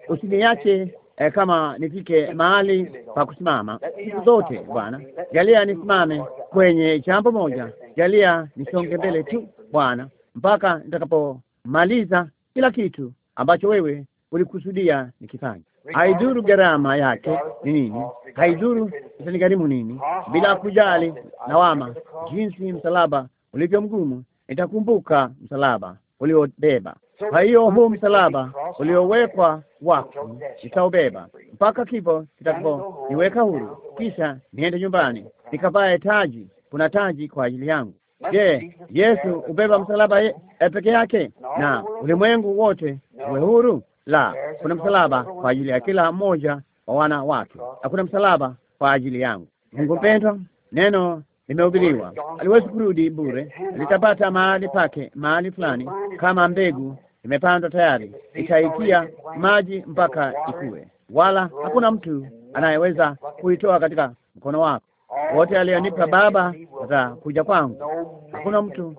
usiniache eh, kama nifike mahali pa kusimama siku zote. Bwana jalia nisimame kwenye jambo moja, jalia nisonge mbele tu Bwana mpaka nitakapomaliza kila kitu ambacho wewe ulikusudia nikifanya. Haidhuru gharama yake ni nini, haidhuru itanigharimu nini, bila kujali wama jinsi msalaba ulivyo mgumu, nitakumbuka msalaba uliobeba. Kwa hiyo huu msalaba uliowekwa wako nitaubeba mpaka kifo kitakaponiweka huru, kisha niende nyumbani nikavae taji. Kuna taji kwa ajili yangu. Je, Yesu ubeba msalaba ye, eh, peke yake na ulimwengu wote uwe huru? La, kuna msalaba kwa ajili ya kila mmoja wa wana wake, hakuna msalaba kwa ajili yangu. Mungu mpendwa, neno limehubiriwa. aliwezi kurudi bure, litapata mahali pake mahali fulani. Kama mbegu imepandwa tayari, itaikia maji mpaka ikue, wala hakuna mtu anayeweza kuitoa katika mkono wako. Wote aliyonipa Baba kuja kwangu, hakuna mtu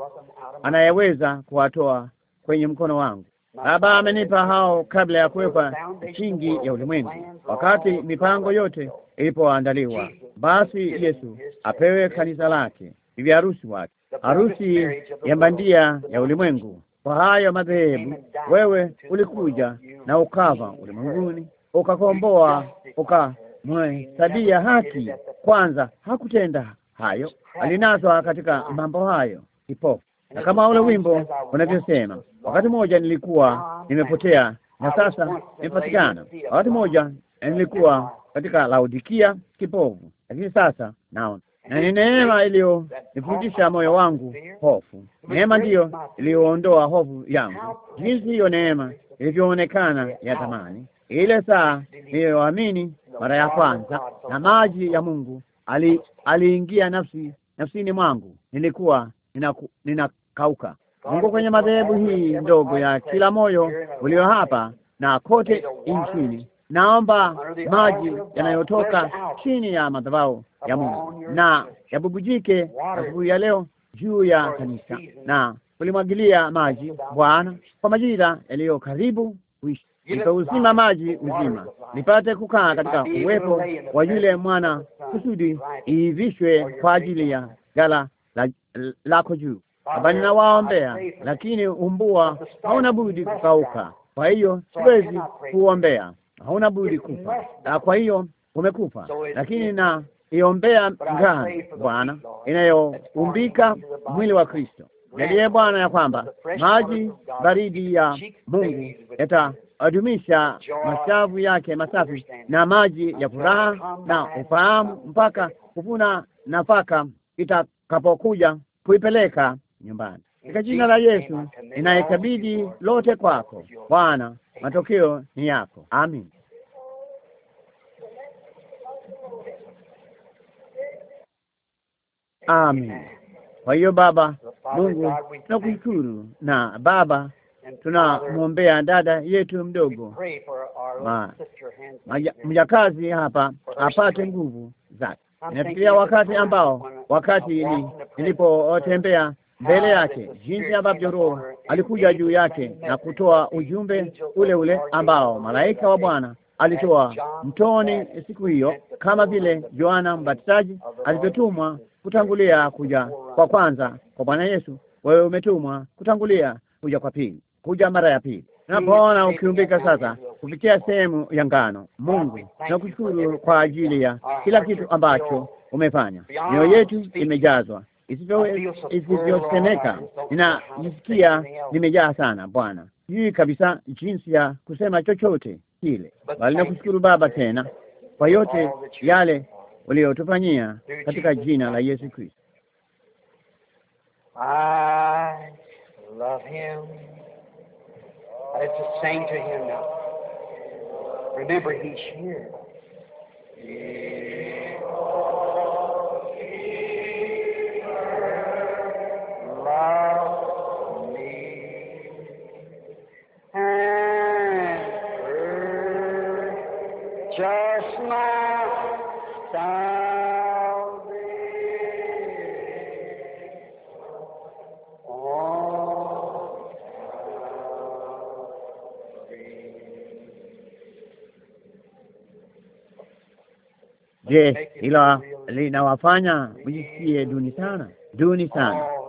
anayeweza kuwatoa kwenye mkono wangu. Baba amenipa hao kabla ya kuwekwa chingi ya ulimwengu, wakati mipango yote ilipoandaliwa basi Yesu apewe kanisa lake, bibi harusi wake, harusi ya bandia ya ulimwengu. Kwa hayo madhehebu, wewe ulikuja na ukava ulimwenguni, ukakomboa, ukamhesabia haki. Kwanza hakutenda hayo, alinaswa katika mambo hayo kipofu, na kama ule wimbo unavyosema, wakati mmoja nilikuwa nimepotea na sasa nimepatikana, wakati mmoja nilikuwa katika Laodikia kipofu lakini sasa naona na ni neema iliyonifundisha moyo wangu hofu. Neema ndiyo iliyoondoa hofu yangu, jinsi hiyo neema ilivyoonekana ya zamani, ile saa niliyoamini mara ya kwanza, na maji ya Mungu ali- aliingia nafsi nafsini mwangu, nilikuwa ninakauka. Mungu kwenye madhehebu hii ndogo ya kila moyo ulio hapa na kote nchini naomba maji yanayotoka chini ya madhabahu ya Mungu na yabubujike asubuhi ya leo juu ya kanisa na ulimwagilia maji Bwana kwa majira yaliyo karibu kuisha, uzima maji uzima, nipate kukaa katika uwepo wa yule mwana, kusudi iivishwe kwa ajili ya gala lako juu. Baba, ninawaombea lakini umbua hauna budi kukauka, kwa hiyo siwezi kuombea hauna budi kufa. Ah, kwa hiyo umekufa, lakini na iombea ngano Bwana inayoumbika mwili wa Kristo. Jalie Bwana ya kwamba maji baridi ya Mungu yatadumisha mashavu yake masafi na maji ya furaha na ufahamu mpaka kuvuna nafaka itakapokuja kuipeleka nyumbani katika jina la Yesu ninaikabidhi lote kwako Bwana, matokeo ni yako. Amin. Amin. Kwa hiyo Baba Mungu, tunakushukuru na Baba, tunamwombea dada yetu mdogo ma, mjakazi hapa apate nguvu zake. Inafikiria wakati ambao wakati nilipotembea mbele yake, jinsi ambavyo Roho alikuja juu yake na kutoa ujumbe ule ule ambao malaika wa Bwana alitoa mtoni siku hiyo, kama vile Yohana Mbatizaji alivyotumwa kutangulia kuja kwa kwanza kwa Bwana Yesu, wewe umetumwa kutangulia kuja kwa pili, kuja mara ya pili. Napoona ukiumbika sasa kufikia sehemu ya ngano, Mungu nakushukuru kwa ajili ya kila kitu ambacho umefanya. Mioyo yetu imejazwa isivyosemeka. Ninajisikia nimejaa sana Bwana, sijui kabisa jinsi ya kusema chochote kile, bali nakushukuru Baba tena kwa yote yale uliyotufanyia katika jina la Yesu Kristo. Remember, he's here. Je, hilo linawafanya mjisikie duni sana, duni sana,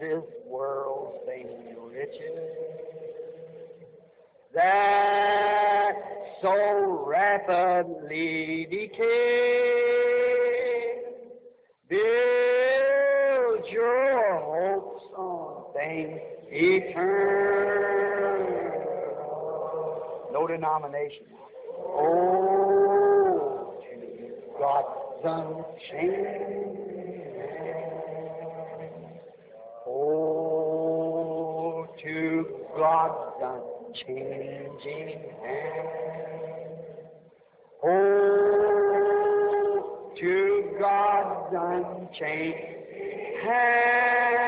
this world's vain riches that so rapidly decay. Build your hopes on things eternal. No denomination. Oh, God's unchanging. God's not changing hand. Oh, to God's unchanging hand.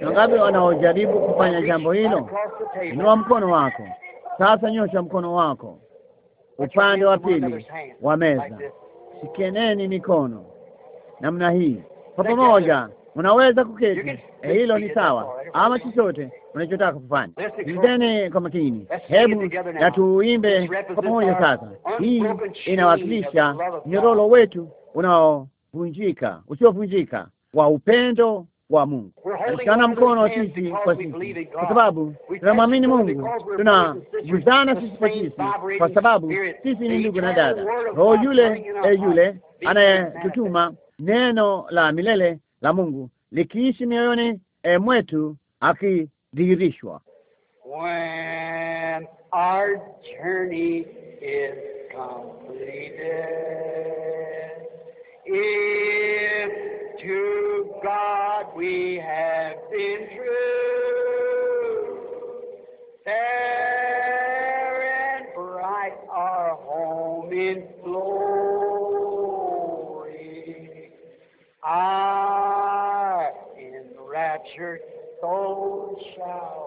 wangapi wanaojaribu kufanya jambo hilo? Inua mkono wako sasa, nyosha mkono wako upande wa pili wa meza, shikeneni mikono namna hii kwa pamoja. Unaweza kuketi, eh, hilo ni sawa, ama chochote unachotaka kufanya. Sikilizeni kwa makini, hebu na tuimbe kwa pamoja. Sasa hii inawakilisha nyororo wetu unaovunjika, usiovunjika wa upendo wa Mungu. Tunashikana mkono sisi kwa sisi, kwa sababu tunamwamini Mungu, tunaguzana sisi kwa sisi, kwa sababu sisi ni ndugu na dada. Roho yule e yule anayetutuma neno la milele la Mungu likiishi mioyoni e mwetu, akidhihirishwa If To God we have been true. Fair and bright our home in glory. Our ah, enraptured souls shall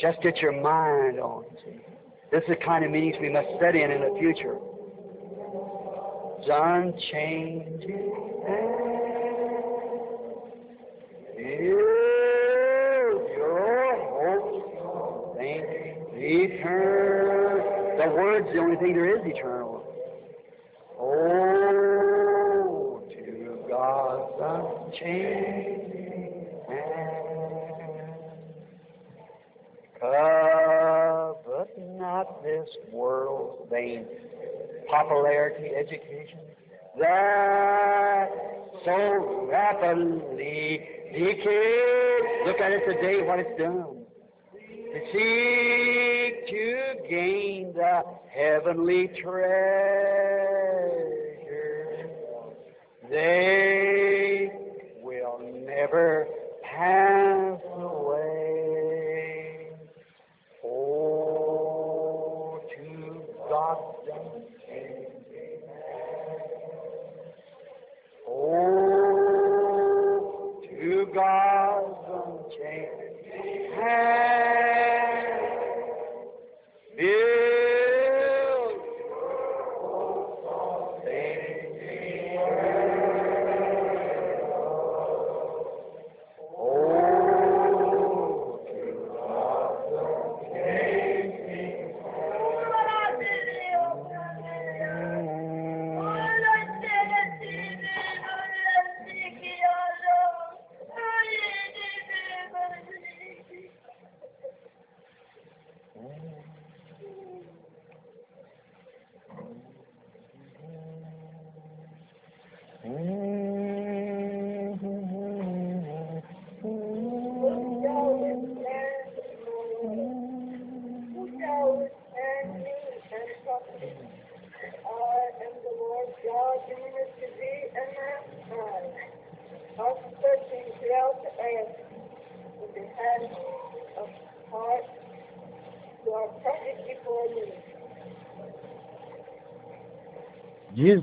Just get your mind on This is the kind of meetings we must study in in the future. John changed your hope, eternal. The word's the only thing there is eternal. popularity, education, that so rapidly decayed. Look at it today, what it's done. To seek to gain the heavenly treasure, they will never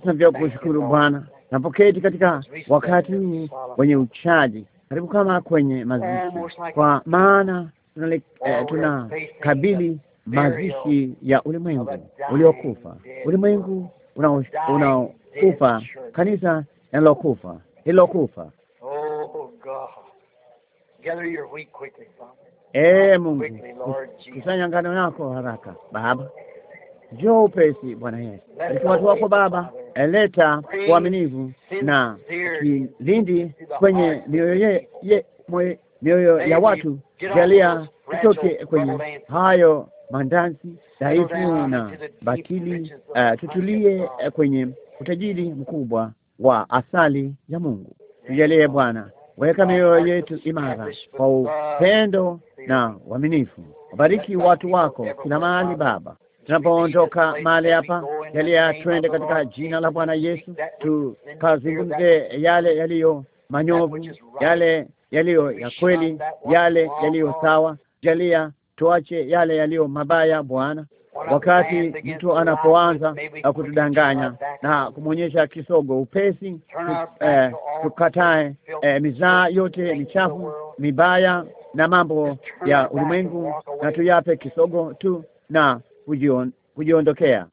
na vya kushukuru Bwana. Napoketi katika wakati huu wenye uchaji, karibu kama kwenye mazishi, kwa maana eh, tuna kabili mazishi ya ulimwengu uliokufa, ulimwengu unaokufa, kanisa linalokufa, lililokufa. Oh, ee eh, Mungu, kusanya ngano yako haraka Baba, njoo upesi Bwana Yesu, katika watu wako Baba leta uaminivu na kilindi kwenye mioyo ya watu, jalia tutoke kwenye hayo mandansi dhaifu na batili, uh, eh, tutulie eh, kwenye utajiri mkubwa wa asali ya Mungu. Tujalie Bwana, weka mioyo yetu imara kwa upendo na uaminifu. Wabariki watu wako kila mahali Baba, tunapoondoka mahali hapa, yaliya twende katika jina la Bwana Yesu, tukazungumze yale yaliyo manyovu, yale yaliyo ya kweli, yale yaliyo sawa. Jalia tuache yale yaliyo mabaya, Bwana. Wakati mtu anapoanza na kutudanganya na kumwonyesha kisogo upesi, eh, tukatae eh, mizaa yote michafu mibaya na mambo ya ulimwengu, na tuyape kisogo tu na kujiondokea.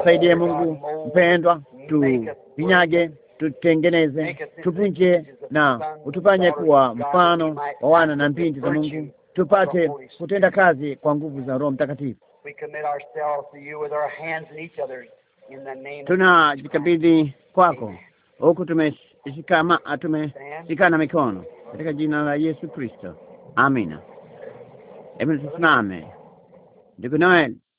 Msaidie Mungu mpendwa, tuvinyage, tutengeneze, tuvunje na utufanye kuwa mfano wa wana na binti za Mungu, tupate kutenda kazi kwa nguvu za Roho Mtakatifu. Tunajikabidhi kwako huku tumeshikama, tumeshikana mikono katika jina la Yesu Kristo, amina. Hebu tusimame. Ndugu Noel,